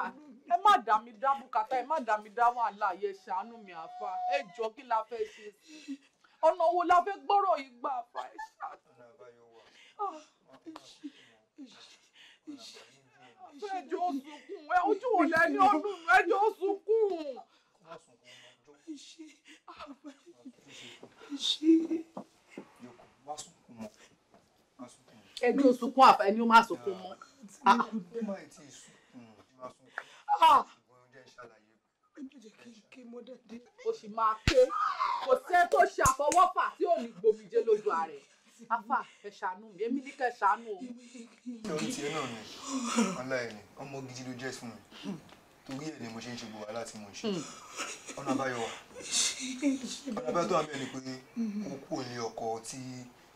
ẹ má dà mí dá bùkátà ẹ má dà mí dá wàhálà yẹ ṣàánú mi àfa ẹ jọ kí la fẹ́ ṣe sí ọ̀nà wo la fẹ́ gbọ́rọ̀ yìí gbà àfa ẹ ṣàánú. Ah, ẹ sunkún ẹ ojú wo lẹ ní ọdún ẹ jọ sunkún. Ẹ ṣe àbẹ̀ ẹ ṣe. Yòókù wá sùn ẹjọ́ sunkún àfẹ́ ni ó máa sunkún mọ́. Ah. Ah. ó sì máa ké kò sẹ́ tó ṣe àfọwọ́fà tí ò ní gbòmìjẹ lójú ààrẹ afa ẹ mi èmi ní kẹ o. lórí tiẹ̀ náà ni ọláìní ọmọ gidi ló jẹ́ fún mi torí ẹ̀ ni mo ṣe ń ṣe gbogbo wàhálà tí mo ṣe hmm. ọ̀nà àbáyọ wà ọ̀nà àbáyọ tó wà bẹ́ẹ̀ ni pé hmm. ó kú òní ọkọ̀ tí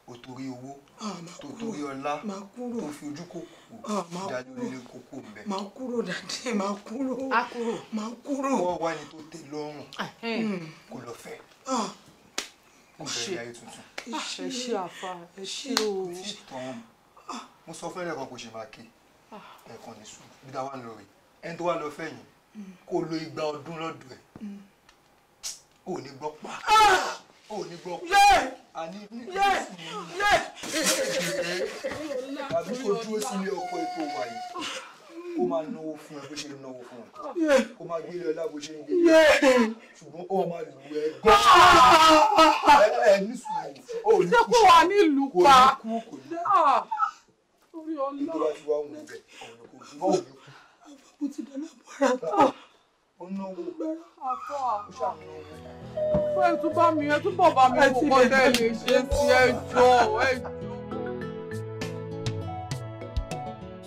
o torí owó ah, tó torí ọlá tó fi ojú kòkò ìdájọ́ líle kókó mbẹ. máa kúrò dàdé máa kúrò máa kúrò. wọ́n wá ní tó tẹ lọ́rùn hmm. kò lọ fẹ́ ah. kò bẹ̀rẹ̀ ayé tuntun. Ah, ẹ ṣe àfa ẹ ṣe o. mo sọ fún ẹlẹ́kan kò ṣe máa ké ẹ̀kan ní sùn bí dáwà ń lọ rè ẹni tó wà lọ fẹ̀yìn hmm. kó lo igba ọdún lọ́dọ̀ ẹ̀ kò hmm. ní gbọ́ pa ò ní gbọ́ pé àní àbí kò dúró sílé ọkọ ètò wà yìí kó máa náwó fún ẹ bó ṣe ń náwó fún ẹ kó máa gbé ilé ọlá bó ṣe ń gbé ilé ṣùgbọ́n ó máa lù ẹ gbọ́ ẹ ní sùúrù ó ní kú kò ní kú kò ah! ní kú nítorí àti wàá wù ú bẹ̀ ọ̀rọ̀ kò ṣùgbọ́n ò ní kú. àbábọ̀ ti dáná bọ́ra bọ́ onáwó afọ àṣà owó. ẹ tún bá mi ẹ tún bọ̀ bá mi wò kọ́ tẹ́ lè ṣe sí ẹjọ́ ẹjọ́.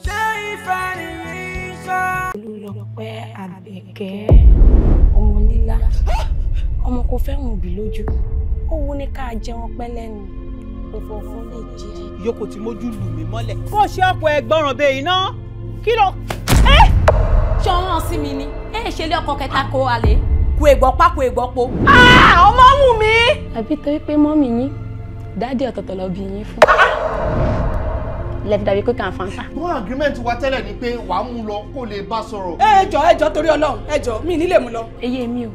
ṣé ìfẹ́ nìyí sọ. Olúlọpẹ́ Àbẹ̀kẹ́ ọmọ nílá ọmọ kò fẹ́ràn òbí lójú ó wú ní ká jẹun pẹ́ lẹ́nu òfò fún lè jẹ. ìyókò tí mójú lù mí mọ́lẹ̀. kó ṣe ọkọ̀ ẹ̀gbọ́ràn bẹ́ẹ̀ iná kí ló. ẹ́ ṣé wọ́n rán sí mi ni ẹ ṣe ilé ọkọ kẹta kó alẹ́ kó ègbọ́ pa kó ègbọ́ po. Ah, ọmọ mú mi. àbí torí pé mọ́mì yín dáàdì ọ̀tọ̀ọ̀tọ̀ lọ bí yín fún. lẹ́tí dàbí pé kàn fanta. Ah, wọ́n agreement wa tẹ́lẹ̀ ni pé wàá mú lọ kó lè bá sọ̀rọ̀. ẹ jọ ẹ jọ torí Ọlọ́run ẹ jọ mi nílé mu lọ. eye mi o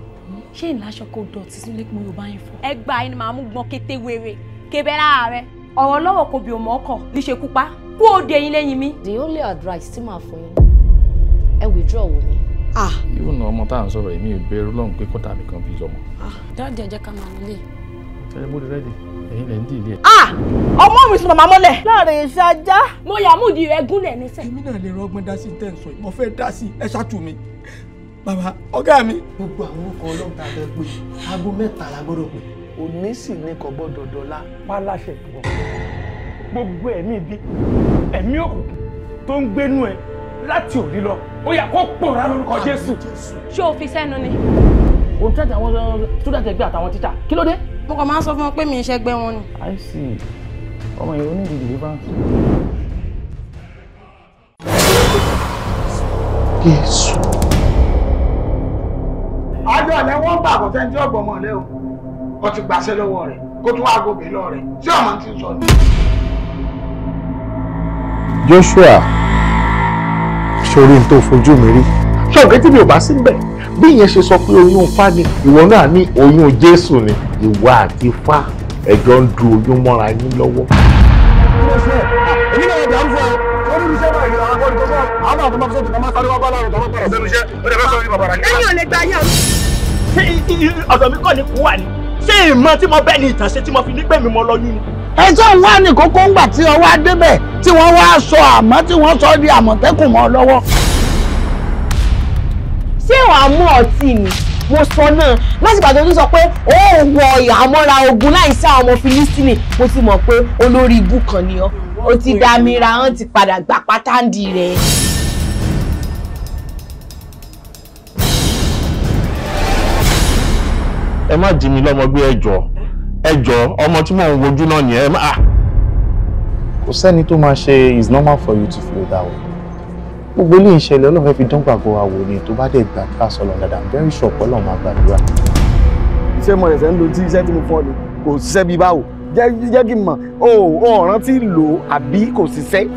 ṣé ìlàṣọ kò dọ̀tí sílé pé mo bá yín fọ. ẹ gba ẹni màá mú gbọn kété wéré kébẹ láàárẹ ọ̀rọ̀ lọ́wọ́ kò bí òmò ọkọ níṣekúpa kú òde yín lẹ́yìn mi. the only advice tí màá fún yín ẹ withdraw wò mí. ah. even ọmọ tá à ń sọ̀rọ̀ èmi ò bẹ̀rù lọ́hùn pé kọ́tà mi kan fi lọ́mọ. ah dáàdì ẹ jẹ́ ká máa nílé. ṣẹlẹ mo di rẹ́dì ẹ̀yin lẹ ń ah ọmọ mi sùn màmá mọ́lẹ̀. láàrin iṣẹ́ ajá. mo yà mú ìdí rẹ gúnlẹ̀ nísẹ̀. èmi náà lè rọgbọ́n dá sí tẹ́ ń sọ yìí mo fẹ́ dá sí ẹ ṣáàtú mi bàbá ọ̀gá mi. gbogbo àwọn orúkọ ọlọ́run tá a fẹ́ pè aago mẹ́ta la gbọ́dọ̀ pè òní sì ní kò gbọ́dọ̀ dọ́là. pálásẹ̀ tó gbogbo ẹ̀mí ibi ẹ̀mí òkùnkùn tó ń gbénú ẹ̀ láti òní lọ ó yá kó pòórá lórúkọ jésù. ṣé o fi sẹ́nu ni. o ń tẹ́tẹ̀ àwọn student ẹgbẹ́ àtàwọn tíṣà kí ló dé. mo kàn máa ń sọ fún wọn pé mi ìṣe gbẹ wọn ni. i see ọmọ yìí ó ní ìdí deliverance. jésù. àjọ ọ̀lẹ́ wọ́n gbà kó sẹ́ńtì ọ̀gbọ̀n mọ́ ọ̀lẹ́ o ó ti gbàṣẹ́ lọ́wọ́ rẹ̀ kó tún wá gòkè lọ rẹ̀ tí ọmọ ti sọ ni. joshua sórí tó fojú mi rí ṣọ̀gẹ́ tí mi ò bá sí níbẹ̀ bí ìyẹn ṣe sọ pé oyún Ifá ni ìwọ náà ní oyún Jésù ni ìwọ àti Ifá ẹjọ́ ń du oyún mọ́ra yín lọ́wọ́. ẹ̀yin ò lè gba ayé ọ̀dọ̀ mi kọ́ ni kú wà ní ṣé ìmọ̀ tí mo bẹ́ẹ̀ ni ìtànṣe tí mo fi nígbẹ́ mi mo lọ́yún ni. ẹjọ́ ń wá ní kókó ńgbà tí ọwọ́ adébẹ̀ tí wọ́n wá sọ àmọ́ tí wọ́n sọ di àmọ̀tẹ́kùn mọ́ lọ́wọ́. ṣé wàá mú ọtí ni mo sọ náà lásìkò àti ojú sọ pé ó wọ àmọ́ra ogun láìsí àwọn ọmọ Fílístínì mo ti mọ̀ pé olórí ibú kan ni ọ́ ó ti dá mi ra hàn ti padà gbà pátáǹdì rẹ̀. ẹ má jí mi lọ́mọ gbé ẹjọ́ ẹjọ́ ọmọ tí mò ń wojú náà nìyẹn má. Ah. kò sẹ́ni tó máa ṣe it's normal for you to feel that way gbogbo ilé ìṣẹ̀lẹ̀ ọlọ́run fi dán gbàgbọ́ wa wò ni tó bá dé gbà ká sọ lọ dáadáa very sure pé ọlọ́run máa gbàdúrà. iṣẹ́ mọ̀ ẹ̀sẹ̀ ń lo tí iṣẹ́ tí mo fọ́ ni kò ṣiṣẹ́ bíi báwo jẹ́ kí n mọ̀ o ò rántí lò àbí kò ṣiṣẹ́.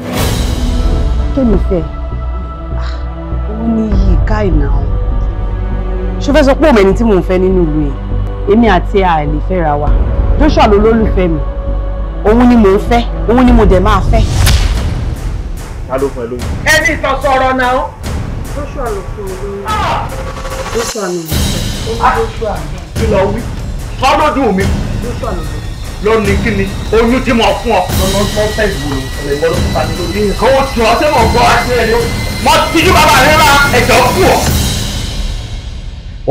kí ni fẹ́ òun ah, ni yìí ká ìnáwó ṣó fẹ́ sọ pé òun ẹni tí mò ń fẹ́ nínú ìlú yìí èmi àti àìlè fẹ́ra wa Joshua ló lólùfẹ́ mi òun ni mò ń fẹ́ òun ni mo dẹ̀ máa fẹ́. ta ló fún ẹ lóyún. ẹni ìtàn sọ̀rọ̀ náà. Joshua ló fún mi lóyún. Ah! Joshua ló fún mi lóyún. Ah! Joshua. kí lọ wí fọlọ́dún mi. Joshua ló fún mi lónìí kí ni oyún tí mo fún ọ. lọ́nà sọ́ọ́sẹ̀ ìgboro ọ̀lẹ́ ìbọn ló fún ta ní lórí. kò tún ọ sẹ́wọ̀n gbọ́ àti ẹ̀yọ́. mo ti ju bàbá rẹ ra ẹ̀jọ̀ fún ọ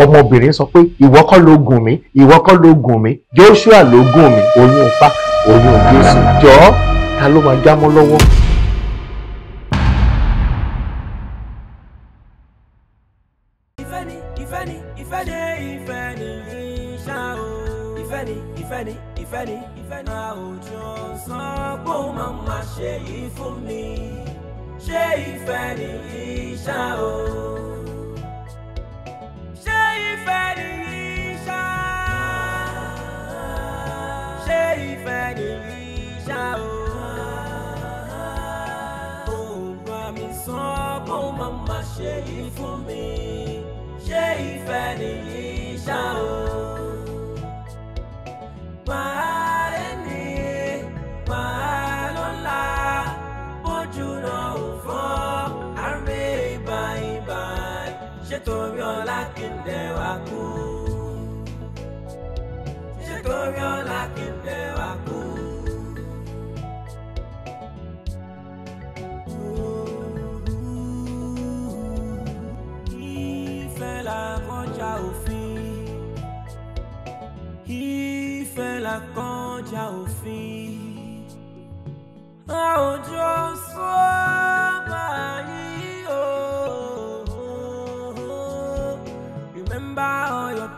ọmọbìnrin sọ pé ìwọ kọ́ ló gùn mí ìwọ kọ́ ló gùn mí Joshua ló gùn mí oyún ọ̀pá oyún Jésù jọ́ ta ló máa jámọ́ lọ́wọ́. ṣe ìfún mi ṣé ìfẹ́ ni ìṣá o. ṣá o. Òun bá mi sàn kó má má ṣe yìí fún mi. Ṣé ìfẹ́ nìyí ṣá o? Màá rẹ̀ ní màá lọ́la bójú náà ò fọ́ àárẹ̀ ìbáyìbáyì ṣé torí ọlá kí dẹ̀ wá kú? Ṣé torí ọlá kí dẹ̀ wá kú? ìfẹ́ la kọjá òfin ìfẹ́ la kọjá òfin àwùjọ sọ́ọ́bà yìí o remember all your